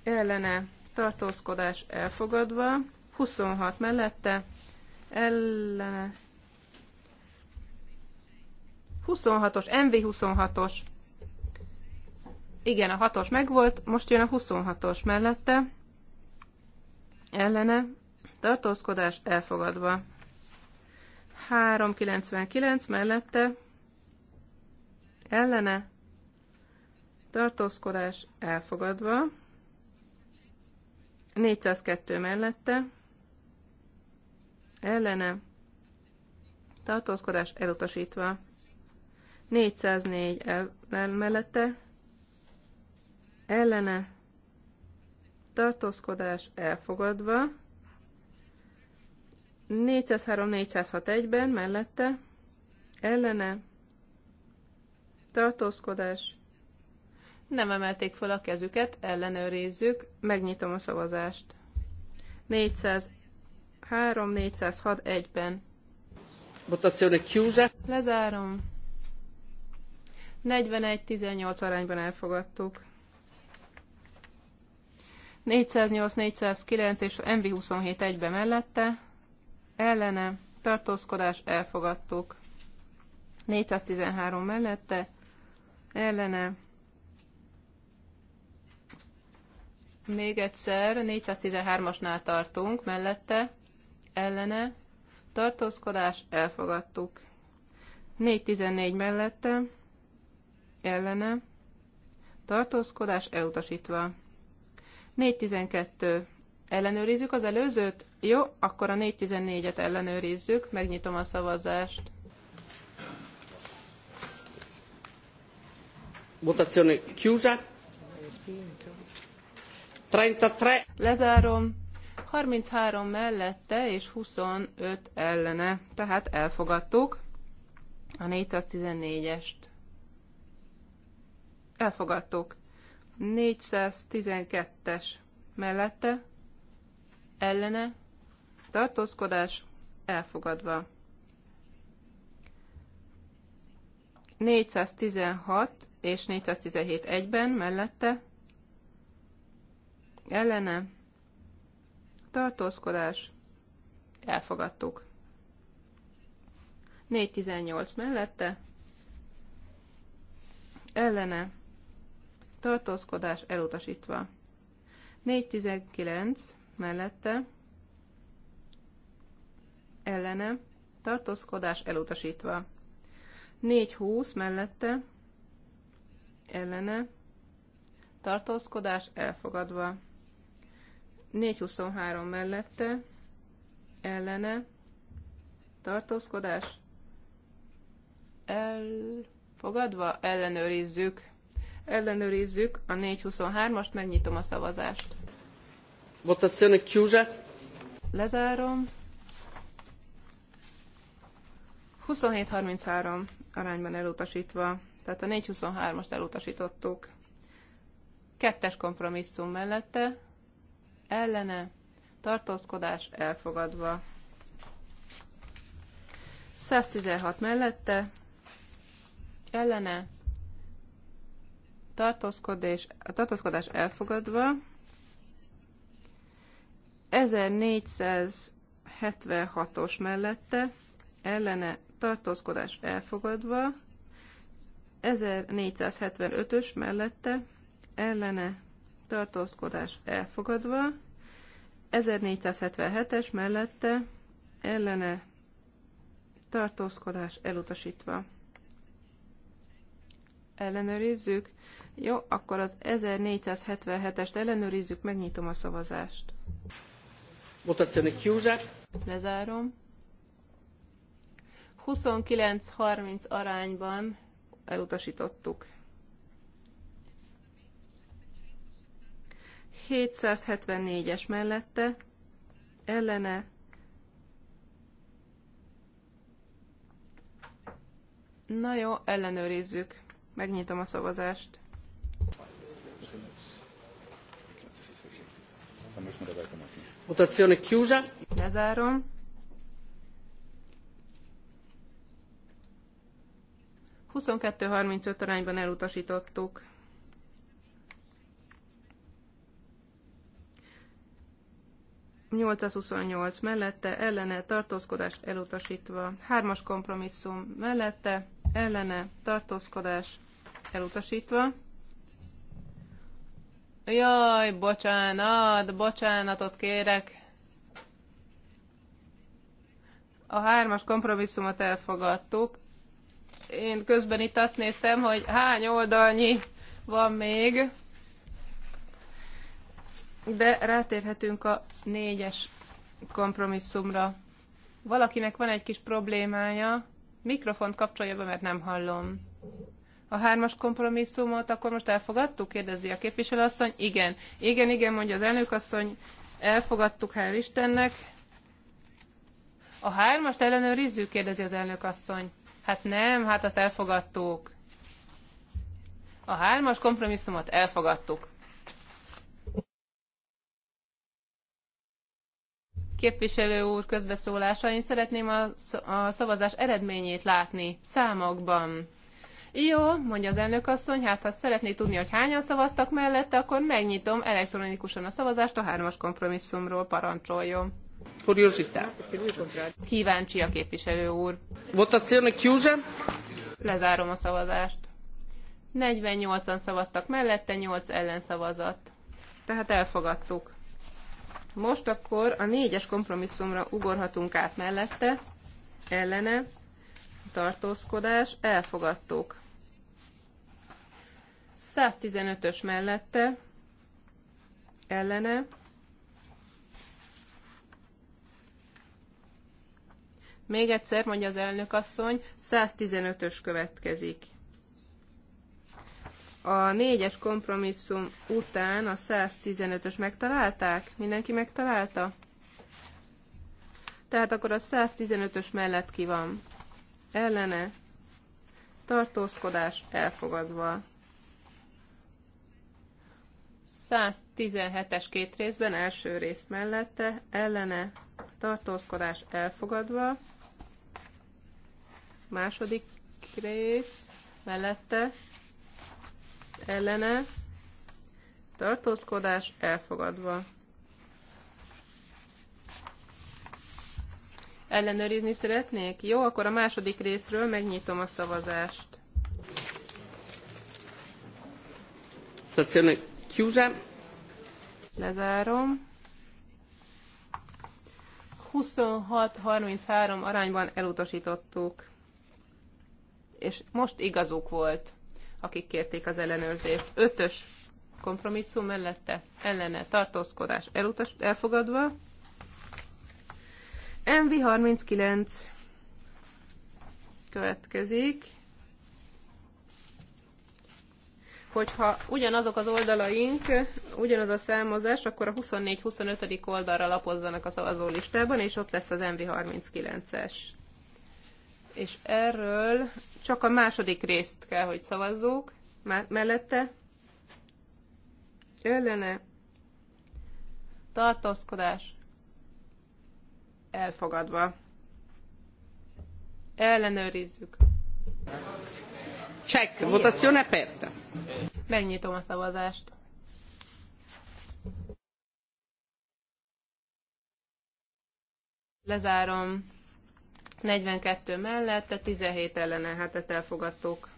ellene tartózkodás elfogadva, 26 mellette ellene 26-os, MV26-os. Igen, a 6-os megvolt, most jön a 26-os mellette. Ellene, tartózkodás elfogadva. 399 mellette. Ellene, tartózkodás elfogadva. 402 mellette, ellene, tartózkodás elutasítva. 404 el, mellette, ellene, tartózkodás elfogadva. 403-406 egyben mellette, ellene, tartózkodás nem emelték fel a kezüket, ellenőrizzük, megnyitom a szavazást. 403, 406, 1-ben. Votazione chiusa. Lezárom. 41-18 arányban elfogadtuk. 408, 409 és MV27 egybe mellette, ellene, tartózkodás, elfogadtuk. 413 mellette, ellene, Még egyszer, 413-asnál tartunk, mellette, ellene, tartózkodás, elfogadtuk. 414 mellette, ellene, tartózkodás, elutasítva. 412. Ellenőrizzük az előzőt? Jó, akkor a 414-et ellenőrizzük, megnyitom a szavazást. Votazione chiusa. 33. Lezárom. 33 mellette és 25 ellene, tehát elfogadtuk a 414-est. Elfogadtuk. 412-es mellette, ellene, tartózkodás, elfogadva. 416 és 417 egyben mellette, ellene, tartózkodás, elfogadtuk. 418 mellette, ellene, tartózkodás elutasítva. 419 mellette, ellene, tartózkodás elutasítva. 420 mellette, ellene, tartózkodás elfogadva. 4-23 mellette ellene tartózkodás elfogadva ellenőrizzük. Ellenőrizzük a 4 23 ast megnyitom a szavazást. Votazione chiusa. Lezárom. 27-33 arányban elutasítva, tehát a 4 23 ast elutasítottuk. Kettes kompromisszum mellette ellene, tartózkodás elfogadva. 116 mellette, ellene, tartózkodás, tartózkodás elfogadva. 1476-os mellette, ellene, tartózkodás elfogadva. 1475-ös mellette, ellene tartózkodás elfogadva, 1477-es mellette ellene tartózkodás elutasítva. Ellenőrizzük. Jó, akkor az 1477-est ellenőrizzük, megnyitom a szavazást. Votazione chiusa. Lezárom. 29-30 arányban elutasítottuk. 774-es mellette ellene Na jó, ellenőrizzük. Megnyitom a szavazást. Votazione chiusa. Lezárom. Huszonkettő harmincöt arányban elutasítottuk. 828 mellette, ellene, tartózkodás elutasítva. Hármas kompromisszum mellette, ellene, tartózkodás elutasítva. Jaj, bocsánat, bocsánatot kérek. A hármas kompromisszumot elfogadtuk. Én közben itt azt néztem, hogy hány oldalnyi van még de rátérhetünk a négyes kompromisszumra. Valakinek van egy kis problémája, mikrofont kapcsolja be, mert nem hallom. A hármas kompromisszumot akkor most elfogadtuk? kérdezi a képviselőasszony. Igen, igen, igen, mondja az elnökasszony. Elfogadtuk, hál' Istennek. A hármast ellenőrizzük? kérdezi az elnökasszony. Hát nem, hát azt elfogadtuk. A hármas kompromisszumot elfogadtuk. képviselő úr közbeszólása. Én szeretném a, a szavazás eredményét látni számokban. Jó, mondja az elnök asszony, hát ha szeretné tudni, hogy hányan szavaztak mellette, akkor megnyitom elektronikusan a szavazást a hármas kompromisszumról parancsoljon. Kíváncsi a képviselő úr. Votazione chiusa. Lezárom a szavazást. 48-an szavaztak mellette, 8 ellenszavazat. Tehát elfogadtuk. Most akkor a négyes kompromisszumra ugorhatunk át mellette, ellene, tartózkodás, elfogadtuk. 115-ös mellette, ellene, Még egyszer, mondja az elnök asszony, 115-ös következik a négyes kompromisszum után a 115-ös megtalálták? Mindenki megtalálta? Tehát akkor a 115-ös mellett ki van? Ellene? Tartózkodás elfogadva. 117-es két részben első rész mellette, ellene tartózkodás elfogadva, második rész mellette, ellene, tartózkodás elfogadva. Ellenőrizni szeretnék? Jó, akkor a második részről megnyitom a szavazást. Stazione chiusa. Lezárom. 26-33 arányban elutasítottuk. És most igazuk volt akik kérték az ellenőrzést. Ötös kompromisszum mellette ellene tartózkodás elutas, elfogadva. MV39 következik. Hogyha ugyanazok az oldalaink, ugyanaz a számozás, akkor a 24-25. oldalra lapozzanak a szavazólistában, és ott lesz az MV39-es és erről csak a második részt kell, hogy szavazzuk, mellette ellene tartózkodás elfogadva. Ellenőrizzük. Check, votazione aperta. Megnyitom a szavazást. Lezárom. 42 mellette, 17 ellene, hát ezt elfogadtuk.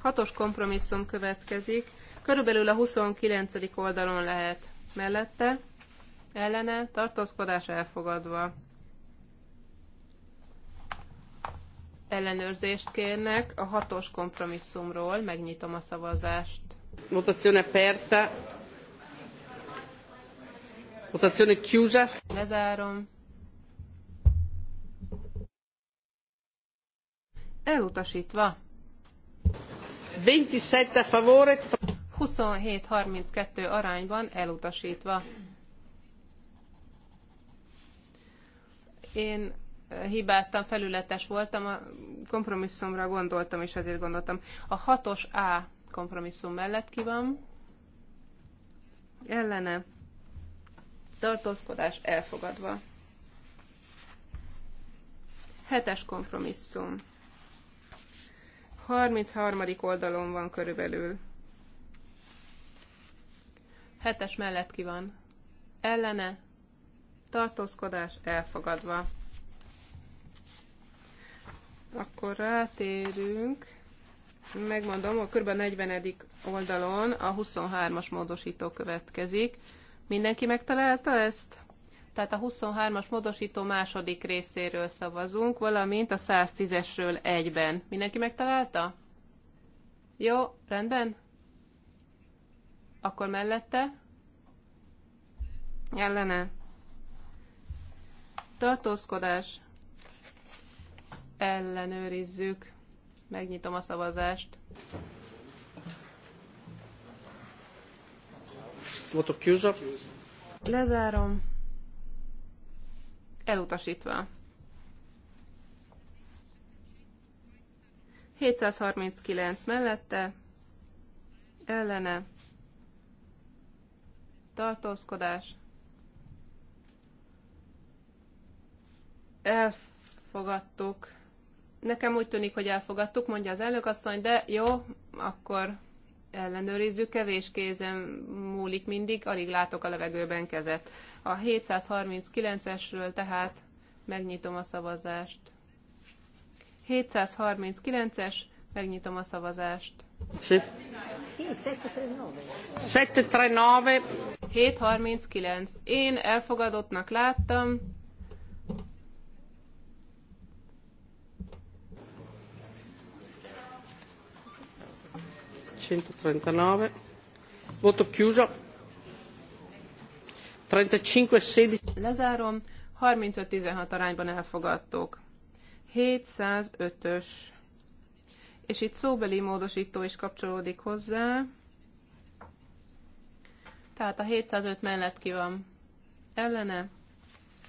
Hatos kompromisszum következik. Körülbelül a 29. oldalon lehet mellette, ellene, tartózkodás elfogadva. Ellenőrzést kérnek a hatos kompromisszumról, megnyitom a szavazást. Votazione aperta. Votazione chiusa. Lezárom. Elutasítva. 27 a favore. 27-32 arányban elutasítva. Én eh, hibáztam, felületes voltam, a kompromisszumra gondoltam, és azért gondoltam. A 6-os A kompromisszum mellett ki van. Ellene tartózkodás elfogadva. Hetes kompromisszum. 33. oldalon van körülbelül. Hetes mellett ki van. Ellene. Tartózkodás elfogadva. Akkor rátérünk. Megmondom, a kb. 40. oldalon a 23-as módosító következik. Mindenki megtalálta ezt? Tehát a 23-as módosító második részéről szavazunk, valamint a 110-esről egyben. Mindenki megtalálta? Jó, rendben? Akkor mellette? Ellene. Tartózkodás. Ellenőrizzük. Megnyitom a szavazást. Voto chiuso. Lezárom. Elutasítva. 739 mellette, ellene, tartózkodás, elfogadtuk. Nekem úgy tűnik, hogy elfogadtuk, mondja az elnökasszony, de jó, akkor ellenőrizzük, kevés kézen múlik mindig, alig látok a levegőben kezet. A 739-esről tehát megnyitom a szavazást. 739-es, megnyitom a szavazást. Sí. 739. 739. Én elfogadottnak láttam. 139 voto chiuso 35 16 lezárom 35-16 arányban elfogadtuk 705-ös és itt szóbeli módosító is kapcsolódik hozzá tehát a 705 mellett ki van ellene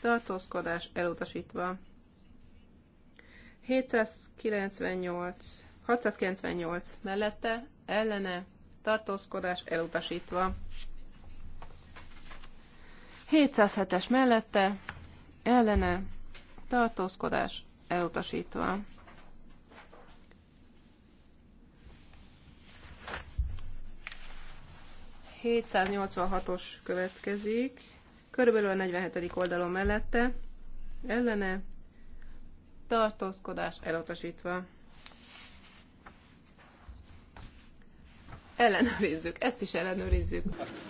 tartózkodás elutasítva 798 698 mellette, ellene, tartózkodás elutasítva. 707-es mellette, ellene, tartózkodás elutasítva. os következik, körülbelül a 47. oldalon mellette, ellene, tartózkodás elutasítva. Ellenőrizzük, ezt is ellenőrizzük.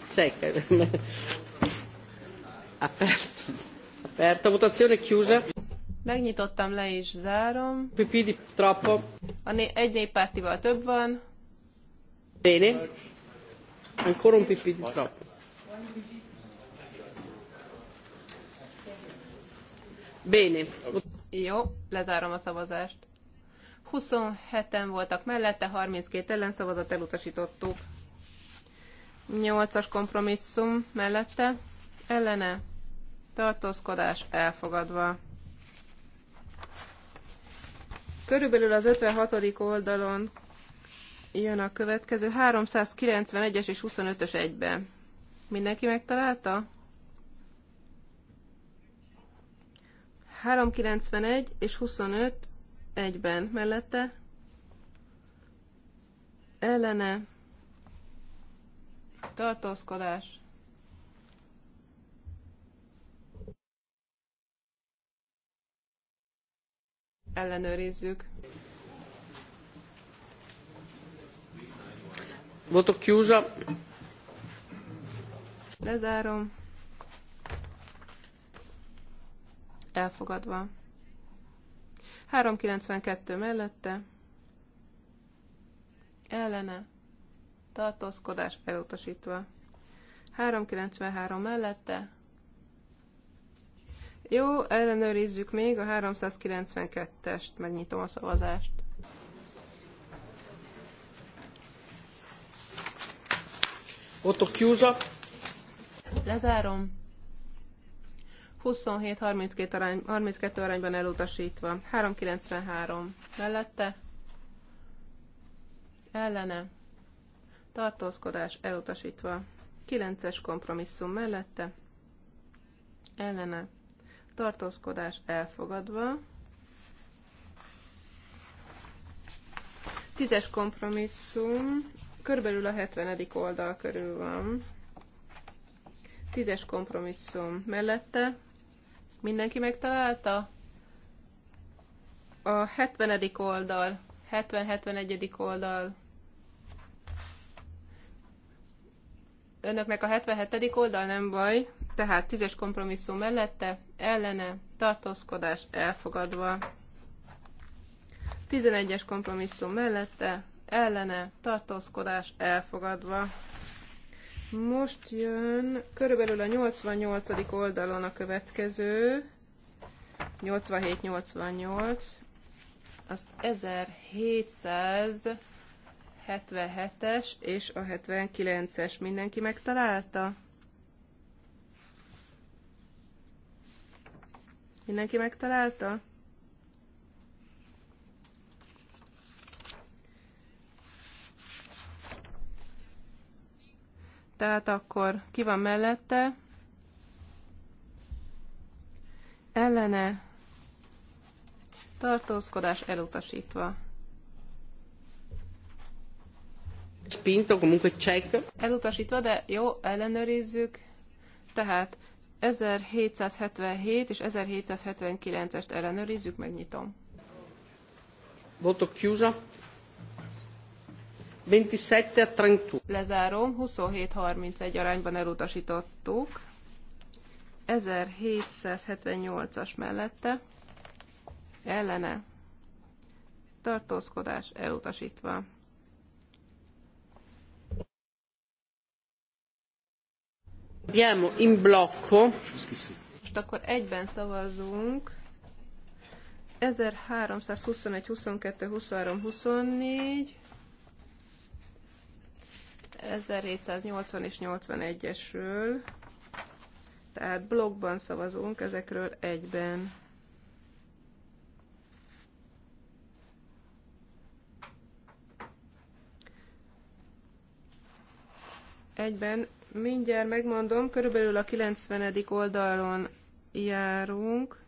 Check. A Aperto, mutazione chiusa. Megnyitottam, le és zárom. Pipidi troppo. A né- egy néppártival több van. Bene. Ancora un pipidi troppo. Bene. Jó, lezárom a szavazást. 27-en voltak mellette, 32 ellenszavazat elutasítottuk. 8-as kompromisszum mellette, ellene, tartózkodás elfogadva. Körülbelül az 56. oldalon jön a következő 391-es és 25-ös egybe. Mindenki megtalálta? 391 és 25 egyben mellette, ellene, tartózkodás, ellenőrizzük. Voto chiusa. Lezárom. Elfogadva. 392 mellette, ellene, tartózkodás elutasítva. 393 mellette. Jó, ellenőrizzük még a 392-est, megnyitom a szavazást. Otto Kiúza. Lezárom. 27-32 arány, 32 arányban elutasítva. 393 mellette. Ellene. Tartózkodás elutasítva. 9-es kompromisszum mellette. Ellene. Tartózkodás elfogadva. 10-es kompromisszum. Körülbelül a 70. oldal körül van. 10-es kompromisszum mellette Mindenki megtalálta? A 70. oldal, 70-71. oldal. Önöknek a 77. oldal nem baj, tehát tízes kompromisszum mellette, ellene, tartózkodás elfogadva. 11-es kompromisszum mellette, ellene, tartózkodás elfogadva. Most jön körülbelül a 88. oldalon a következő, 87-88, az 1777-es és a 79-es. Mindenki megtalálta? Mindenki megtalálta? tehát akkor ki van mellette? Ellene tartózkodás elutasítva. Spinto, comunque check. Elutasítva, de jó, ellenőrizzük. Tehát 1777 és 1779-est ellenőrizzük, megnyitom. Voto chiusa. 27-31. Lezárom, 27-31 arányban elutasítottuk. 1778-as mellette ellene tartózkodás elutasítva. Andiamo in blocco. Most akkor egyben szavazunk. 1321, 22, 23, 24, 1780 és 81-esről, tehát blogban szavazunk ezekről egyben. Egyben mindjárt megmondom, körülbelül a 90. oldalon járunk,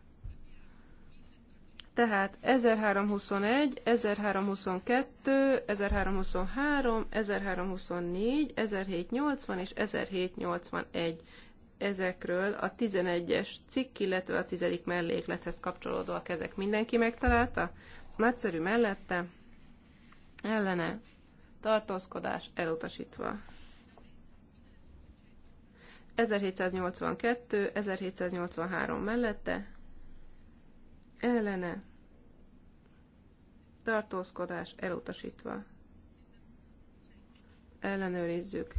tehát 1321, 1322, 1323, 1324, 1780 és 1781 ezekről a 11-es cikk, illetve a 10. melléklethez kapcsolódóak ezek. Mindenki megtalálta? Nagyszerű mellette, ellene, tartózkodás elutasítva. 1782, 1783 mellette, ellene tartózkodás elutasítva. Ellenőrizzük.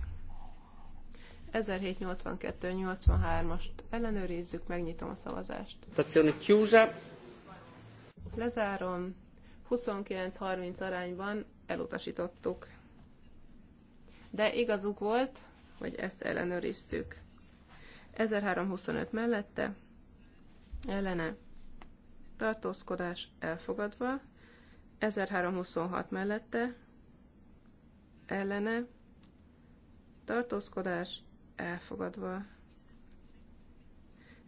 1782-83-ast ellenőrizzük, megnyitom a szavazást. Lezárom. 29-30 arányban elutasítottuk. De igazuk volt, hogy ezt ellenőriztük. 1325 mellette, ellene tartózkodás elfogadva, 1326 mellette, ellene, tartózkodás elfogadva,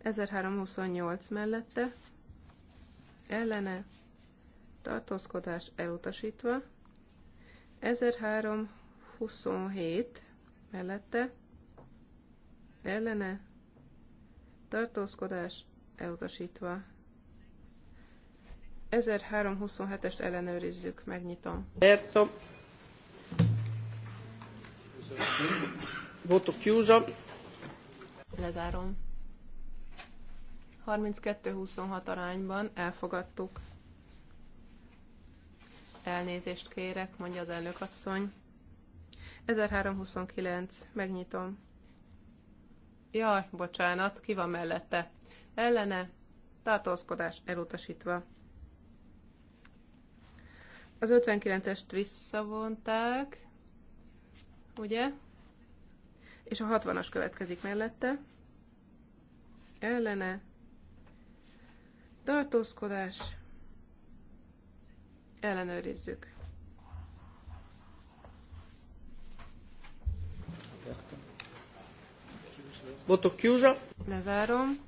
1328 mellette, ellene, tartózkodás elutasítva, 1327 mellette, ellene, tartózkodás elutasítva. 1327-est ellenőrizzük, megnyitom. Erto. Voto chiuso. Lezárom. 32-26 arányban elfogadtuk. Elnézést kérek, mondja az elnökasszony. 1329, megnyitom. Jaj, bocsánat, ki van mellette? Ellene, tartózkodás elutasítva. Az 59-est visszavonták, ugye? És a 60-as következik mellette. Ellene. Tartózkodás. Ellenőrizzük. Voto chiuso. Lezárom.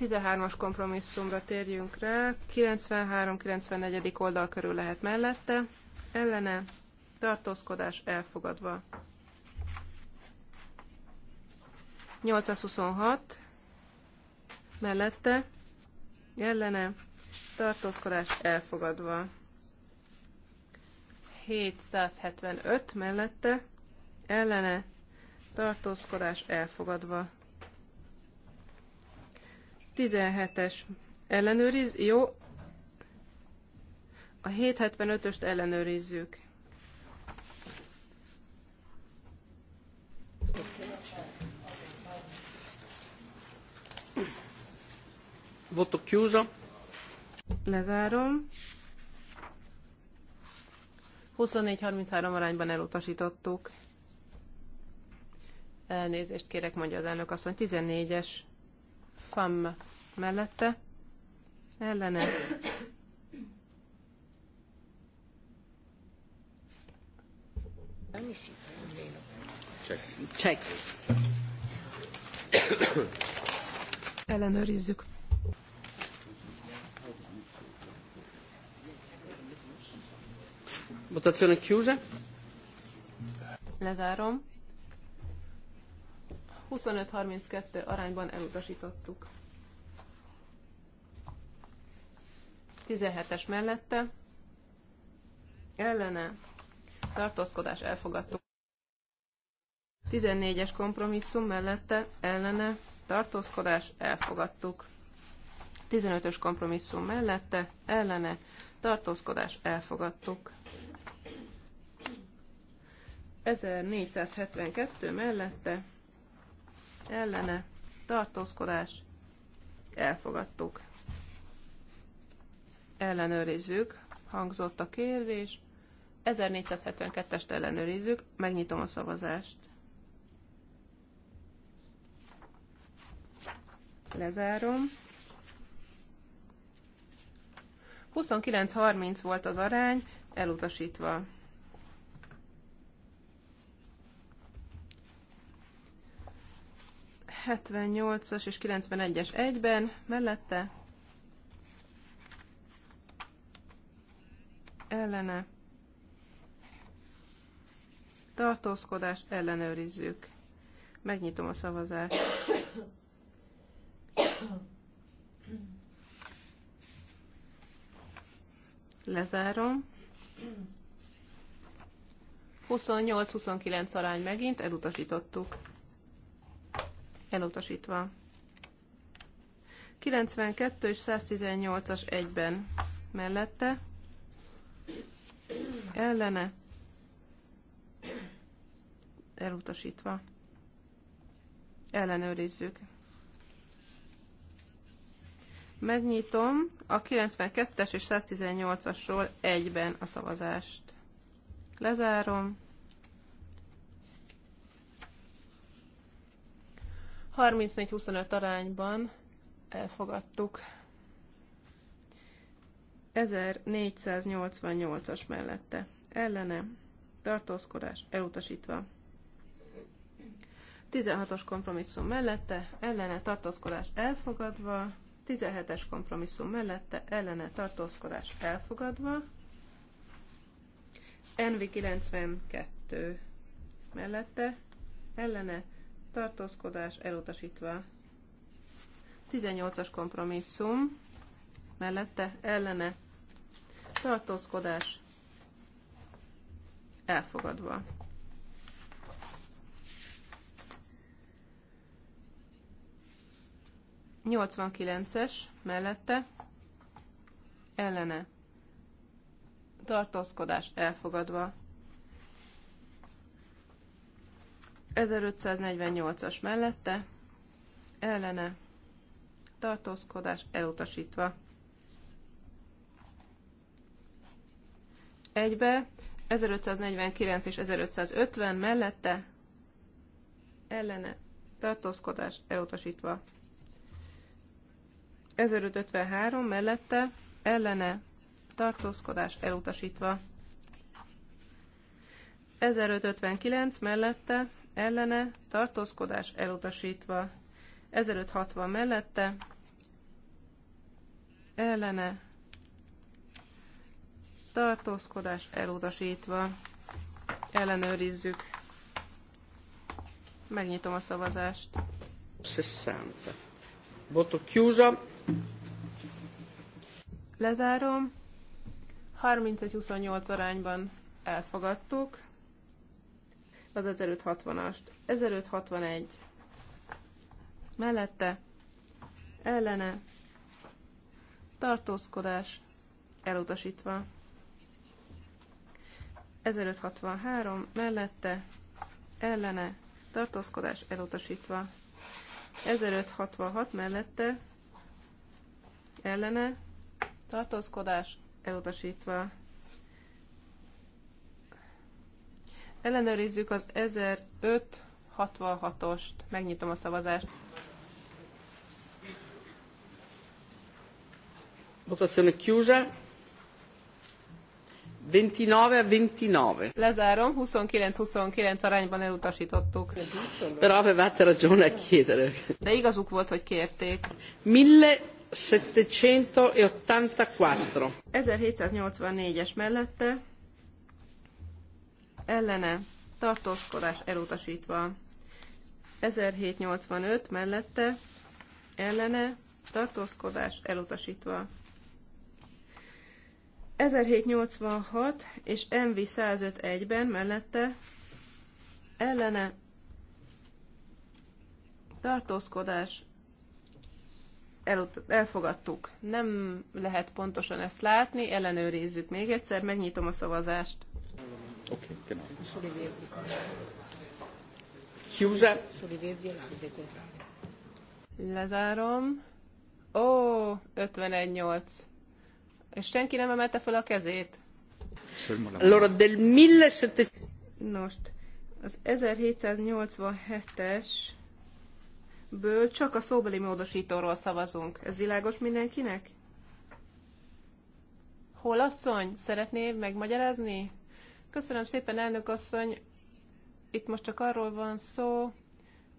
13-as kompromisszumra térjünk rá, 93-94. oldal körül lehet mellette, ellene, tartózkodás elfogadva. 826 mellette, ellene, tartózkodás elfogadva. 775 mellette, ellene, tartózkodás elfogadva. 17-es ellenőriz, jó. A 775-öst ellenőrizzük. Voto chiuso. Lezárom. 24-33 arányban elutasítottuk. Elnézést kérek, mondja az elnök asszony. 14-es FAM mellette, ellene. Check. Check. Ellenőrizzük. Votazione chiusa. Lezárom. 25-32 arányban elutasítottuk. 17-es mellette ellene tartózkodás elfogadtuk. 14-es kompromisszum mellette ellene tartózkodás elfogadtuk. 15-ös kompromisszum mellette ellene tartózkodás elfogadtuk. 1472 mellette ellene tartózkodás elfogadtuk. Ellenőrizzük, hangzott a kérés. 1472-est ellenőrizzük, megnyitom a szavazást. Lezárom. 29-30 volt az arány, elutasítva. 78-as és 91-es egyben, mellette ellene tartózkodás ellenőrizzük. Megnyitom a szavazást. Lezárom. 28-29 arány megint elutasítottuk elutasítva. 92 és 118-as egyben mellette, ellene, elutasítva. Ellenőrizzük. Megnyitom a 92-es és 118-asról egyben a szavazást. Lezárom. 34-25 arányban elfogadtuk. 1488-as mellette. Ellene. Tartózkodás elutasítva. 16-os kompromisszum mellette, ellene tartózkodás elfogadva, 17-es kompromisszum mellette, ellene tartózkodás elfogadva, NV92 mellette, ellene tartózkodás elutasítva. 18-as kompromisszum, mellette ellene tartózkodás elfogadva. Nyolcvankilences mellette ellene tartózkodás elfogadva. 1548-as mellette ellene tartózkodás elutasítva. Egybe 1549 és 1550 mellette ellene tartózkodás elutasítva. 1553 mellette ellene tartózkodás elutasítva. 1559 mellette ellene, tartózkodás elutasítva. 1560 mellette, ellene, tartózkodás elutasítva. Ellenőrizzük. Megnyitom a szavazást. 60. Voto chiuso. Lezárom. 31-28 arányban elfogadtuk az 1560-ast. 1561 mellette, ellene, tartózkodás, elutasítva. 1563 mellette, ellene, tartózkodás, elutasítva. 1566 mellette, ellene, tartózkodás, elutasítva. Ellenőrizzük az 1566-ost. Megnyitom a szavazást. Votazione chiusa. 29-29. Lezárom, 29-29 arányban elutasítottuk. Però avevate ragione a chiedere. De igazuk volt, hogy kérték. 1784. 1784-es mellette ellene tartózkodás elutasítva. 1785 mellette ellene tartózkodás elutasítva. 1786 és MV 105.1-ben mellette ellene tartózkodás elfogadtuk. Nem lehet pontosan ezt látni, ellenőrizzük még egyszer, megnyitom a szavazást. Okay, genau. Chiusa. E Lezárom. Ó, 51-8. És senki nem emelte fel a kezét? Allora, del 1700... Nos, az 1787-es ből csak a szóbeli módosítóról szavazunk. Ez világos mindenkinek? Hol asszony? Szeretné megmagyarázni? Köszönöm szépen, elnök asszony. Itt most csak arról van szó,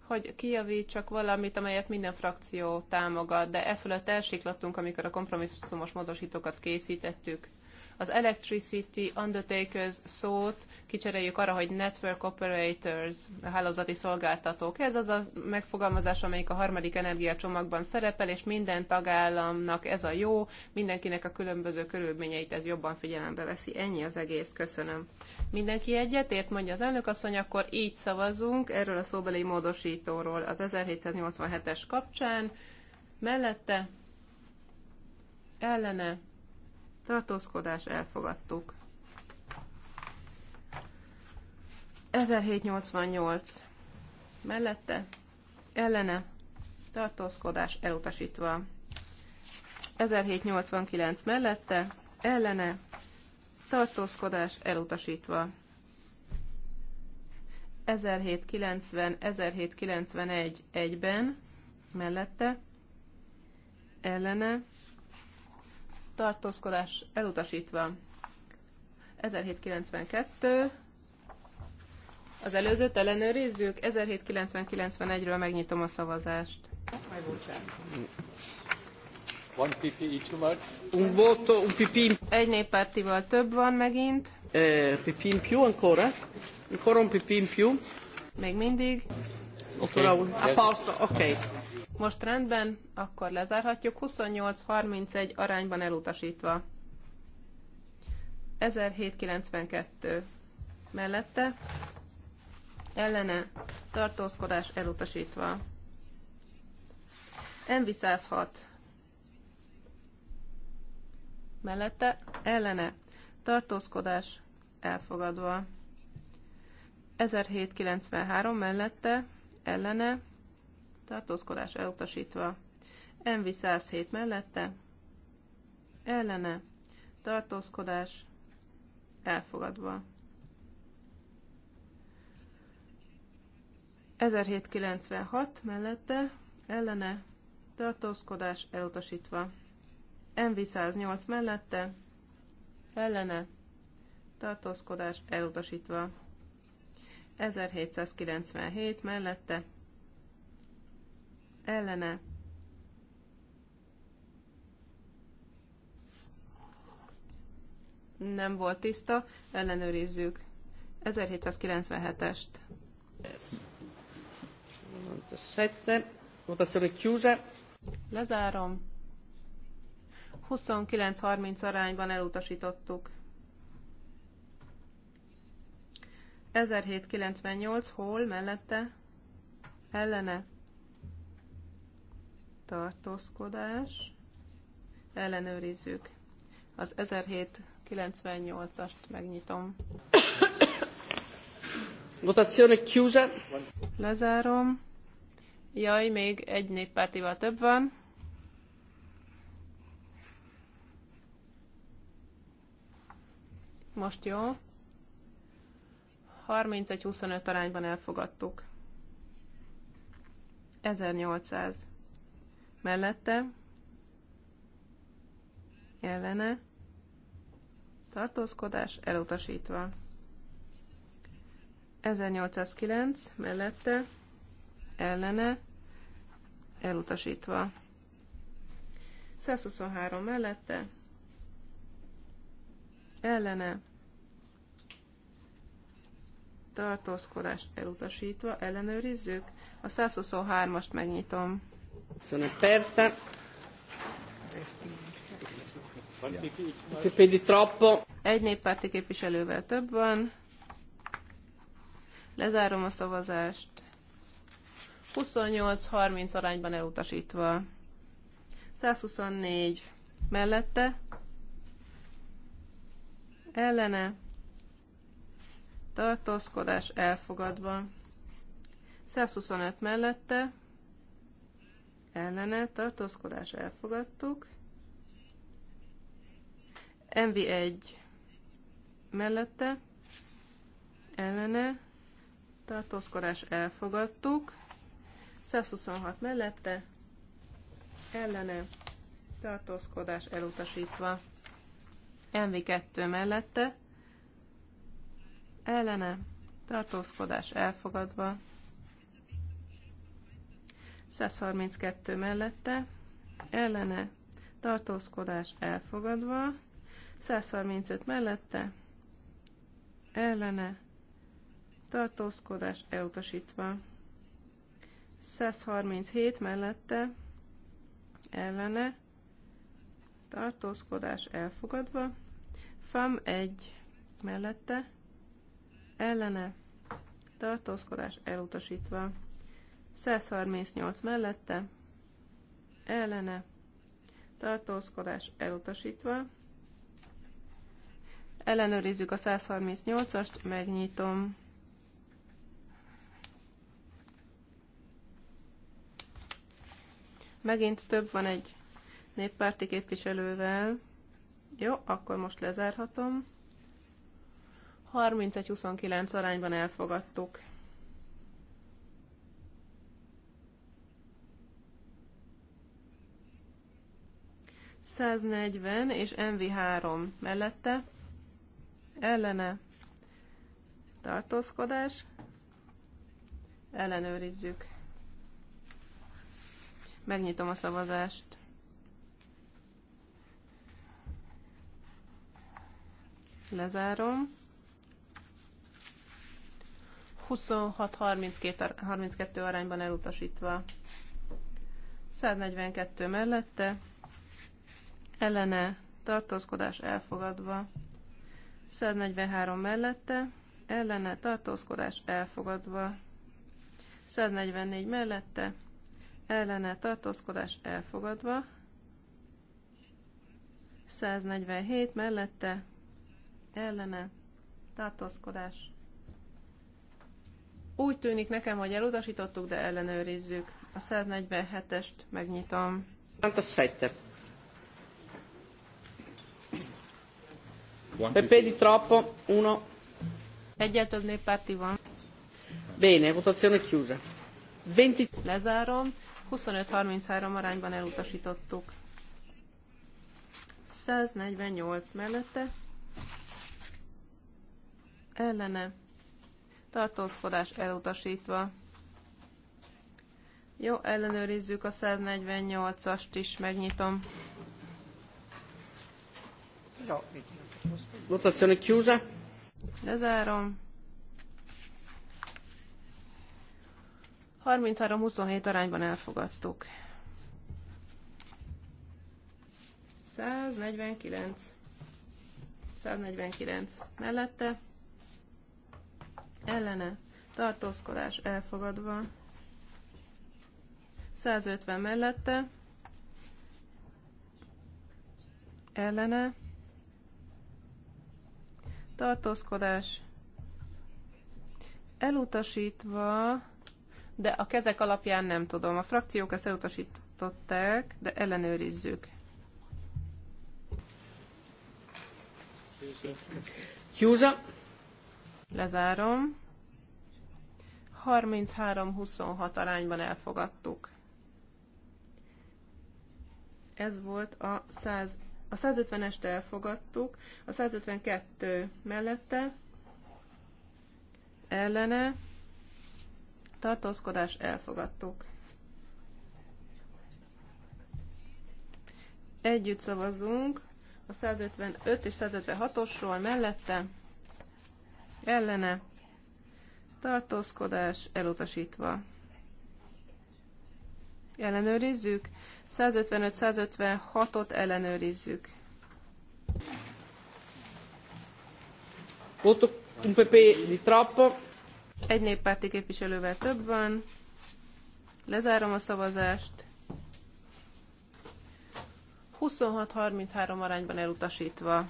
hogy kijavítsak valamit, amelyet minden frakció támogat, de e fölött elsiklottunk, amikor a kompromisszumos módosítókat készítettük. Az Electricity Undertakers szót kicseréljük arra, hogy Network Operators, hálózati szolgáltatók. Ez az a megfogalmazás, amelyik a harmadik energiacsomagban szerepel, és minden tagállamnak ez a jó, mindenkinek a különböző körülményeit ez jobban figyelembe veszi. Ennyi az egész, köszönöm. Mindenki egyetért, mondja az asszony, akkor így szavazunk erről a szóbeli módosítóról az 1787-es kapcsán. Mellette ellene tartózkodás elfogadtuk. 1788 mellette, ellene, tartózkodás elutasítva. 1789 mellette, ellene, tartózkodás elutasítva. 1790-1791 egyben, mellette, ellene, tartózkodás elutasítva. 1792. Az előzőt ellenőrizzük. 1790-91-ről megnyitom a szavazást. One PPE too much. Un voto, un Egy néppártival több van megint. Eh, più ancora? Ancora un PPE più? Még mindig. Okay. A posto, Okay. Most rendben, akkor lezárhatjuk. 28-31 arányban elutasítva. 1792 mellette ellene tartózkodás elutasítva. mv 106 mellette ellene tartózkodás elfogadva. 1793 mellette ellene tartózkodás elutasítva. MV 107 mellette, ellene, tartózkodás elfogadva. 1796 mellette, ellene, tartózkodás elutasítva. MV 108 mellette, ellene, tartózkodás elutasítva. 1797 mellette, ellene nem volt tiszta, ellenőrizzük. 1797-est. Lezárom. 29-30 arányban elutasítottuk. 1798 hol mellette? Ellene tartózkodás, ellenőrizzük. Az 1798-ast megnyitom. Votazione chiusa. Lezárom. Jaj, még egy néppártival több van. Most jó. 31-25 arányban elfogadtuk. 1800 mellette, ellene, tartózkodás elutasítva. 1809 mellette, ellene, elutasítva. 123 mellette, ellene, tartózkodás elutasítva, ellenőrizzük. A 123-ast megnyitom. Sono aperta. Pipi troppo. Egy néppárti képviselővel több van. Lezárom a szavazást. 28-30 arányban elutasítva. 124 mellette. Ellene. Tartózkodás elfogadva. 125 mellette ellene tartózkodás elfogadtuk. MV1 mellette ellene tartózkodás elfogadtuk. 126 mellette ellene tartózkodás elutasítva. MV2 mellette ellene tartózkodás elfogadva. 132 mellette, ellene tartózkodás elfogadva, 135 mellette, ellene tartózkodás elutasítva, 137 mellette, ellene tartózkodás elfogadva, FAM 1 mellette, ellene tartózkodás elutasítva. 138 mellette, ellene, tartózkodás elutasítva. Ellenőrizzük a 138-ast, megnyitom. Megint több van egy néppárti képviselővel. Jó, akkor most lezárhatom. 31-29 arányban elfogadtuk. 240 és MV3 mellette ellene tartózkodás, ellenőrizzük. Megnyitom a szavazást. Lezárom. 26-32 arányban elutasítva. 142 mellette, ellene tartózkodás elfogadva, 143 mellette, ellene tartózkodás elfogadva, 144 mellette, ellene tartózkodás elfogadva, 147 mellette, ellene tartózkodás. Úgy tűnik nekem, hogy elutasítottuk, de ellenőrizzük. A 147-est megnyitom. Anka Pepe di troppo, uno. Egyel több néppárti van. Bene, votazione chiusa. 20... Lezárom. 25-33 arányban elutasítottuk. 148 mellette. Ellene. Tartózkodás elutasítva. Jó, ellenőrizzük a 148-ast is, megnyitom. Jó, itt Votazione chiusa. Lezárom. 33-27 arányban elfogadtuk. 149. 149 mellette. Ellene. Tartózkodás elfogadva. 150 mellette. Ellene tartózkodás elutasítva, de a kezek alapján nem tudom. A frakciók ezt elutasították, de ellenőrizzük. Kiúza. Lezárom. 33-26 arányban elfogadtuk. Ez volt a 100 a 150-est elfogadtuk, a 152 mellette ellene tartózkodás elfogadtuk. Együtt szavazunk a 155 és 156-osról mellette ellene tartózkodás elutasítva. Ellenőrizzük. 155-156-ot ellenőrizzük. Voto un PP di troppo. Egy néppárti képviselővel több van. Lezárom a szavazást. 26-33 arányban elutasítva.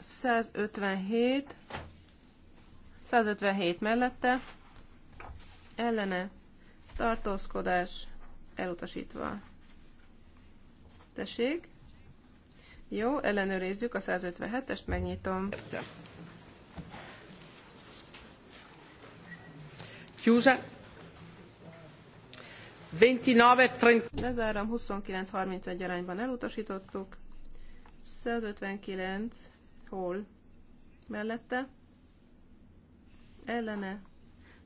157. 157 mellette. Ellene. Tartózkodás elutasítva. Tessék. Jó, ellenőrizzük a 157-est, megnyitom. Chiusa. 29-30. Lezárom, 29-31 arányban elutasítottuk. 159 hol mellette. Ellene.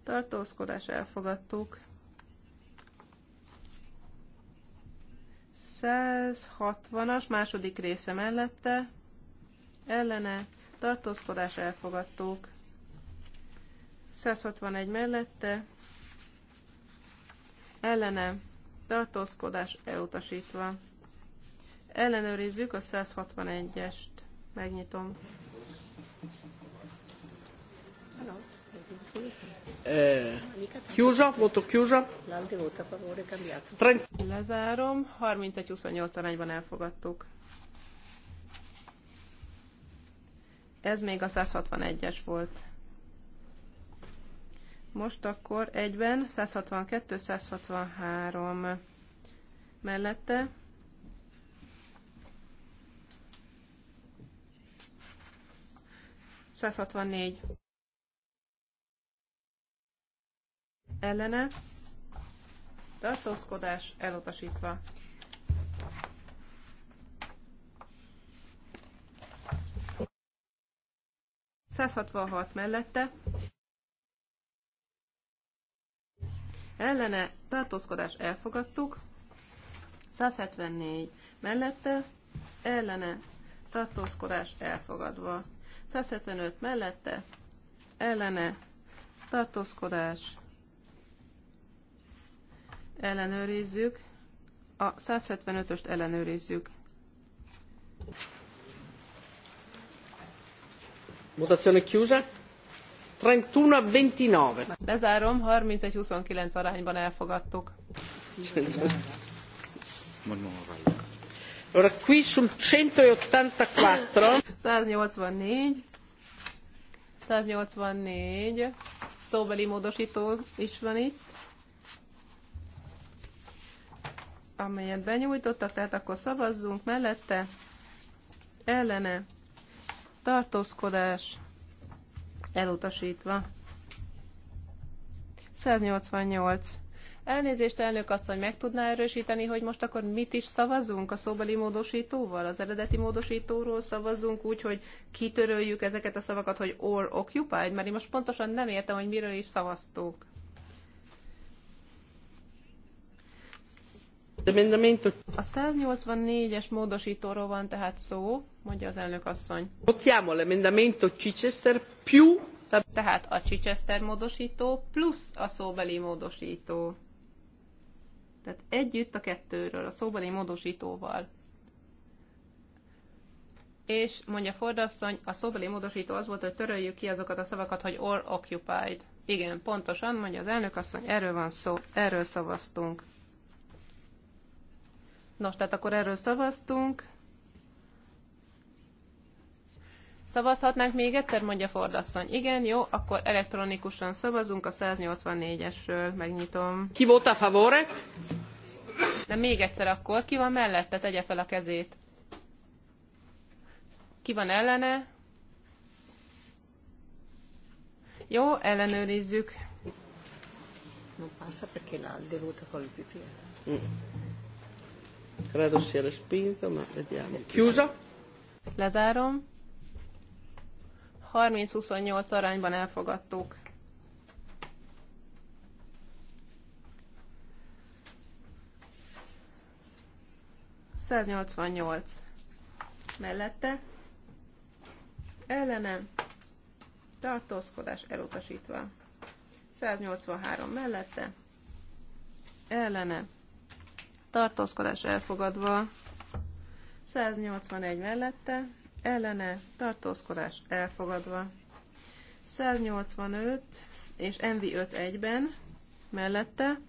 Tartózkodás elfogadtuk. 160-as második része mellette ellene tartózkodás elfogadtók 161 mellette ellene tartózkodás elutasítva. Ellenőrizzük a 161-est. Megnyitom. eh, chiusa, voto chiusa. Lezárom, 31-28 arányban elfogadtuk. Ez még a 161-es volt. Most akkor egyben 162-163 mellette. Száz ellene, tartózkodás elutasítva. hat mellette, ellene, tartózkodás elfogadtuk, 174 mellette, ellene, tartózkodás elfogadva. 175 mellette, ellene, tartózkodás ellenőrizzük. A 175-öst ellenőrizzük. Votazione chiusa. 31-29. Lezárom, 31-29 arányban elfogadtuk. Allora qui sul 184. 184. 184. Szóbeli módosító is van itt. amelyet benyújtottak, tehát akkor szavazzunk mellette, ellene, tartózkodás, elutasítva. 188. Elnézést, elnök asszony, meg tudná erősíteni, hogy most akkor mit is szavazunk a szóbeli módosítóval? Az eredeti módosítóról szavazunk úgy, hogy kitöröljük ezeket a szavakat, hogy or occupied, mert én most pontosan nem értem, hogy miről is szavaztunk. A 184-es módosítóról van tehát szó, mondja az elnök asszony. Chichester tehát a Chichester módosító plusz a szóbeli módosító. Tehát együtt a kettőről, a szóbeli módosítóval. És mondja Fordasszony, a szóbeli módosító az volt, hogy töröljük ki azokat a szavakat, hogy or occupied. Igen, pontosan, mondja az elnök asszony, erről van szó, erről szavaztunk. Nos, tehát akkor erről szavaztunk. Szavazhatnánk még egyszer, mondja Fordasszony. Igen, jó, akkor elektronikusan szavazunk a 184-esről, megnyitom. Ki volt a favore? De még egyszer akkor, ki van mellette, tegye fel a kezét. Ki van ellene? Jó, ellenőrizzük. Non passa perché col PPL. Mm. Credo Chiusa. Lezárom. 30-28 arányban elfogadtuk. Száznyolcvannyolc mellette ellene tartózkodás elutasítva. 183 mellette ellene tartózkodás elfogadva, 181 mellette, ellene, tartózkodás elfogadva, 185 és MV5 egyben, mellette,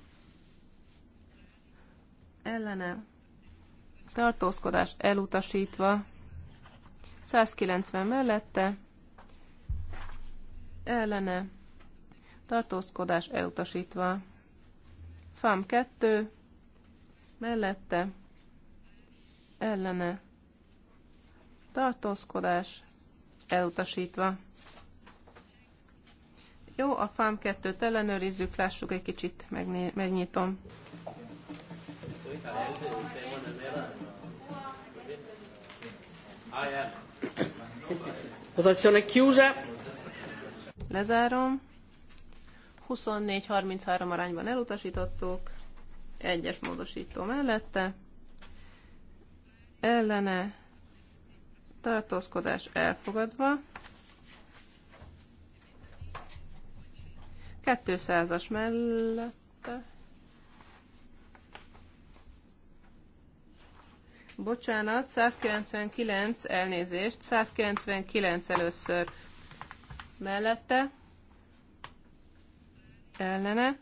ellene, tartózkodás elutasítva, 190 mellette, ellene, tartózkodás elutasítva, FAM 2, mellette ellene tartózkodás elutasítva. Jó, a fám kettőt ellenőrizzük, lássuk egy kicsit, megnyitom. Votazione chiusa. Lezárom. 24-33 arányban elutasítottuk. Egyes módosító mellette. Ellene tartózkodás elfogadva. 200-as mellette. Bocsánat, 199 elnézést, 199 először mellette, ellene,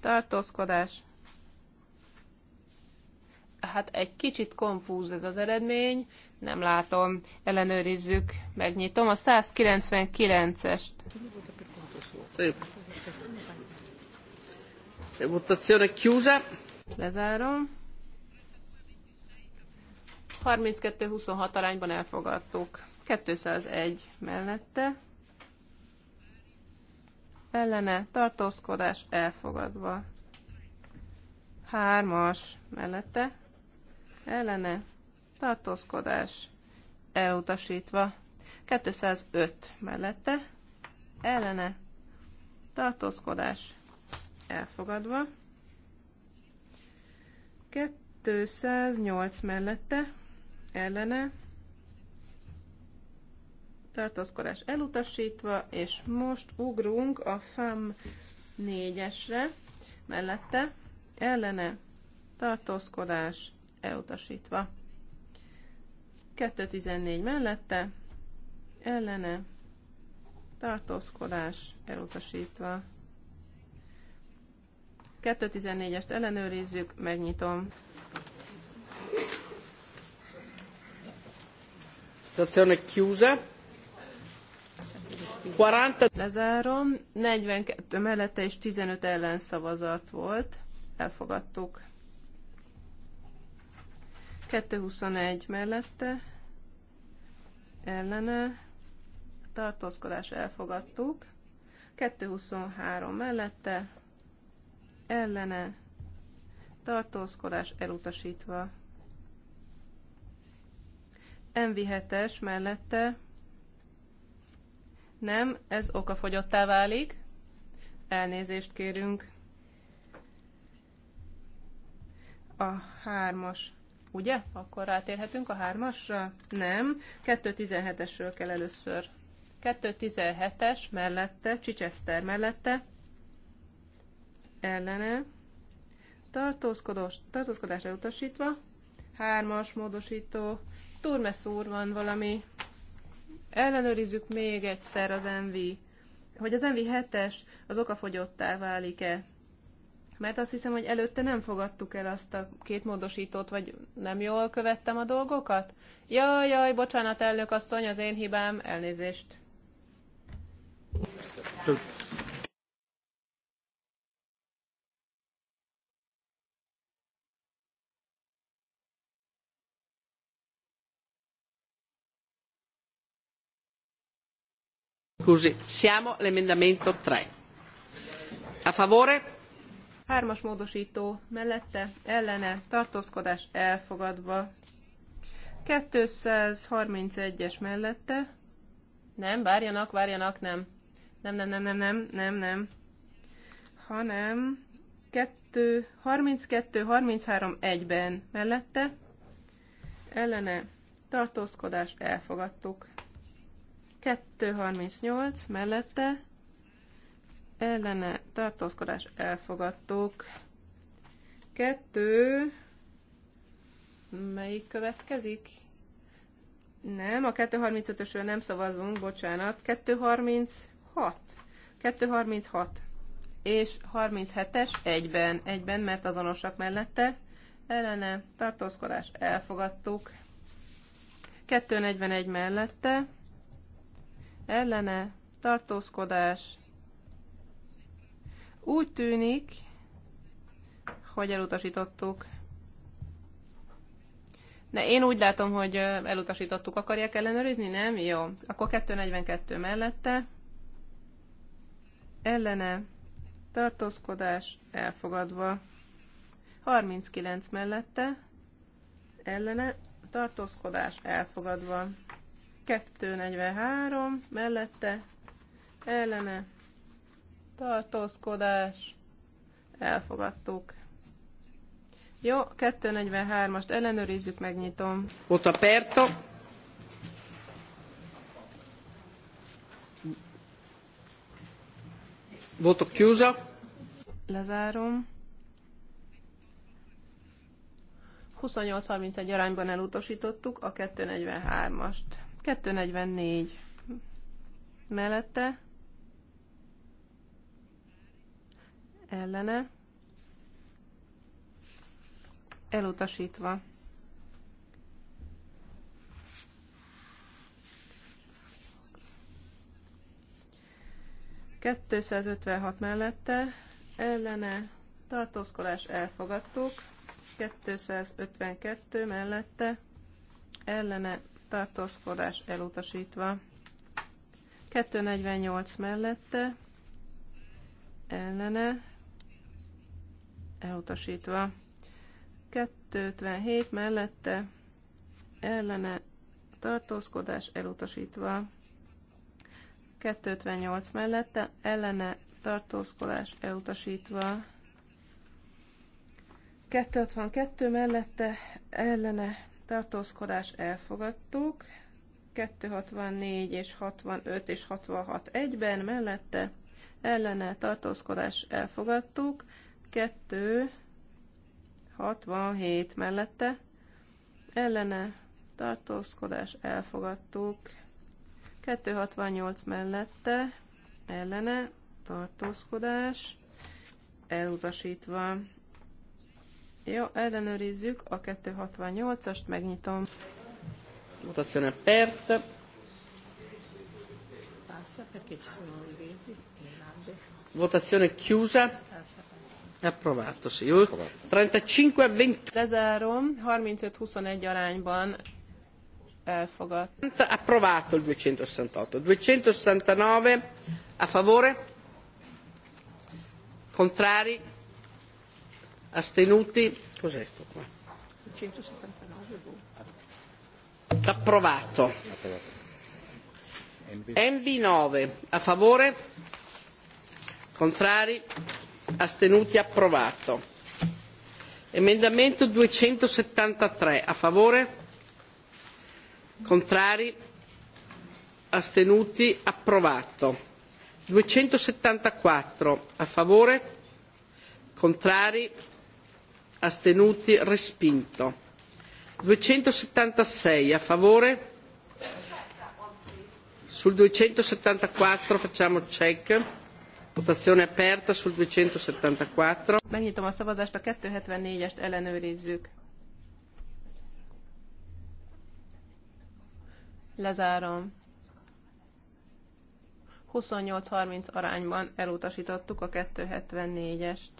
tartózkodás. Hát egy kicsit konfúz ez az eredmény, nem látom, ellenőrizzük, megnyitom a 199-est. Votazione chiusa. Lezárom. 32-26 arányban elfogadtuk. 201 mellette ellene tartózkodás elfogadva. Hármas mellette ellene tartózkodás elutasítva. 205 mellette ellene tartózkodás elfogadva. 208 mellette ellene tartózkodás elutasítva, és most ugrunk a FAM 4-esre, mellette ellene tartózkodás elutasítva. 214 mellette ellene tartózkodás elutasítva. 214-est ellenőrizzük, megnyitom. Stazione chiusa. 40... Lezárom. 42 mellette és 15 ellenszavazat volt. Elfogadtuk. 221 mellette. Ellene. Tartózkodás elfogadtuk. 223 mellette. Ellene. Tartózkodás elutasítva. MV7-es mellette nem, ez okafogyottá válik. Elnézést kérünk. A hármas. Ugye? Akkor rátérhetünk a hármasra? Nem. 2.17-esről kell először. 2.17-es mellette, Csicseszter mellette, ellene, tartózkodás, elutasítva, hármas módosító, turmeszúr van valami ellenőrizzük még egyszer az MV, hogy az MV 7-es az okafogyottá válik-e. Mert azt hiszem, hogy előtte nem fogadtuk el azt a két módosítót, vagy nem jól követtem a dolgokat? Jaj, jaj, bocsánat, elnök asszony, az én hibám, elnézést. Tudj. Scusi, siamo all'emendamento Hármas módosító mellette, ellene, tartózkodás elfogadva. 231-es mellette. Nem, várjanak, várjanak, nem. Nem, nem, nem, nem, nem, nem, nem. Hanem 2, 32, 33, 1-ben mellette. Ellene, tartózkodás elfogadtuk. 238 mellette ellene tartózkodás elfogadtuk. 2 melyik következik? Nem, a 235-ösről nem szavazunk, bocsánat. 236. 236 és 37-es egyben, egyben, mert azonosak mellette. Ellene tartózkodás elfogadtuk. 241 mellette ellene, tartózkodás. Úgy tűnik, hogy elutasítottuk. Ne, én úgy látom, hogy elutasítottuk. Akarják ellenőrizni? Nem? Jó. Akkor 242 mellette. Ellene. Tartózkodás. Elfogadva. 39 mellette. Ellene. Tartózkodás. Elfogadva. 243 mellette ellene tartózkodás elfogadtuk. Jó, 243-ast ellenőrizzük, megnyitom. Ott a perto. Voto chiuso. Lezárom. 28-31 arányban elutasítottuk a 243-ast. 244 mellette, ellene, elutasítva. Kettőszázötvenhat mellette, ellene, tartózkodás elfogadtuk, 252 mellette, ellene tartózkodás elutasítva. 248 mellette, ellene, elutasítva. 257 mellette, ellene, tartózkodás elutasítva. 258 mellette, ellene, tartózkodás elutasítva. 252 mellette, ellene, tartózkodás elfogadtuk, 264 és 65 és 66 egyben, mellette ellene tartózkodás elfogadtuk, 2 67 mellette ellene tartózkodás elfogadtuk, 268 mellette ellene tartózkodás elutasítva, jó, ellenőrizzük a 268-ast, megnyitom. Mutazione pert. Votazione chiusa. Approvato, sì. 35 20. Lezárom, 35-21 arányban elfogadt. Approvato il 268. 269 a favore? Contrari? astenuti, cos'è sto qua? 169. Approvato. Envi 9, a favore, contrari, astenuti, approvato. Emendamento 273, a favore, contrari, astenuti, approvato. 274 a favore, contrari, astenuti respinto 276 a favore sul 274 facciamo check votazione aperta sul 274 megnyitom a szavazást a 274-est ellenőrizzük lezárom 28-30 arányban elutasítottuk a 274-est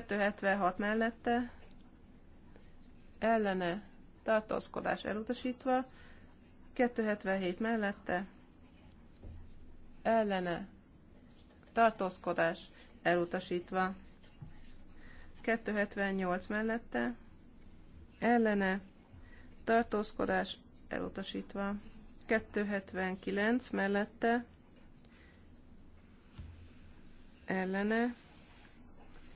276 mellette ellene tartózkodás elutasítva, 277 mellette ellene tartózkodás elutasítva, 278 mellette ellene tartózkodás elutasítva, 279 mellette ellene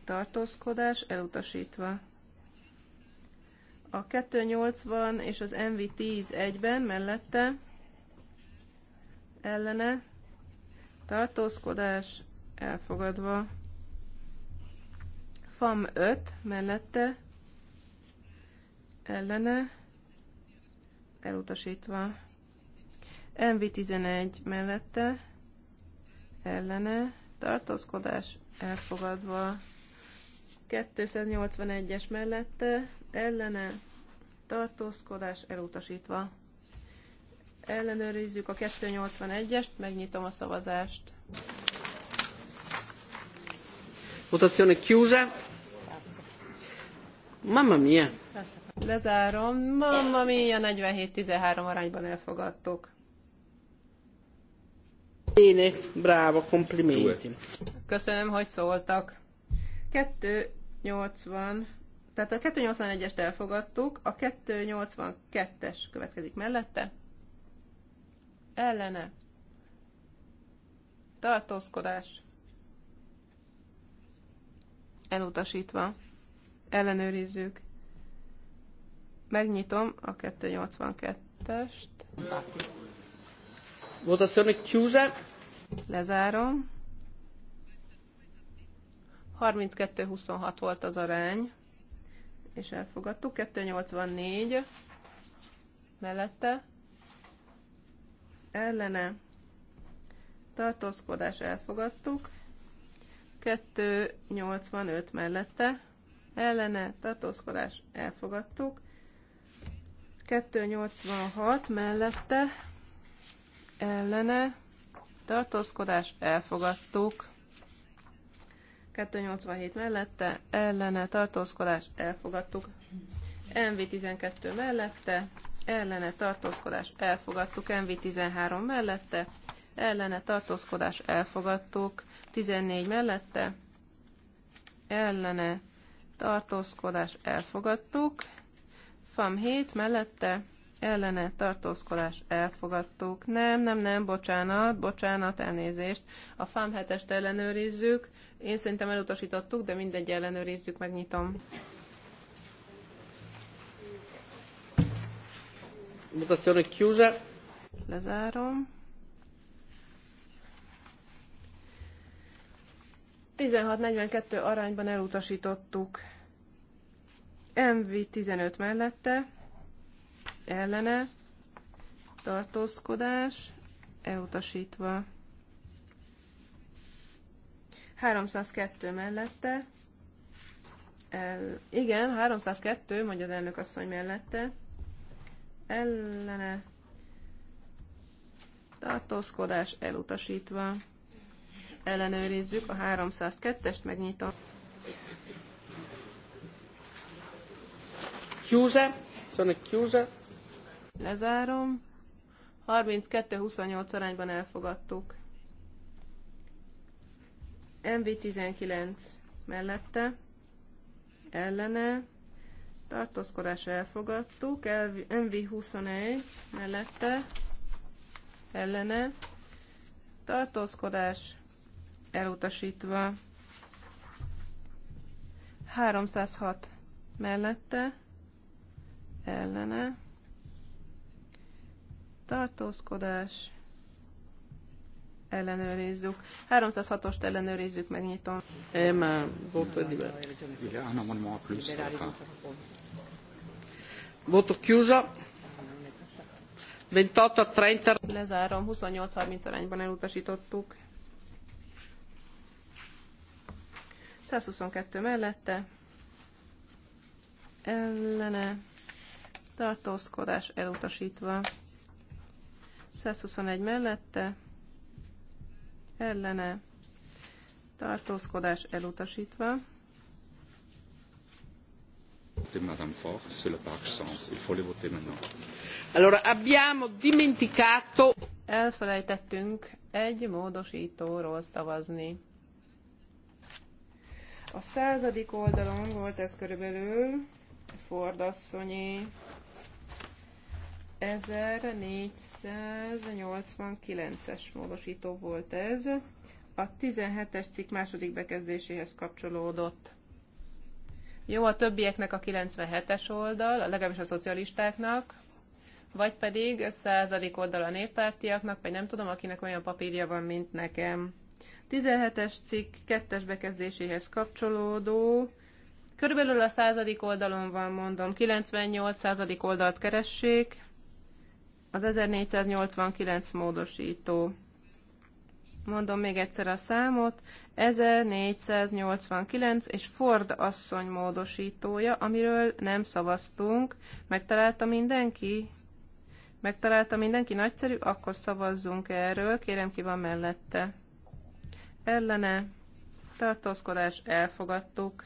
tartózkodás elutasítva. A 280 és az MV10 egyben mellette ellene tartózkodás elfogadva. FAM 5 mellette ellene elutasítva. MV11 mellette ellene tartózkodás elfogadva. 281-es mellette ellene tartózkodás elutasítva. Ellenőrizzük a 281-est, megnyitom a szavazást. Votazione chiusa. Mamma mia. Lezárom. Mamma mia, 47-13 arányban elfogadtuk. Bene, bravo, complimenti. Köszönöm, hogy szóltak. 2 280, tehát a 281-est elfogadtuk, a 282-es következik mellette, ellene, tartózkodás, elutasítva, ellenőrizzük, megnyitom a 282-est, Votazione chiusa. Lezárom. 32-26 volt az arány, és elfogadtuk. 284 mellette, ellene, tartózkodás elfogadtuk. 285 mellette, ellene, tartózkodás elfogadtuk. 286 mellette, ellene, tartózkodás elfogadtuk. 287 mellette, ellene tartózkodás elfogadtuk. MV12 mellette, ellene tartózkodás elfogadtuk. MV13 mellette, ellene tartózkodás elfogadtuk. 14 mellette, ellene tartózkodás elfogadtuk. FAM 7 mellette, ellene tartózkodás elfogadtuk. Nem, nem, nem, bocsánat, bocsánat, elnézést. A FAM 7-est ellenőrizzük, én szerintem elutasítottuk, de mindegy ellenőrizzük, megnyitom. Votazione chiusa. Lezárom. 16.42 arányban elutasítottuk. MV 15 mellette, ellene, tartózkodás, elutasítva. 302 mellette, el, igen, 302, mondja az elnök asszony mellette, ellene tartózkodás elutasítva. Ellenőrizzük a 302-est, megnyitom. Chiuse, sono chiuse. Lezárom. 32-28 arányban elfogadtuk. MV19 mellette ellene tartózkodásra elfogadtuk, MV21 mellette ellene tartózkodás elutasítva 306 mellette ellene tartózkodás ellenőrizzük. 306-ost ellenőrizzük, megnyitom. Emma, voto a Voto chiuso. 28-30. Lezárom, 28-30 arányban elutasítottuk. 122 mellette. Ellene. Tartózkodás elutasítva. 121 mellette ellene tartózkodás elutasítva. De Madame Fort, c'est le page 100. Il faut le voter maintenant. Allora, abbiamo dimenticato... Elfelejtettünk egy módosítóról szavazni. A századik oldalon volt ez körülbelül, Ford asszonyé, 1489-es módosító volt ez. A 17-es cikk második bekezdéséhez kapcsolódott. Jó a többieknek a 97-es oldal, legalábbis a szocialistáknak, vagy pedig a századik oldal a néppártiaknak, vagy nem tudom, akinek olyan papírja van, mint nekem. 17-es cikk kettes bekezdéséhez kapcsolódó, körülbelül a századik oldalon van, mondom, 98 századik oldalt keressék, az 1489 módosító. Mondom még egyszer a számot. 1489 és Ford asszony módosítója, amiről nem szavaztunk. Megtalálta mindenki? Megtalálta mindenki nagyszerű? Akkor szavazzunk erről. Kérem, ki van mellette. Ellene. Tartózkodás. Elfogadtuk.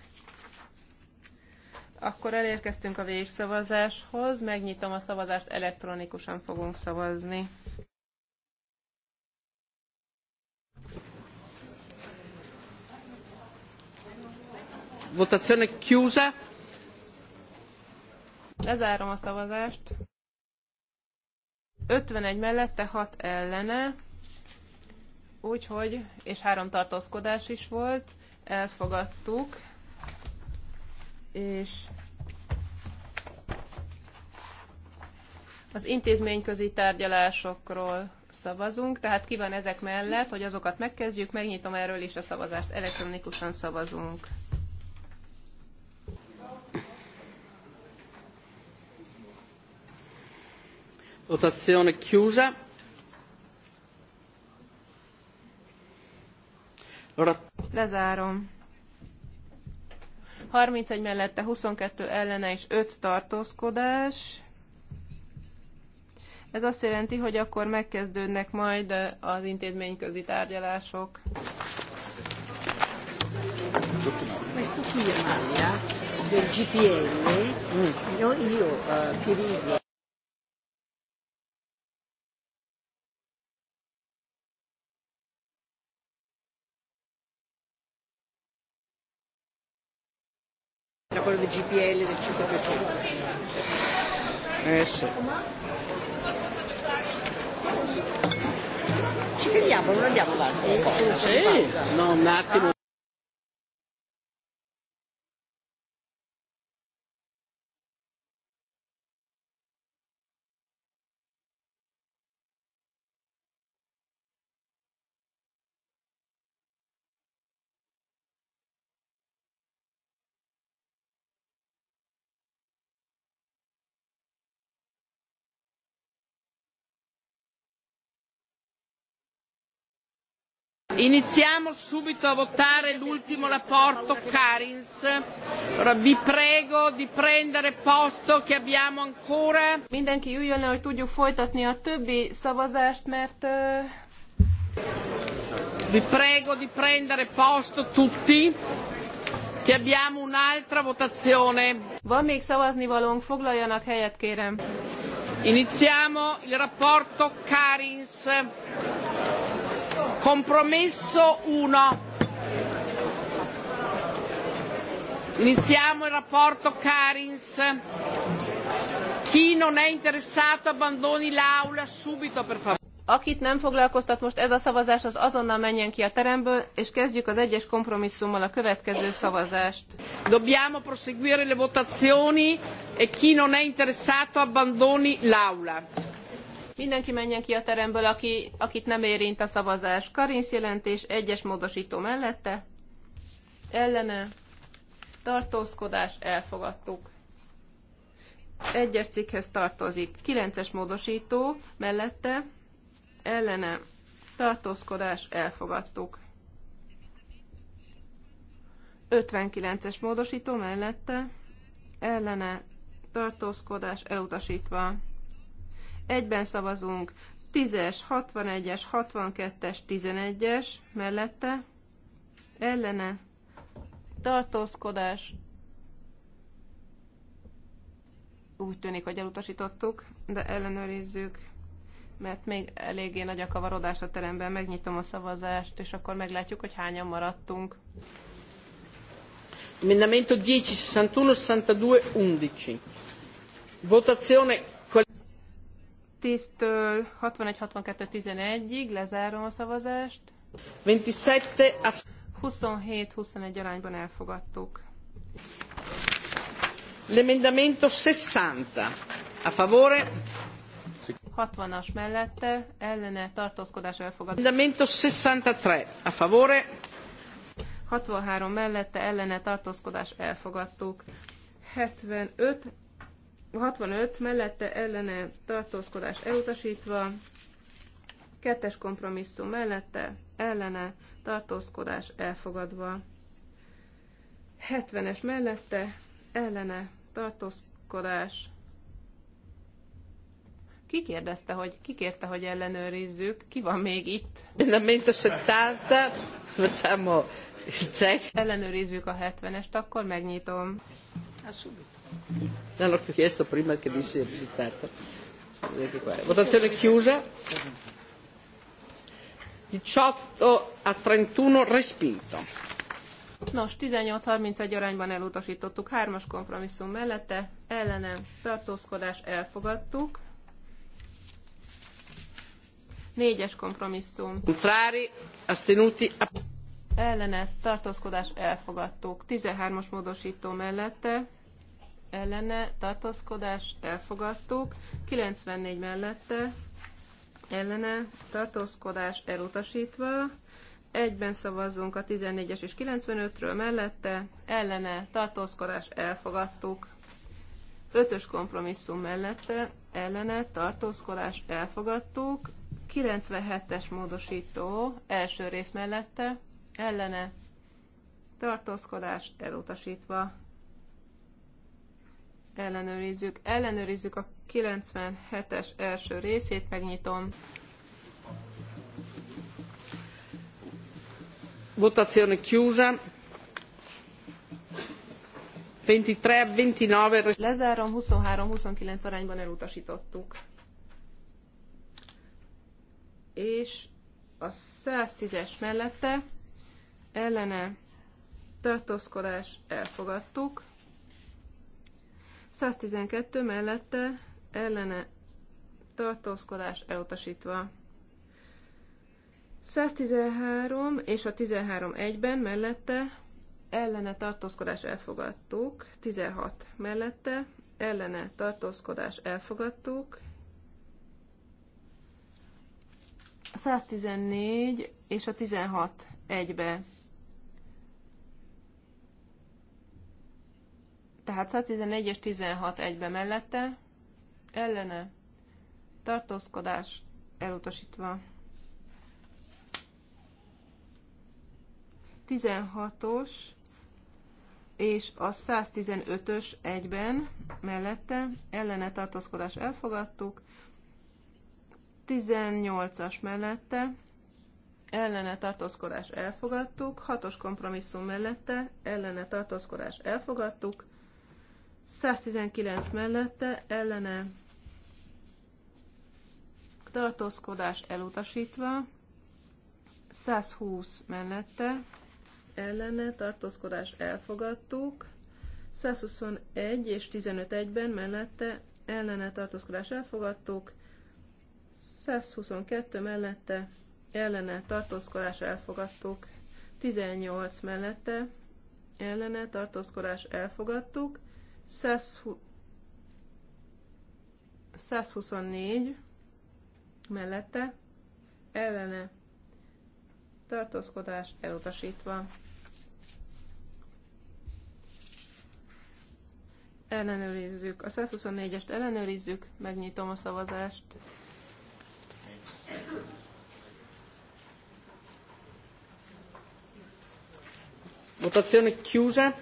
Akkor elérkeztünk a végszavazáshoz, megnyitom a szavazást, elektronikusan fogunk szavazni. Votazione chiusa. Lezárom a szavazást. 51 mellette, 6 ellene, úgyhogy, és három tartózkodás is volt, elfogadtuk és az intézményközi tárgyalásokról szavazunk, tehát ki van ezek mellett, hogy azokat megkezdjük, megnyitom erről is a szavazást, elektronikusan szavazunk. Votazione chiusa. Lezárom. 31 mellette, 22 ellene és 5 tartózkodás. Ez azt jelenti, hogy akkor megkezdődnek majd az intézményközi tárgyalások. Questo qui è Maria del GPL, mm. Eh? io, io uh, eh, Pirillo. c'era quello del GPL del 5%. E eh sì. Ci fermiamo, non andiamo avanti? Sì, no, un attimo. Iniziamo subito a votare l'ultimo rapporto Carins. Allora vi prego di prendere posto che abbiamo ancora. Mindenki üljön le, hogy tudjuk folytatni a többi szavazást, mert Vi prego di prendere posto tutti che abbiamo un'altra votazione. Van még szavazni valónk, foglaljanak helyet kérem. Iniziamo il rapporto Carins. Compromesso 1. Iniziamo il rapporto Carins. Chi non è interessato abbandoni l'aula subito per favore. Akit nem foglalkoztat most ez a szavazás, az azonnal menjen ki a teremből, és kezdjük az egyes kompromisszummal a következő szavazást. Dobbiamo proseguire le votazioni e chi non è interessato abbandoni l'aula. Mindenki menjen ki a teremből, aki, akit nem érint a szavazás. Karinsz jelentés, egyes módosító mellette, ellene, tartózkodás, elfogadtuk. Egyes cikkhez tartozik. Kilences módosító mellette, ellene, tartózkodás, elfogadtuk. 59-es módosító mellette, ellene, tartózkodás, elutasítva. Egyben szavazunk 10-es, 61-es, 62-es, 11-es mellette, ellene, tartózkodás. Úgy tűnik, hogy elutasítottuk, de ellenőrizzük, mert még eléggé nagy a kavarodás a teremben. Megnyitom a szavazást, és akkor meglátjuk, hogy hányan maradtunk. Emendamento 10, 61, 62, 11. Votazione 10-től 61-62-11-ig lezárom a szavazást. 27-21 arányban elfogadtuk. L'emendamento 60. A favore. 60-as mellette ellene tartózkodás elfogadott. L'emendamento 63. A favore. 63 mellette ellene tartózkodás elfogadtuk. 75 65 mellette ellene tartózkodás elutasítva, kettes kompromisszum mellette ellene tartózkodás elfogadva, 70-es mellette ellene tartózkodás ki kérdezte, hogy ki kérte, hogy ellenőrizzük? Ki van még itt? Nem, mint a sötárta, vagy il check. Ellenőrizzük a 70-est, akkor megnyitom. A subito. No, l'ho chiesto prima che dissi il risultato. Votazione chiusa. 18 a 31 respinto. Nos, 18-31 arányban elutasítottuk, hármas kompromisszum mellette, ellene tartózkodás elfogadtuk. Négyes kompromisszum. Contrari, astenuti, ellene tartózkodás elfogadtuk. 13-as módosító mellette, ellene tartózkodás elfogadtuk, 94 mellette ellene tartózkodás elutasítva, egyben szavazzunk a 14-es és 95-ről mellette, ellene tartózkodás elfogadtuk, ötös kompromisszum mellette, ellene tartózkodás elfogadtuk, 97-es módosító első rész mellette, ellene tartózkodás elutasítva ellenőrizzük. Ellenőrizzük a 97-es első részét, megnyitom. Votazione chiusa. 23-29. Lezárom, 23-29 arányban elutasítottuk. És a 110-es mellette ellene tartózkodás elfogadtuk. 112 mellette ellene tartózkodás elutasítva. 113 és a 13 egyben mellette ellene tartózkodás elfogadtuk, 16 mellette ellene tartózkodás elfogadtuk, 114 és a 16 egybe Tehát 111 és 16 egybe mellette, ellene, tartózkodás elutasítva. 16-os és a 115-ös egyben mellette ellene tartózkodás elfogadtuk, 18-as mellette ellene tartózkodás elfogadtuk, 6-os kompromisszum mellette ellene tartózkodás elfogadtuk, 119 mellette ellene tartózkodás elutasítva, 120 mellette ellene tartózkodás elfogadtuk, 121 és 15 egyben mellette ellene tartózkodás elfogadtuk, 122 mellette ellene tartózkodás elfogadtuk, 18 mellette ellene tartózkodás elfogadtuk, 124 mellette ellene tartózkodás elutasítva. Ellenőrizzük. A 124-est ellenőrizzük, megnyitom a szavazást. Votazione chiusa.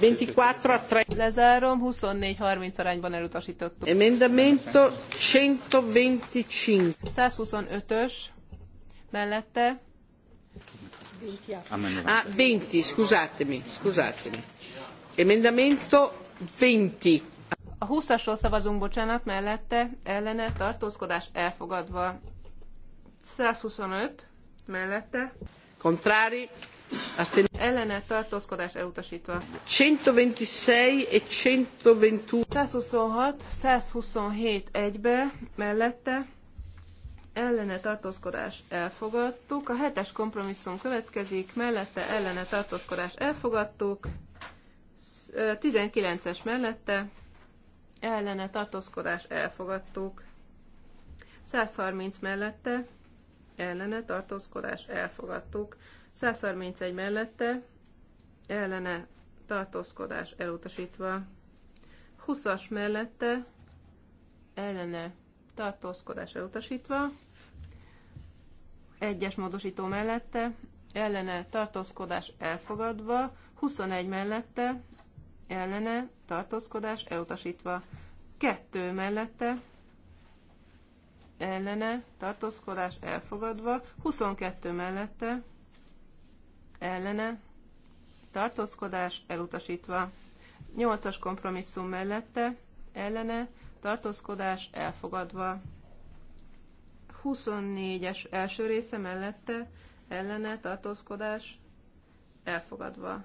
24 a 3. Lezárom, 24-30 arányban elutasítottuk. Emendamento 125. 125-ös mellette. Ah, 20, scusatemi, scusatemi. Emendamento 20. A 20-asról szavazunk, bocsánat, mellette, ellene, tartózkodás elfogadva. 125 mellette. Contrari, Ellene tartózkodás elutasítva. 126 és 121. 126, 127 egybe, mellette. Ellene tartózkodás elfogadtuk. A hetes kompromisszum következik, mellette ellene tartózkodás elfogadtuk. 19-es mellette ellene tartózkodás elfogadtuk. 130 mellette ellene tartózkodás elfogadtuk. 131 mellette ellene tartózkodás elutasítva. 20-as mellette ellene tartózkodás elutasítva. 1-es módosító mellette ellene tartózkodás elfogadva. 21 mellette ellene tartózkodás elutasítva. 2 mellette ellene tartózkodás elfogadva. 22 mellette ellene, tartózkodás elutasítva. 8-as kompromisszum mellette, ellene, tartózkodás elfogadva. 24-es első része mellette, ellene, tartózkodás elfogadva.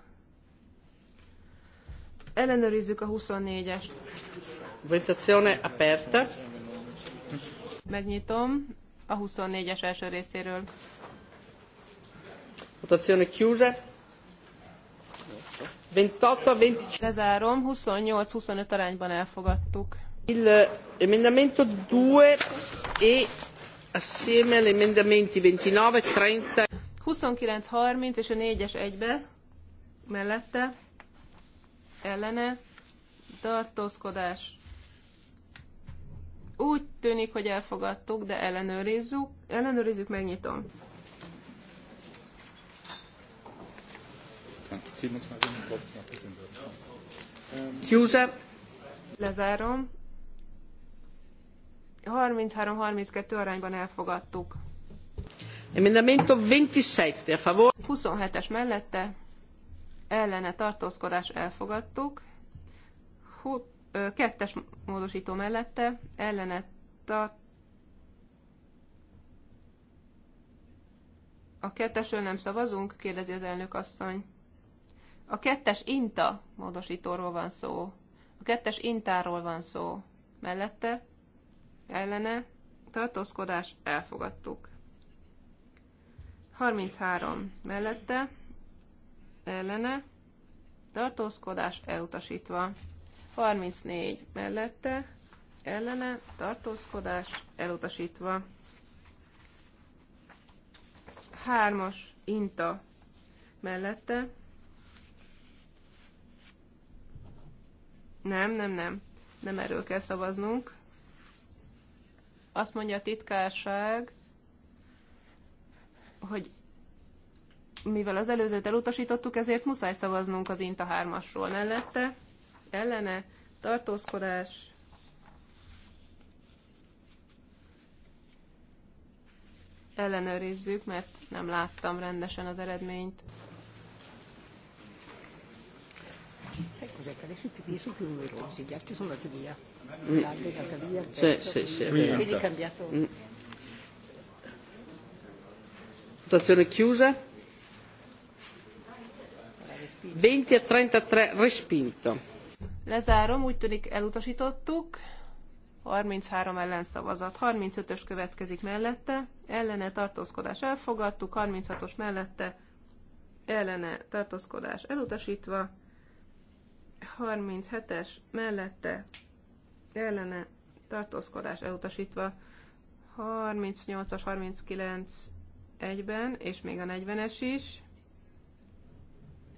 Ellenőrizzük a 24-est. Votazione aperta. Megnyitom a 24-es első részéről. Votazione chiusa. 28 a 25. Lezárom, 28-25 arányban elfogadtuk. Il eh, emendamento 2 e assieme agli emendamenti 29, 30. 29, 30 és a 4-es egybe, mellette, ellene, tartózkodás. Úgy tűnik, hogy elfogadtuk, de ellenőrizzük. Ellenőrizzük, megnyitom. Chiuse. Lezárom. 33-32 arányban elfogadtuk. Emendamento 27 a favor. 27-es mellette ellene tartózkodás elfogadtuk. Hú, ö, kettes módosító mellette ellene tart a kettesről nem szavazunk? kérdezi az elnök asszony. A kettes inta módosítóról van szó. A kettes intáról van szó. Mellette, ellene, tartózkodás, elfogadtuk. 33. Mellette, ellene, tartózkodás, elutasítva. 34. Mellette, ellene, tartózkodás, elutasítva. 3 inta, mellette, Nem, nem, nem. Nem erről kell szavaznunk. Azt mondja a titkárság, hogy mivel az előzőt elutasítottuk, ezért muszáj szavaznunk az Inta 3-asról. Mellette, ellene, tartózkodás, ellenőrizzük, mert nem láttam rendesen az eredményt. Sai cos'è? Che adesso i PD sono più numerosi, gli altri sono andati via. Mm. L'altro è andata via, sì, sì, sì, quindi è cambiato. Mm. Votazione chiusa. 20 a 33 respinto. Lezárom, úgy tűnik elutasítottuk. 33 ellen szavazat, 35-ös következik mellette, ellene tartózkodás elfogadtuk, 36-os mellette, ellene tartózkodás elutasítva, 37-es mellette ellene tartózkodás elutasítva 38-as, 39 egyben, és még a 40-es is.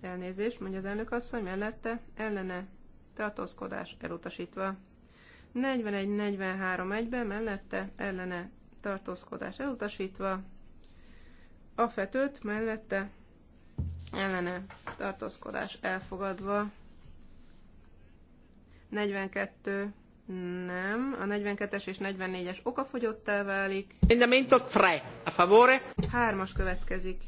Elnézést, mondja az elnök asszony, mellette ellene tartózkodás elutasítva. 41-43 egyben, mellette ellene tartózkodás elutasítva. A fetőt mellette ellene tartózkodás elfogadva. 42 nem, a 42-es és 44-es okafogyottá válik. Emendamento 3, a favore. Hármas következik.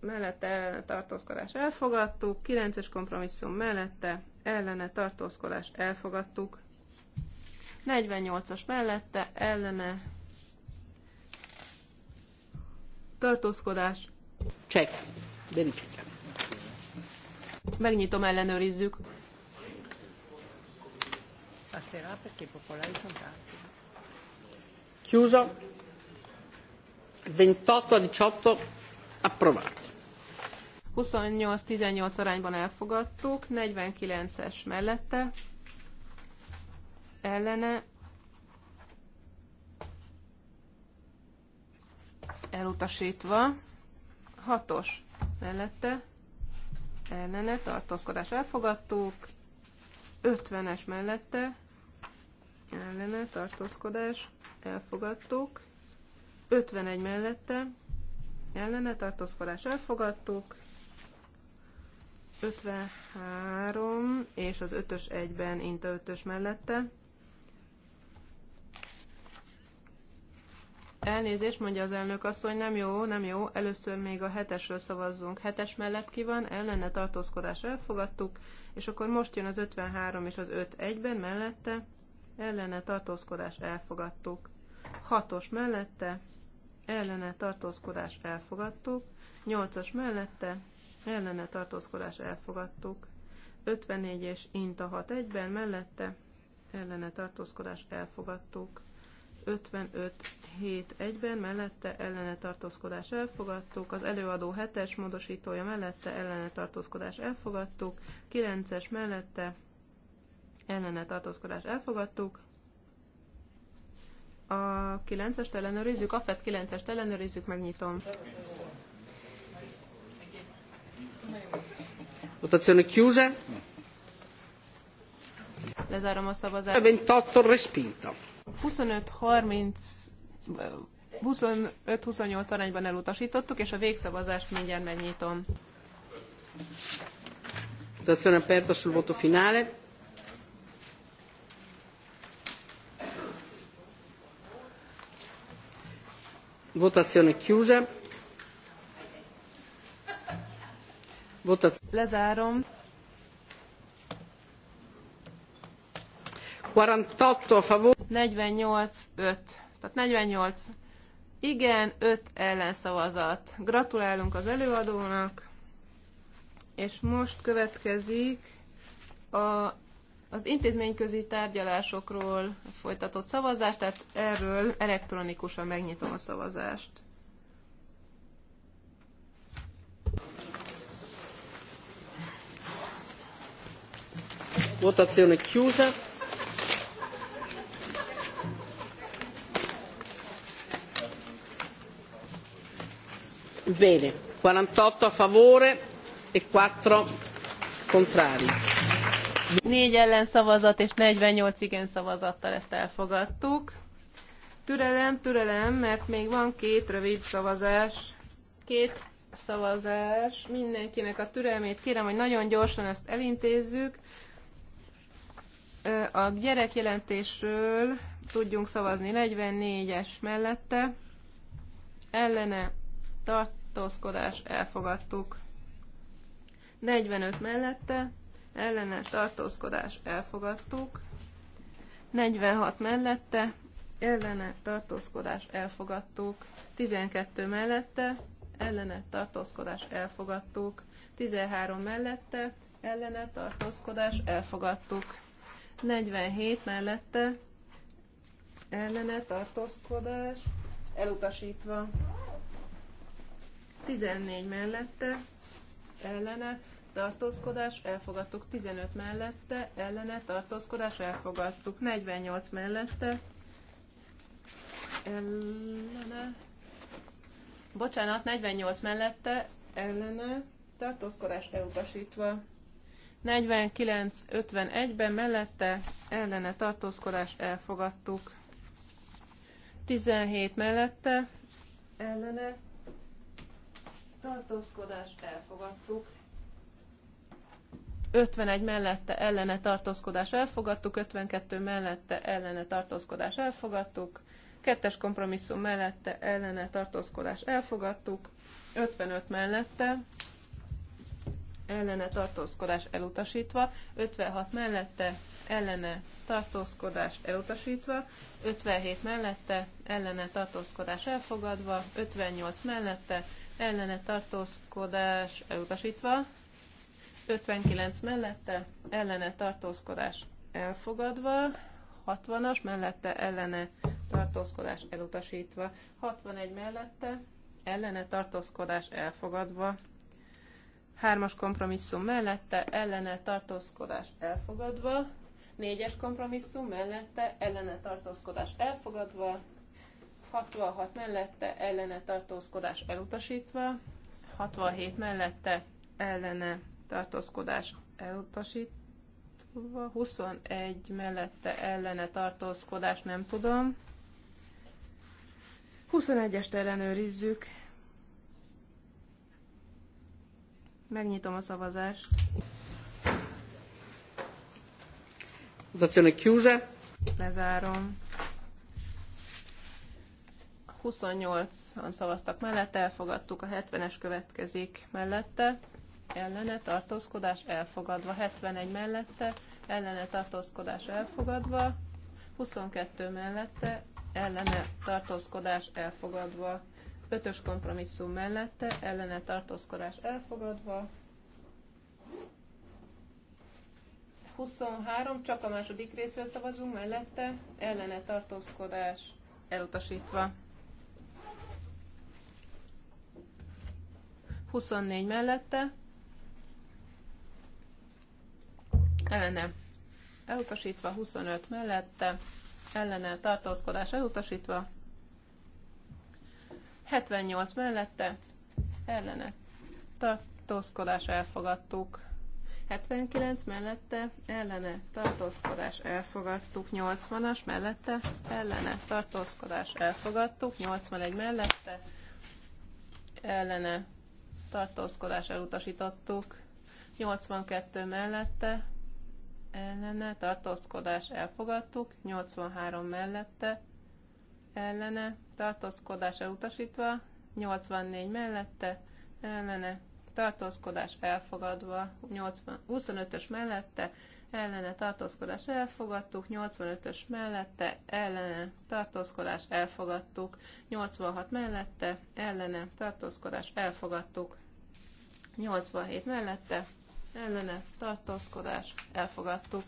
Mellette tartózkodás elfogadtuk, 9-es kompromisszum mellette, ellene tartózkodás elfogadtuk, 48-as mellette, ellene tartózkodás. Check. Verificálom. Megnyitom, ellenőrizzük. Passerà perché i popolari sono tanti. Chiuso. 28 a 18 28-18 arányban elfogadtuk, 49-es mellette, ellene, elutasítva, 6-os mellette, ellene, tartózkodás elfogadtuk, 50-es mellette ellene tartózkodás elfogadtuk, 51 mellette ellene tartózkodás elfogadtuk, 53 és az 5-ös egyben, Inta 5-ös mellette Elnézést, mondja az elnök asszony, nem jó, nem jó, először még a hetesről szavazzunk. Hetes mellett ki van, ellenne tartózkodás elfogadtuk, és akkor most jön az 53 és az 5 egyben mellette, ellenne tartózkodás elfogadtuk. Hatos mellette, ellene tartózkodás elfogadtuk, nyolcas mellette, ellene tartózkodás elfogadtuk, 54 és Inta 6 egyben mellette, ellene tartózkodás elfogadtuk, 55 7 ben mellette ellene tartózkodás elfogadtuk, az előadó 7-es módosítója mellette ellene tartózkodás elfogadtuk, 9-es mellette ellene tartózkodás elfogadtuk, a 9-est ellenőrizzük, a FED 9-est ellenőrizzük, megnyitom. Votazione chiusa. Lezárom a szavazást. 28 25 28 arányban elutasítottuk, és a végszavazást mindjárt megnyitom. Votazione aperta sul voto finale. Votazione chiusa. Votazione. Lezárom. 48 a favore. 48-5. Tehát 48 igen, 5 ellenszavazat. Gratulálunk az előadónak, és most következik a az intézményközi tárgyalásokról folytatott szavazást, tehát erről elektronikusan megnyitom a szavazást. Votazione chiusa. Bene, 48 a favore e 4 contrari. 4 ellenszavazat és 48 igen szavazattal ezt elfogadtuk. Türelem, türelem, mert még van két rövid szavazás. Két szavazás. Mindenkinek a türelmét kérem, hogy nagyon gyorsan ezt elintézzük. A gyerekjelentésről tudjunk szavazni 44-es mellette. Ellene tart tartózkodás, elfogadtuk. 45 mellette, ellene tartózkodás, elfogadtuk. 46 mellette, ellene tartózkodás, elfogadtuk. 12 mellette, ellene tartózkodás, elfogadtuk. 13 mellette, ellene tartózkodás, elfogadtuk. 47 mellette, ellene tartózkodás, elutasítva. 14 mellette, ellene, tartózkodás, elfogadtuk. 15 mellette, ellene, tartózkodás, elfogadtuk. 48 mellette, ellene, bocsánat, 48 mellette, ellene, tartózkodás elutasítva. 49-51-ben mellette ellene tartózkodás elfogadtuk. 17 mellette ellene tartózkodás elfogadtuk. 51 mellette ellene tartózkodás elfogadtuk, 52 mellette ellene tartózkodás elfogadtuk, kettes kompromisszum mellette ellene tartózkodás elfogadtuk, 55 mellette ellene tartózkodás elutasítva, 56 mellette ellene tartózkodás elutasítva, 57 mellette ellene tartózkodás elfogadva, 58 mellette ellene tartózkodás elutasítva, 59 mellette ellene tartózkodás elfogadva, 60-as mellette ellene tartózkodás elutasítva, 61 mellette ellene tartózkodás elfogadva, 3-as kompromisszum mellette ellene tartózkodás elfogadva, 4-es kompromisszum mellette ellene tartózkodás elfogadva, 66 mellette ellene tartózkodás elutasítva, 67 mellette ellene tartózkodás elutasítva, 21 mellette ellene tartózkodás nem tudom. 21-est ellenőrizzük. Megnyitom a szavazást. Votazione chiusa. Lezárom. 28-an szavaztak mellette, elfogadtuk, a 70-es következik mellette, ellene tartózkodás elfogadva, 71 mellette, ellene tartózkodás elfogadva, 22 mellette, ellene tartózkodás elfogadva, 5-ös kompromisszum mellette, ellene tartózkodás elfogadva, 23, csak a második részre szavazunk mellette, ellene tartózkodás elutasítva. 24 mellette, ellene elutasítva, 25 mellette, ellene tartózkodás elutasítva, 78 mellette, ellene tartózkodás elfogadtuk, 79 mellette, ellene tartózkodás elfogadtuk, 80-as mellette, ellene tartózkodás elfogadtuk, 81 mellette, ellene tartózkodás elutasítottuk, 82 mellette, ellene, tartózkodás elfogadtuk, 83 mellette, ellene, tartózkodás elutasítva, 84 mellette, ellene, tartózkodás elfogadva, 85 25-ös mellette, ellene tartózkodás elfogadtuk, 85-ös mellette ellene tartózkodás elfogadtuk, 86 mellette ellene tartózkodás elfogadtuk, 87 mellette ellene tartózkodás elfogadtuk,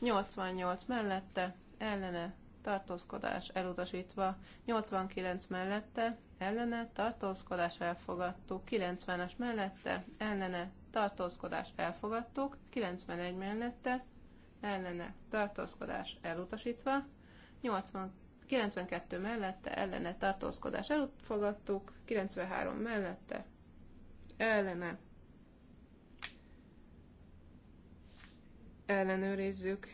88 mellette ellene tartózkodás elutasítva, 89 mellette, ellene, tartózkodás elfogadtuk, 90-es mellette, ellene, tartózkodás elfogadtuk, 91 mellette, ellene, tartózkodás elutasítva, 80, 92 mellette, ellene, tartózkodás elfogadtuk, 93 mellette, ellene, ellenőrizzük,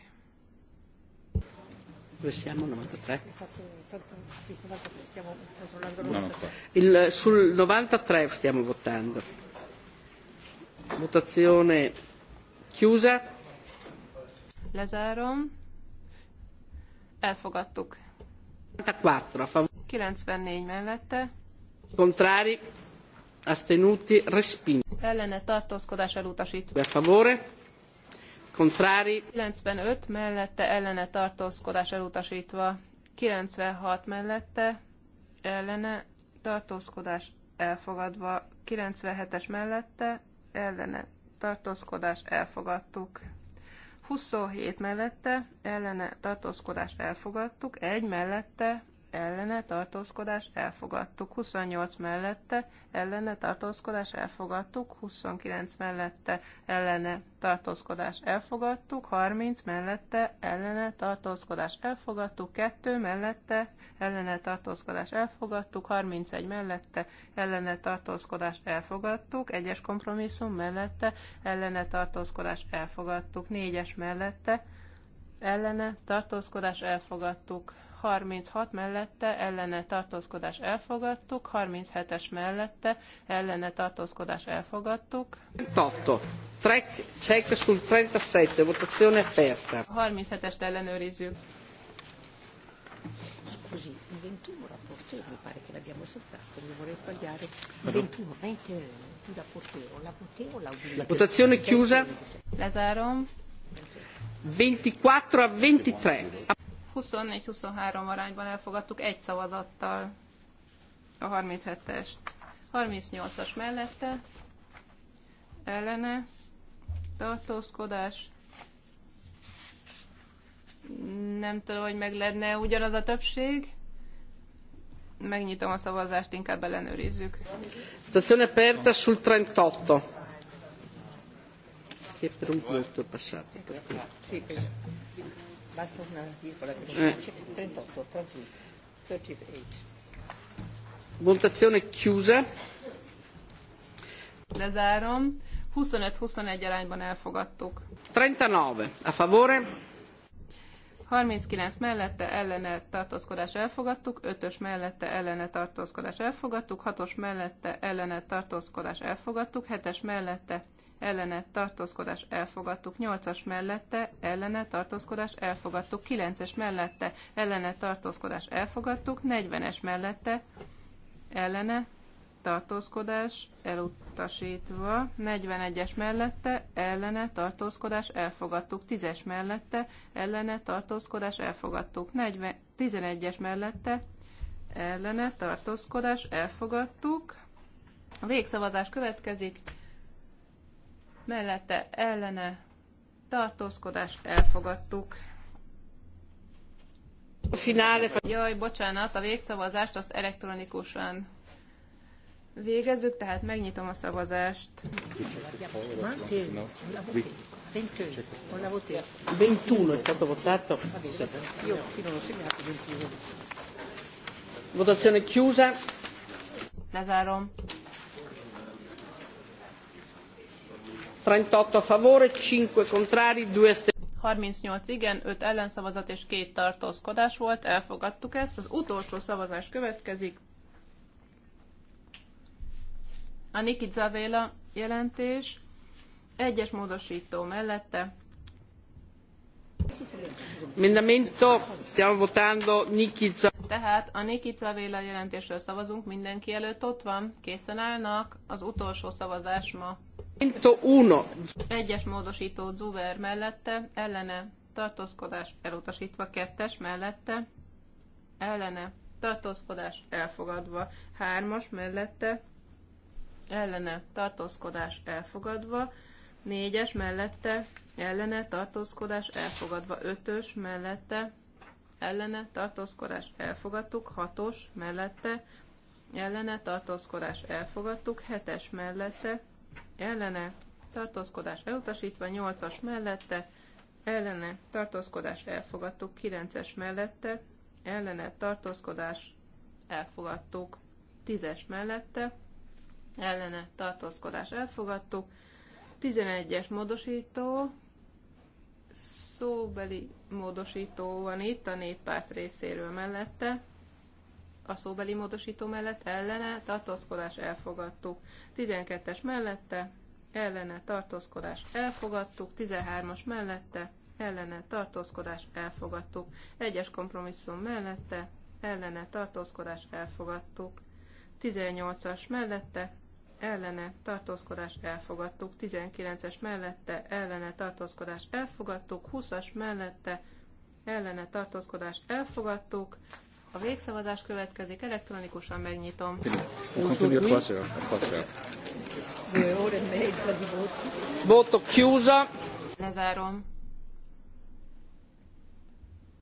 Dove 93. Il, sul 93 stiamo votando. Votazione chiusa. Lezárom. Elfogadtuk. 94 a favore. 94 mellette. Contrari. Astenuti. Respinto. Ellene tartózkodás elutasítva. A favore contrari. 95 mellette ellene tartózkodás elutasítva. 96 mellette ellene tartózkodás elfogadva. 97-es mellette ellene tartózkodás elfogadtuk. 27 mellette ellene tartózkodás elfogadtuk, 1 mellette ellene tartózkodás elfogadtuk, 28 mellette ellene tartózkodás elfogadtuk, 29 mellette ellene tartózkodás elfogadtuk, 30 mellette ellene tartózkodás elfogadtuk, 2 mellette ellene tartózkodás elfogadtuk, 31 mellette ellene tartózkodás elfogadtuk, 1-es kompromisszum mellette ellene tartózkodás elfogadtuk, 4-es mellette ellene tartózkodás elfogadtuk, 36 mellette ellene tartózkodás elfogadtuk, 37-es mellette ellene tartózkodás elfogadtuk. 38. check sul 37, votazione aperta. 37-est ellenőrizzük. Scusi, 21 rapporteur, mi pare che l'abbiamo saltato, mi vorrei sbagliare. 21, 21, rapporteur, la votevo, la La votazione chiusa. Lezárom. 24 a 23. 24-23 arányban elfogadtuk egy szavazattal a 37-est. 38-as mellette ellene tartózkodás. Nem tudom, hogy meg lenne ugyanaz a többség. Megnyitom a szavazást, inkább ellenőrizzük. Stazione aperta sul 38. Che per un punto passato. Sì, basta una Eh. 38, 38. Votazione chiusa. Lezárom. 25-21 arányban elfogadtuk. 39 a favore. 39 mellette ellene tartózkodás elfogadtuk, 5-ös mellette ellene tartózkodás elfogadtuk, 6-os mellette ellene tartózkodás elfogadtuk, 7-es mellette ellene tartózkodás elfogadtuk, 8-as mellette ellene tartózkodás elfogadtuk, 9-es mellette ellene tartózkodás elfogadtuk, 40-es mellette ellene tartózkodás elutasítva, 41-es mellette ellene tartózkodás elfogadtuk, 10-es mellette ellene tartózkodás elfogadtuk, 40, es mellette ellene tartózkodás elutasítva 41 es mellette ellene tartózkodás elfogadtuk 10 es mellette ellene tartózkodás elfogadtuk negyven 11 es mellette ellene tartózkodás elfogadtuk. A végszavazás következik mellette ellene tartózkodás elfogadtuk. Finale. Jaj, bocsánat, a végszavazást azt elektronikusan végezzük, tehát megnyitom a szavazást. 21 Votazione chiusa. Lezárom. 38 a favore, 5 contrari, 2 astenuti. 38 igen, 5 ellenszavazat és 2 tartózkodás volt, elfogadtuk ezt. Az utolsó szavazás következik. A Niki Zavéla jelentés, egyes módosító mellette, tehát a Nikita Véla jelentésről szavazunk, mindenki előtt ott van, készen állnak, az utolsó szavazás ma. Minto Egyes módosító Zuber mellette, ellene, tartózkodás elutasítva, kettes mellette, ellene, tartózkodás elfogadva, hármas mellette, ellene, tartózkodás elfogadva, négyes mellette, ellene tartózkodás elfogadva, 5-ös mellette ellene tartózkodás elfogadtuk, 6-os mellette ellene tartózkodás elfogadtuk, 7-es mellette ellene tartózkodás elutasítva, 8-as mellette ellene tartózkodás elfogadtuk, 9-es mellette ellene tartózkodás elfogadtuk, 10-es mellette ellene tartózkodás elfogadtuk, 11-es módosító, szóbeli módosító van itt a néppárt részéről mellette. A szóbeli módosító mellett ellene tartózkodás elfogadtuk. 12-es mellette ellene tartózkodás elfogadtuk. 13-as mellette ellene tartózkodás elfogadtuk. Egyes kompromisszum mellette ellene tartózkodás elfogadtuk. 18-as mellette ellene tartózkodás elfogadtuk, 19-es mellette ellene tartózkodás elfogadtuk, 20-as mellette ellene tartózkodás elfogadtuk. A végszavazás következik, elektronikusan megnyitom. Voto chiusa. Lezárom.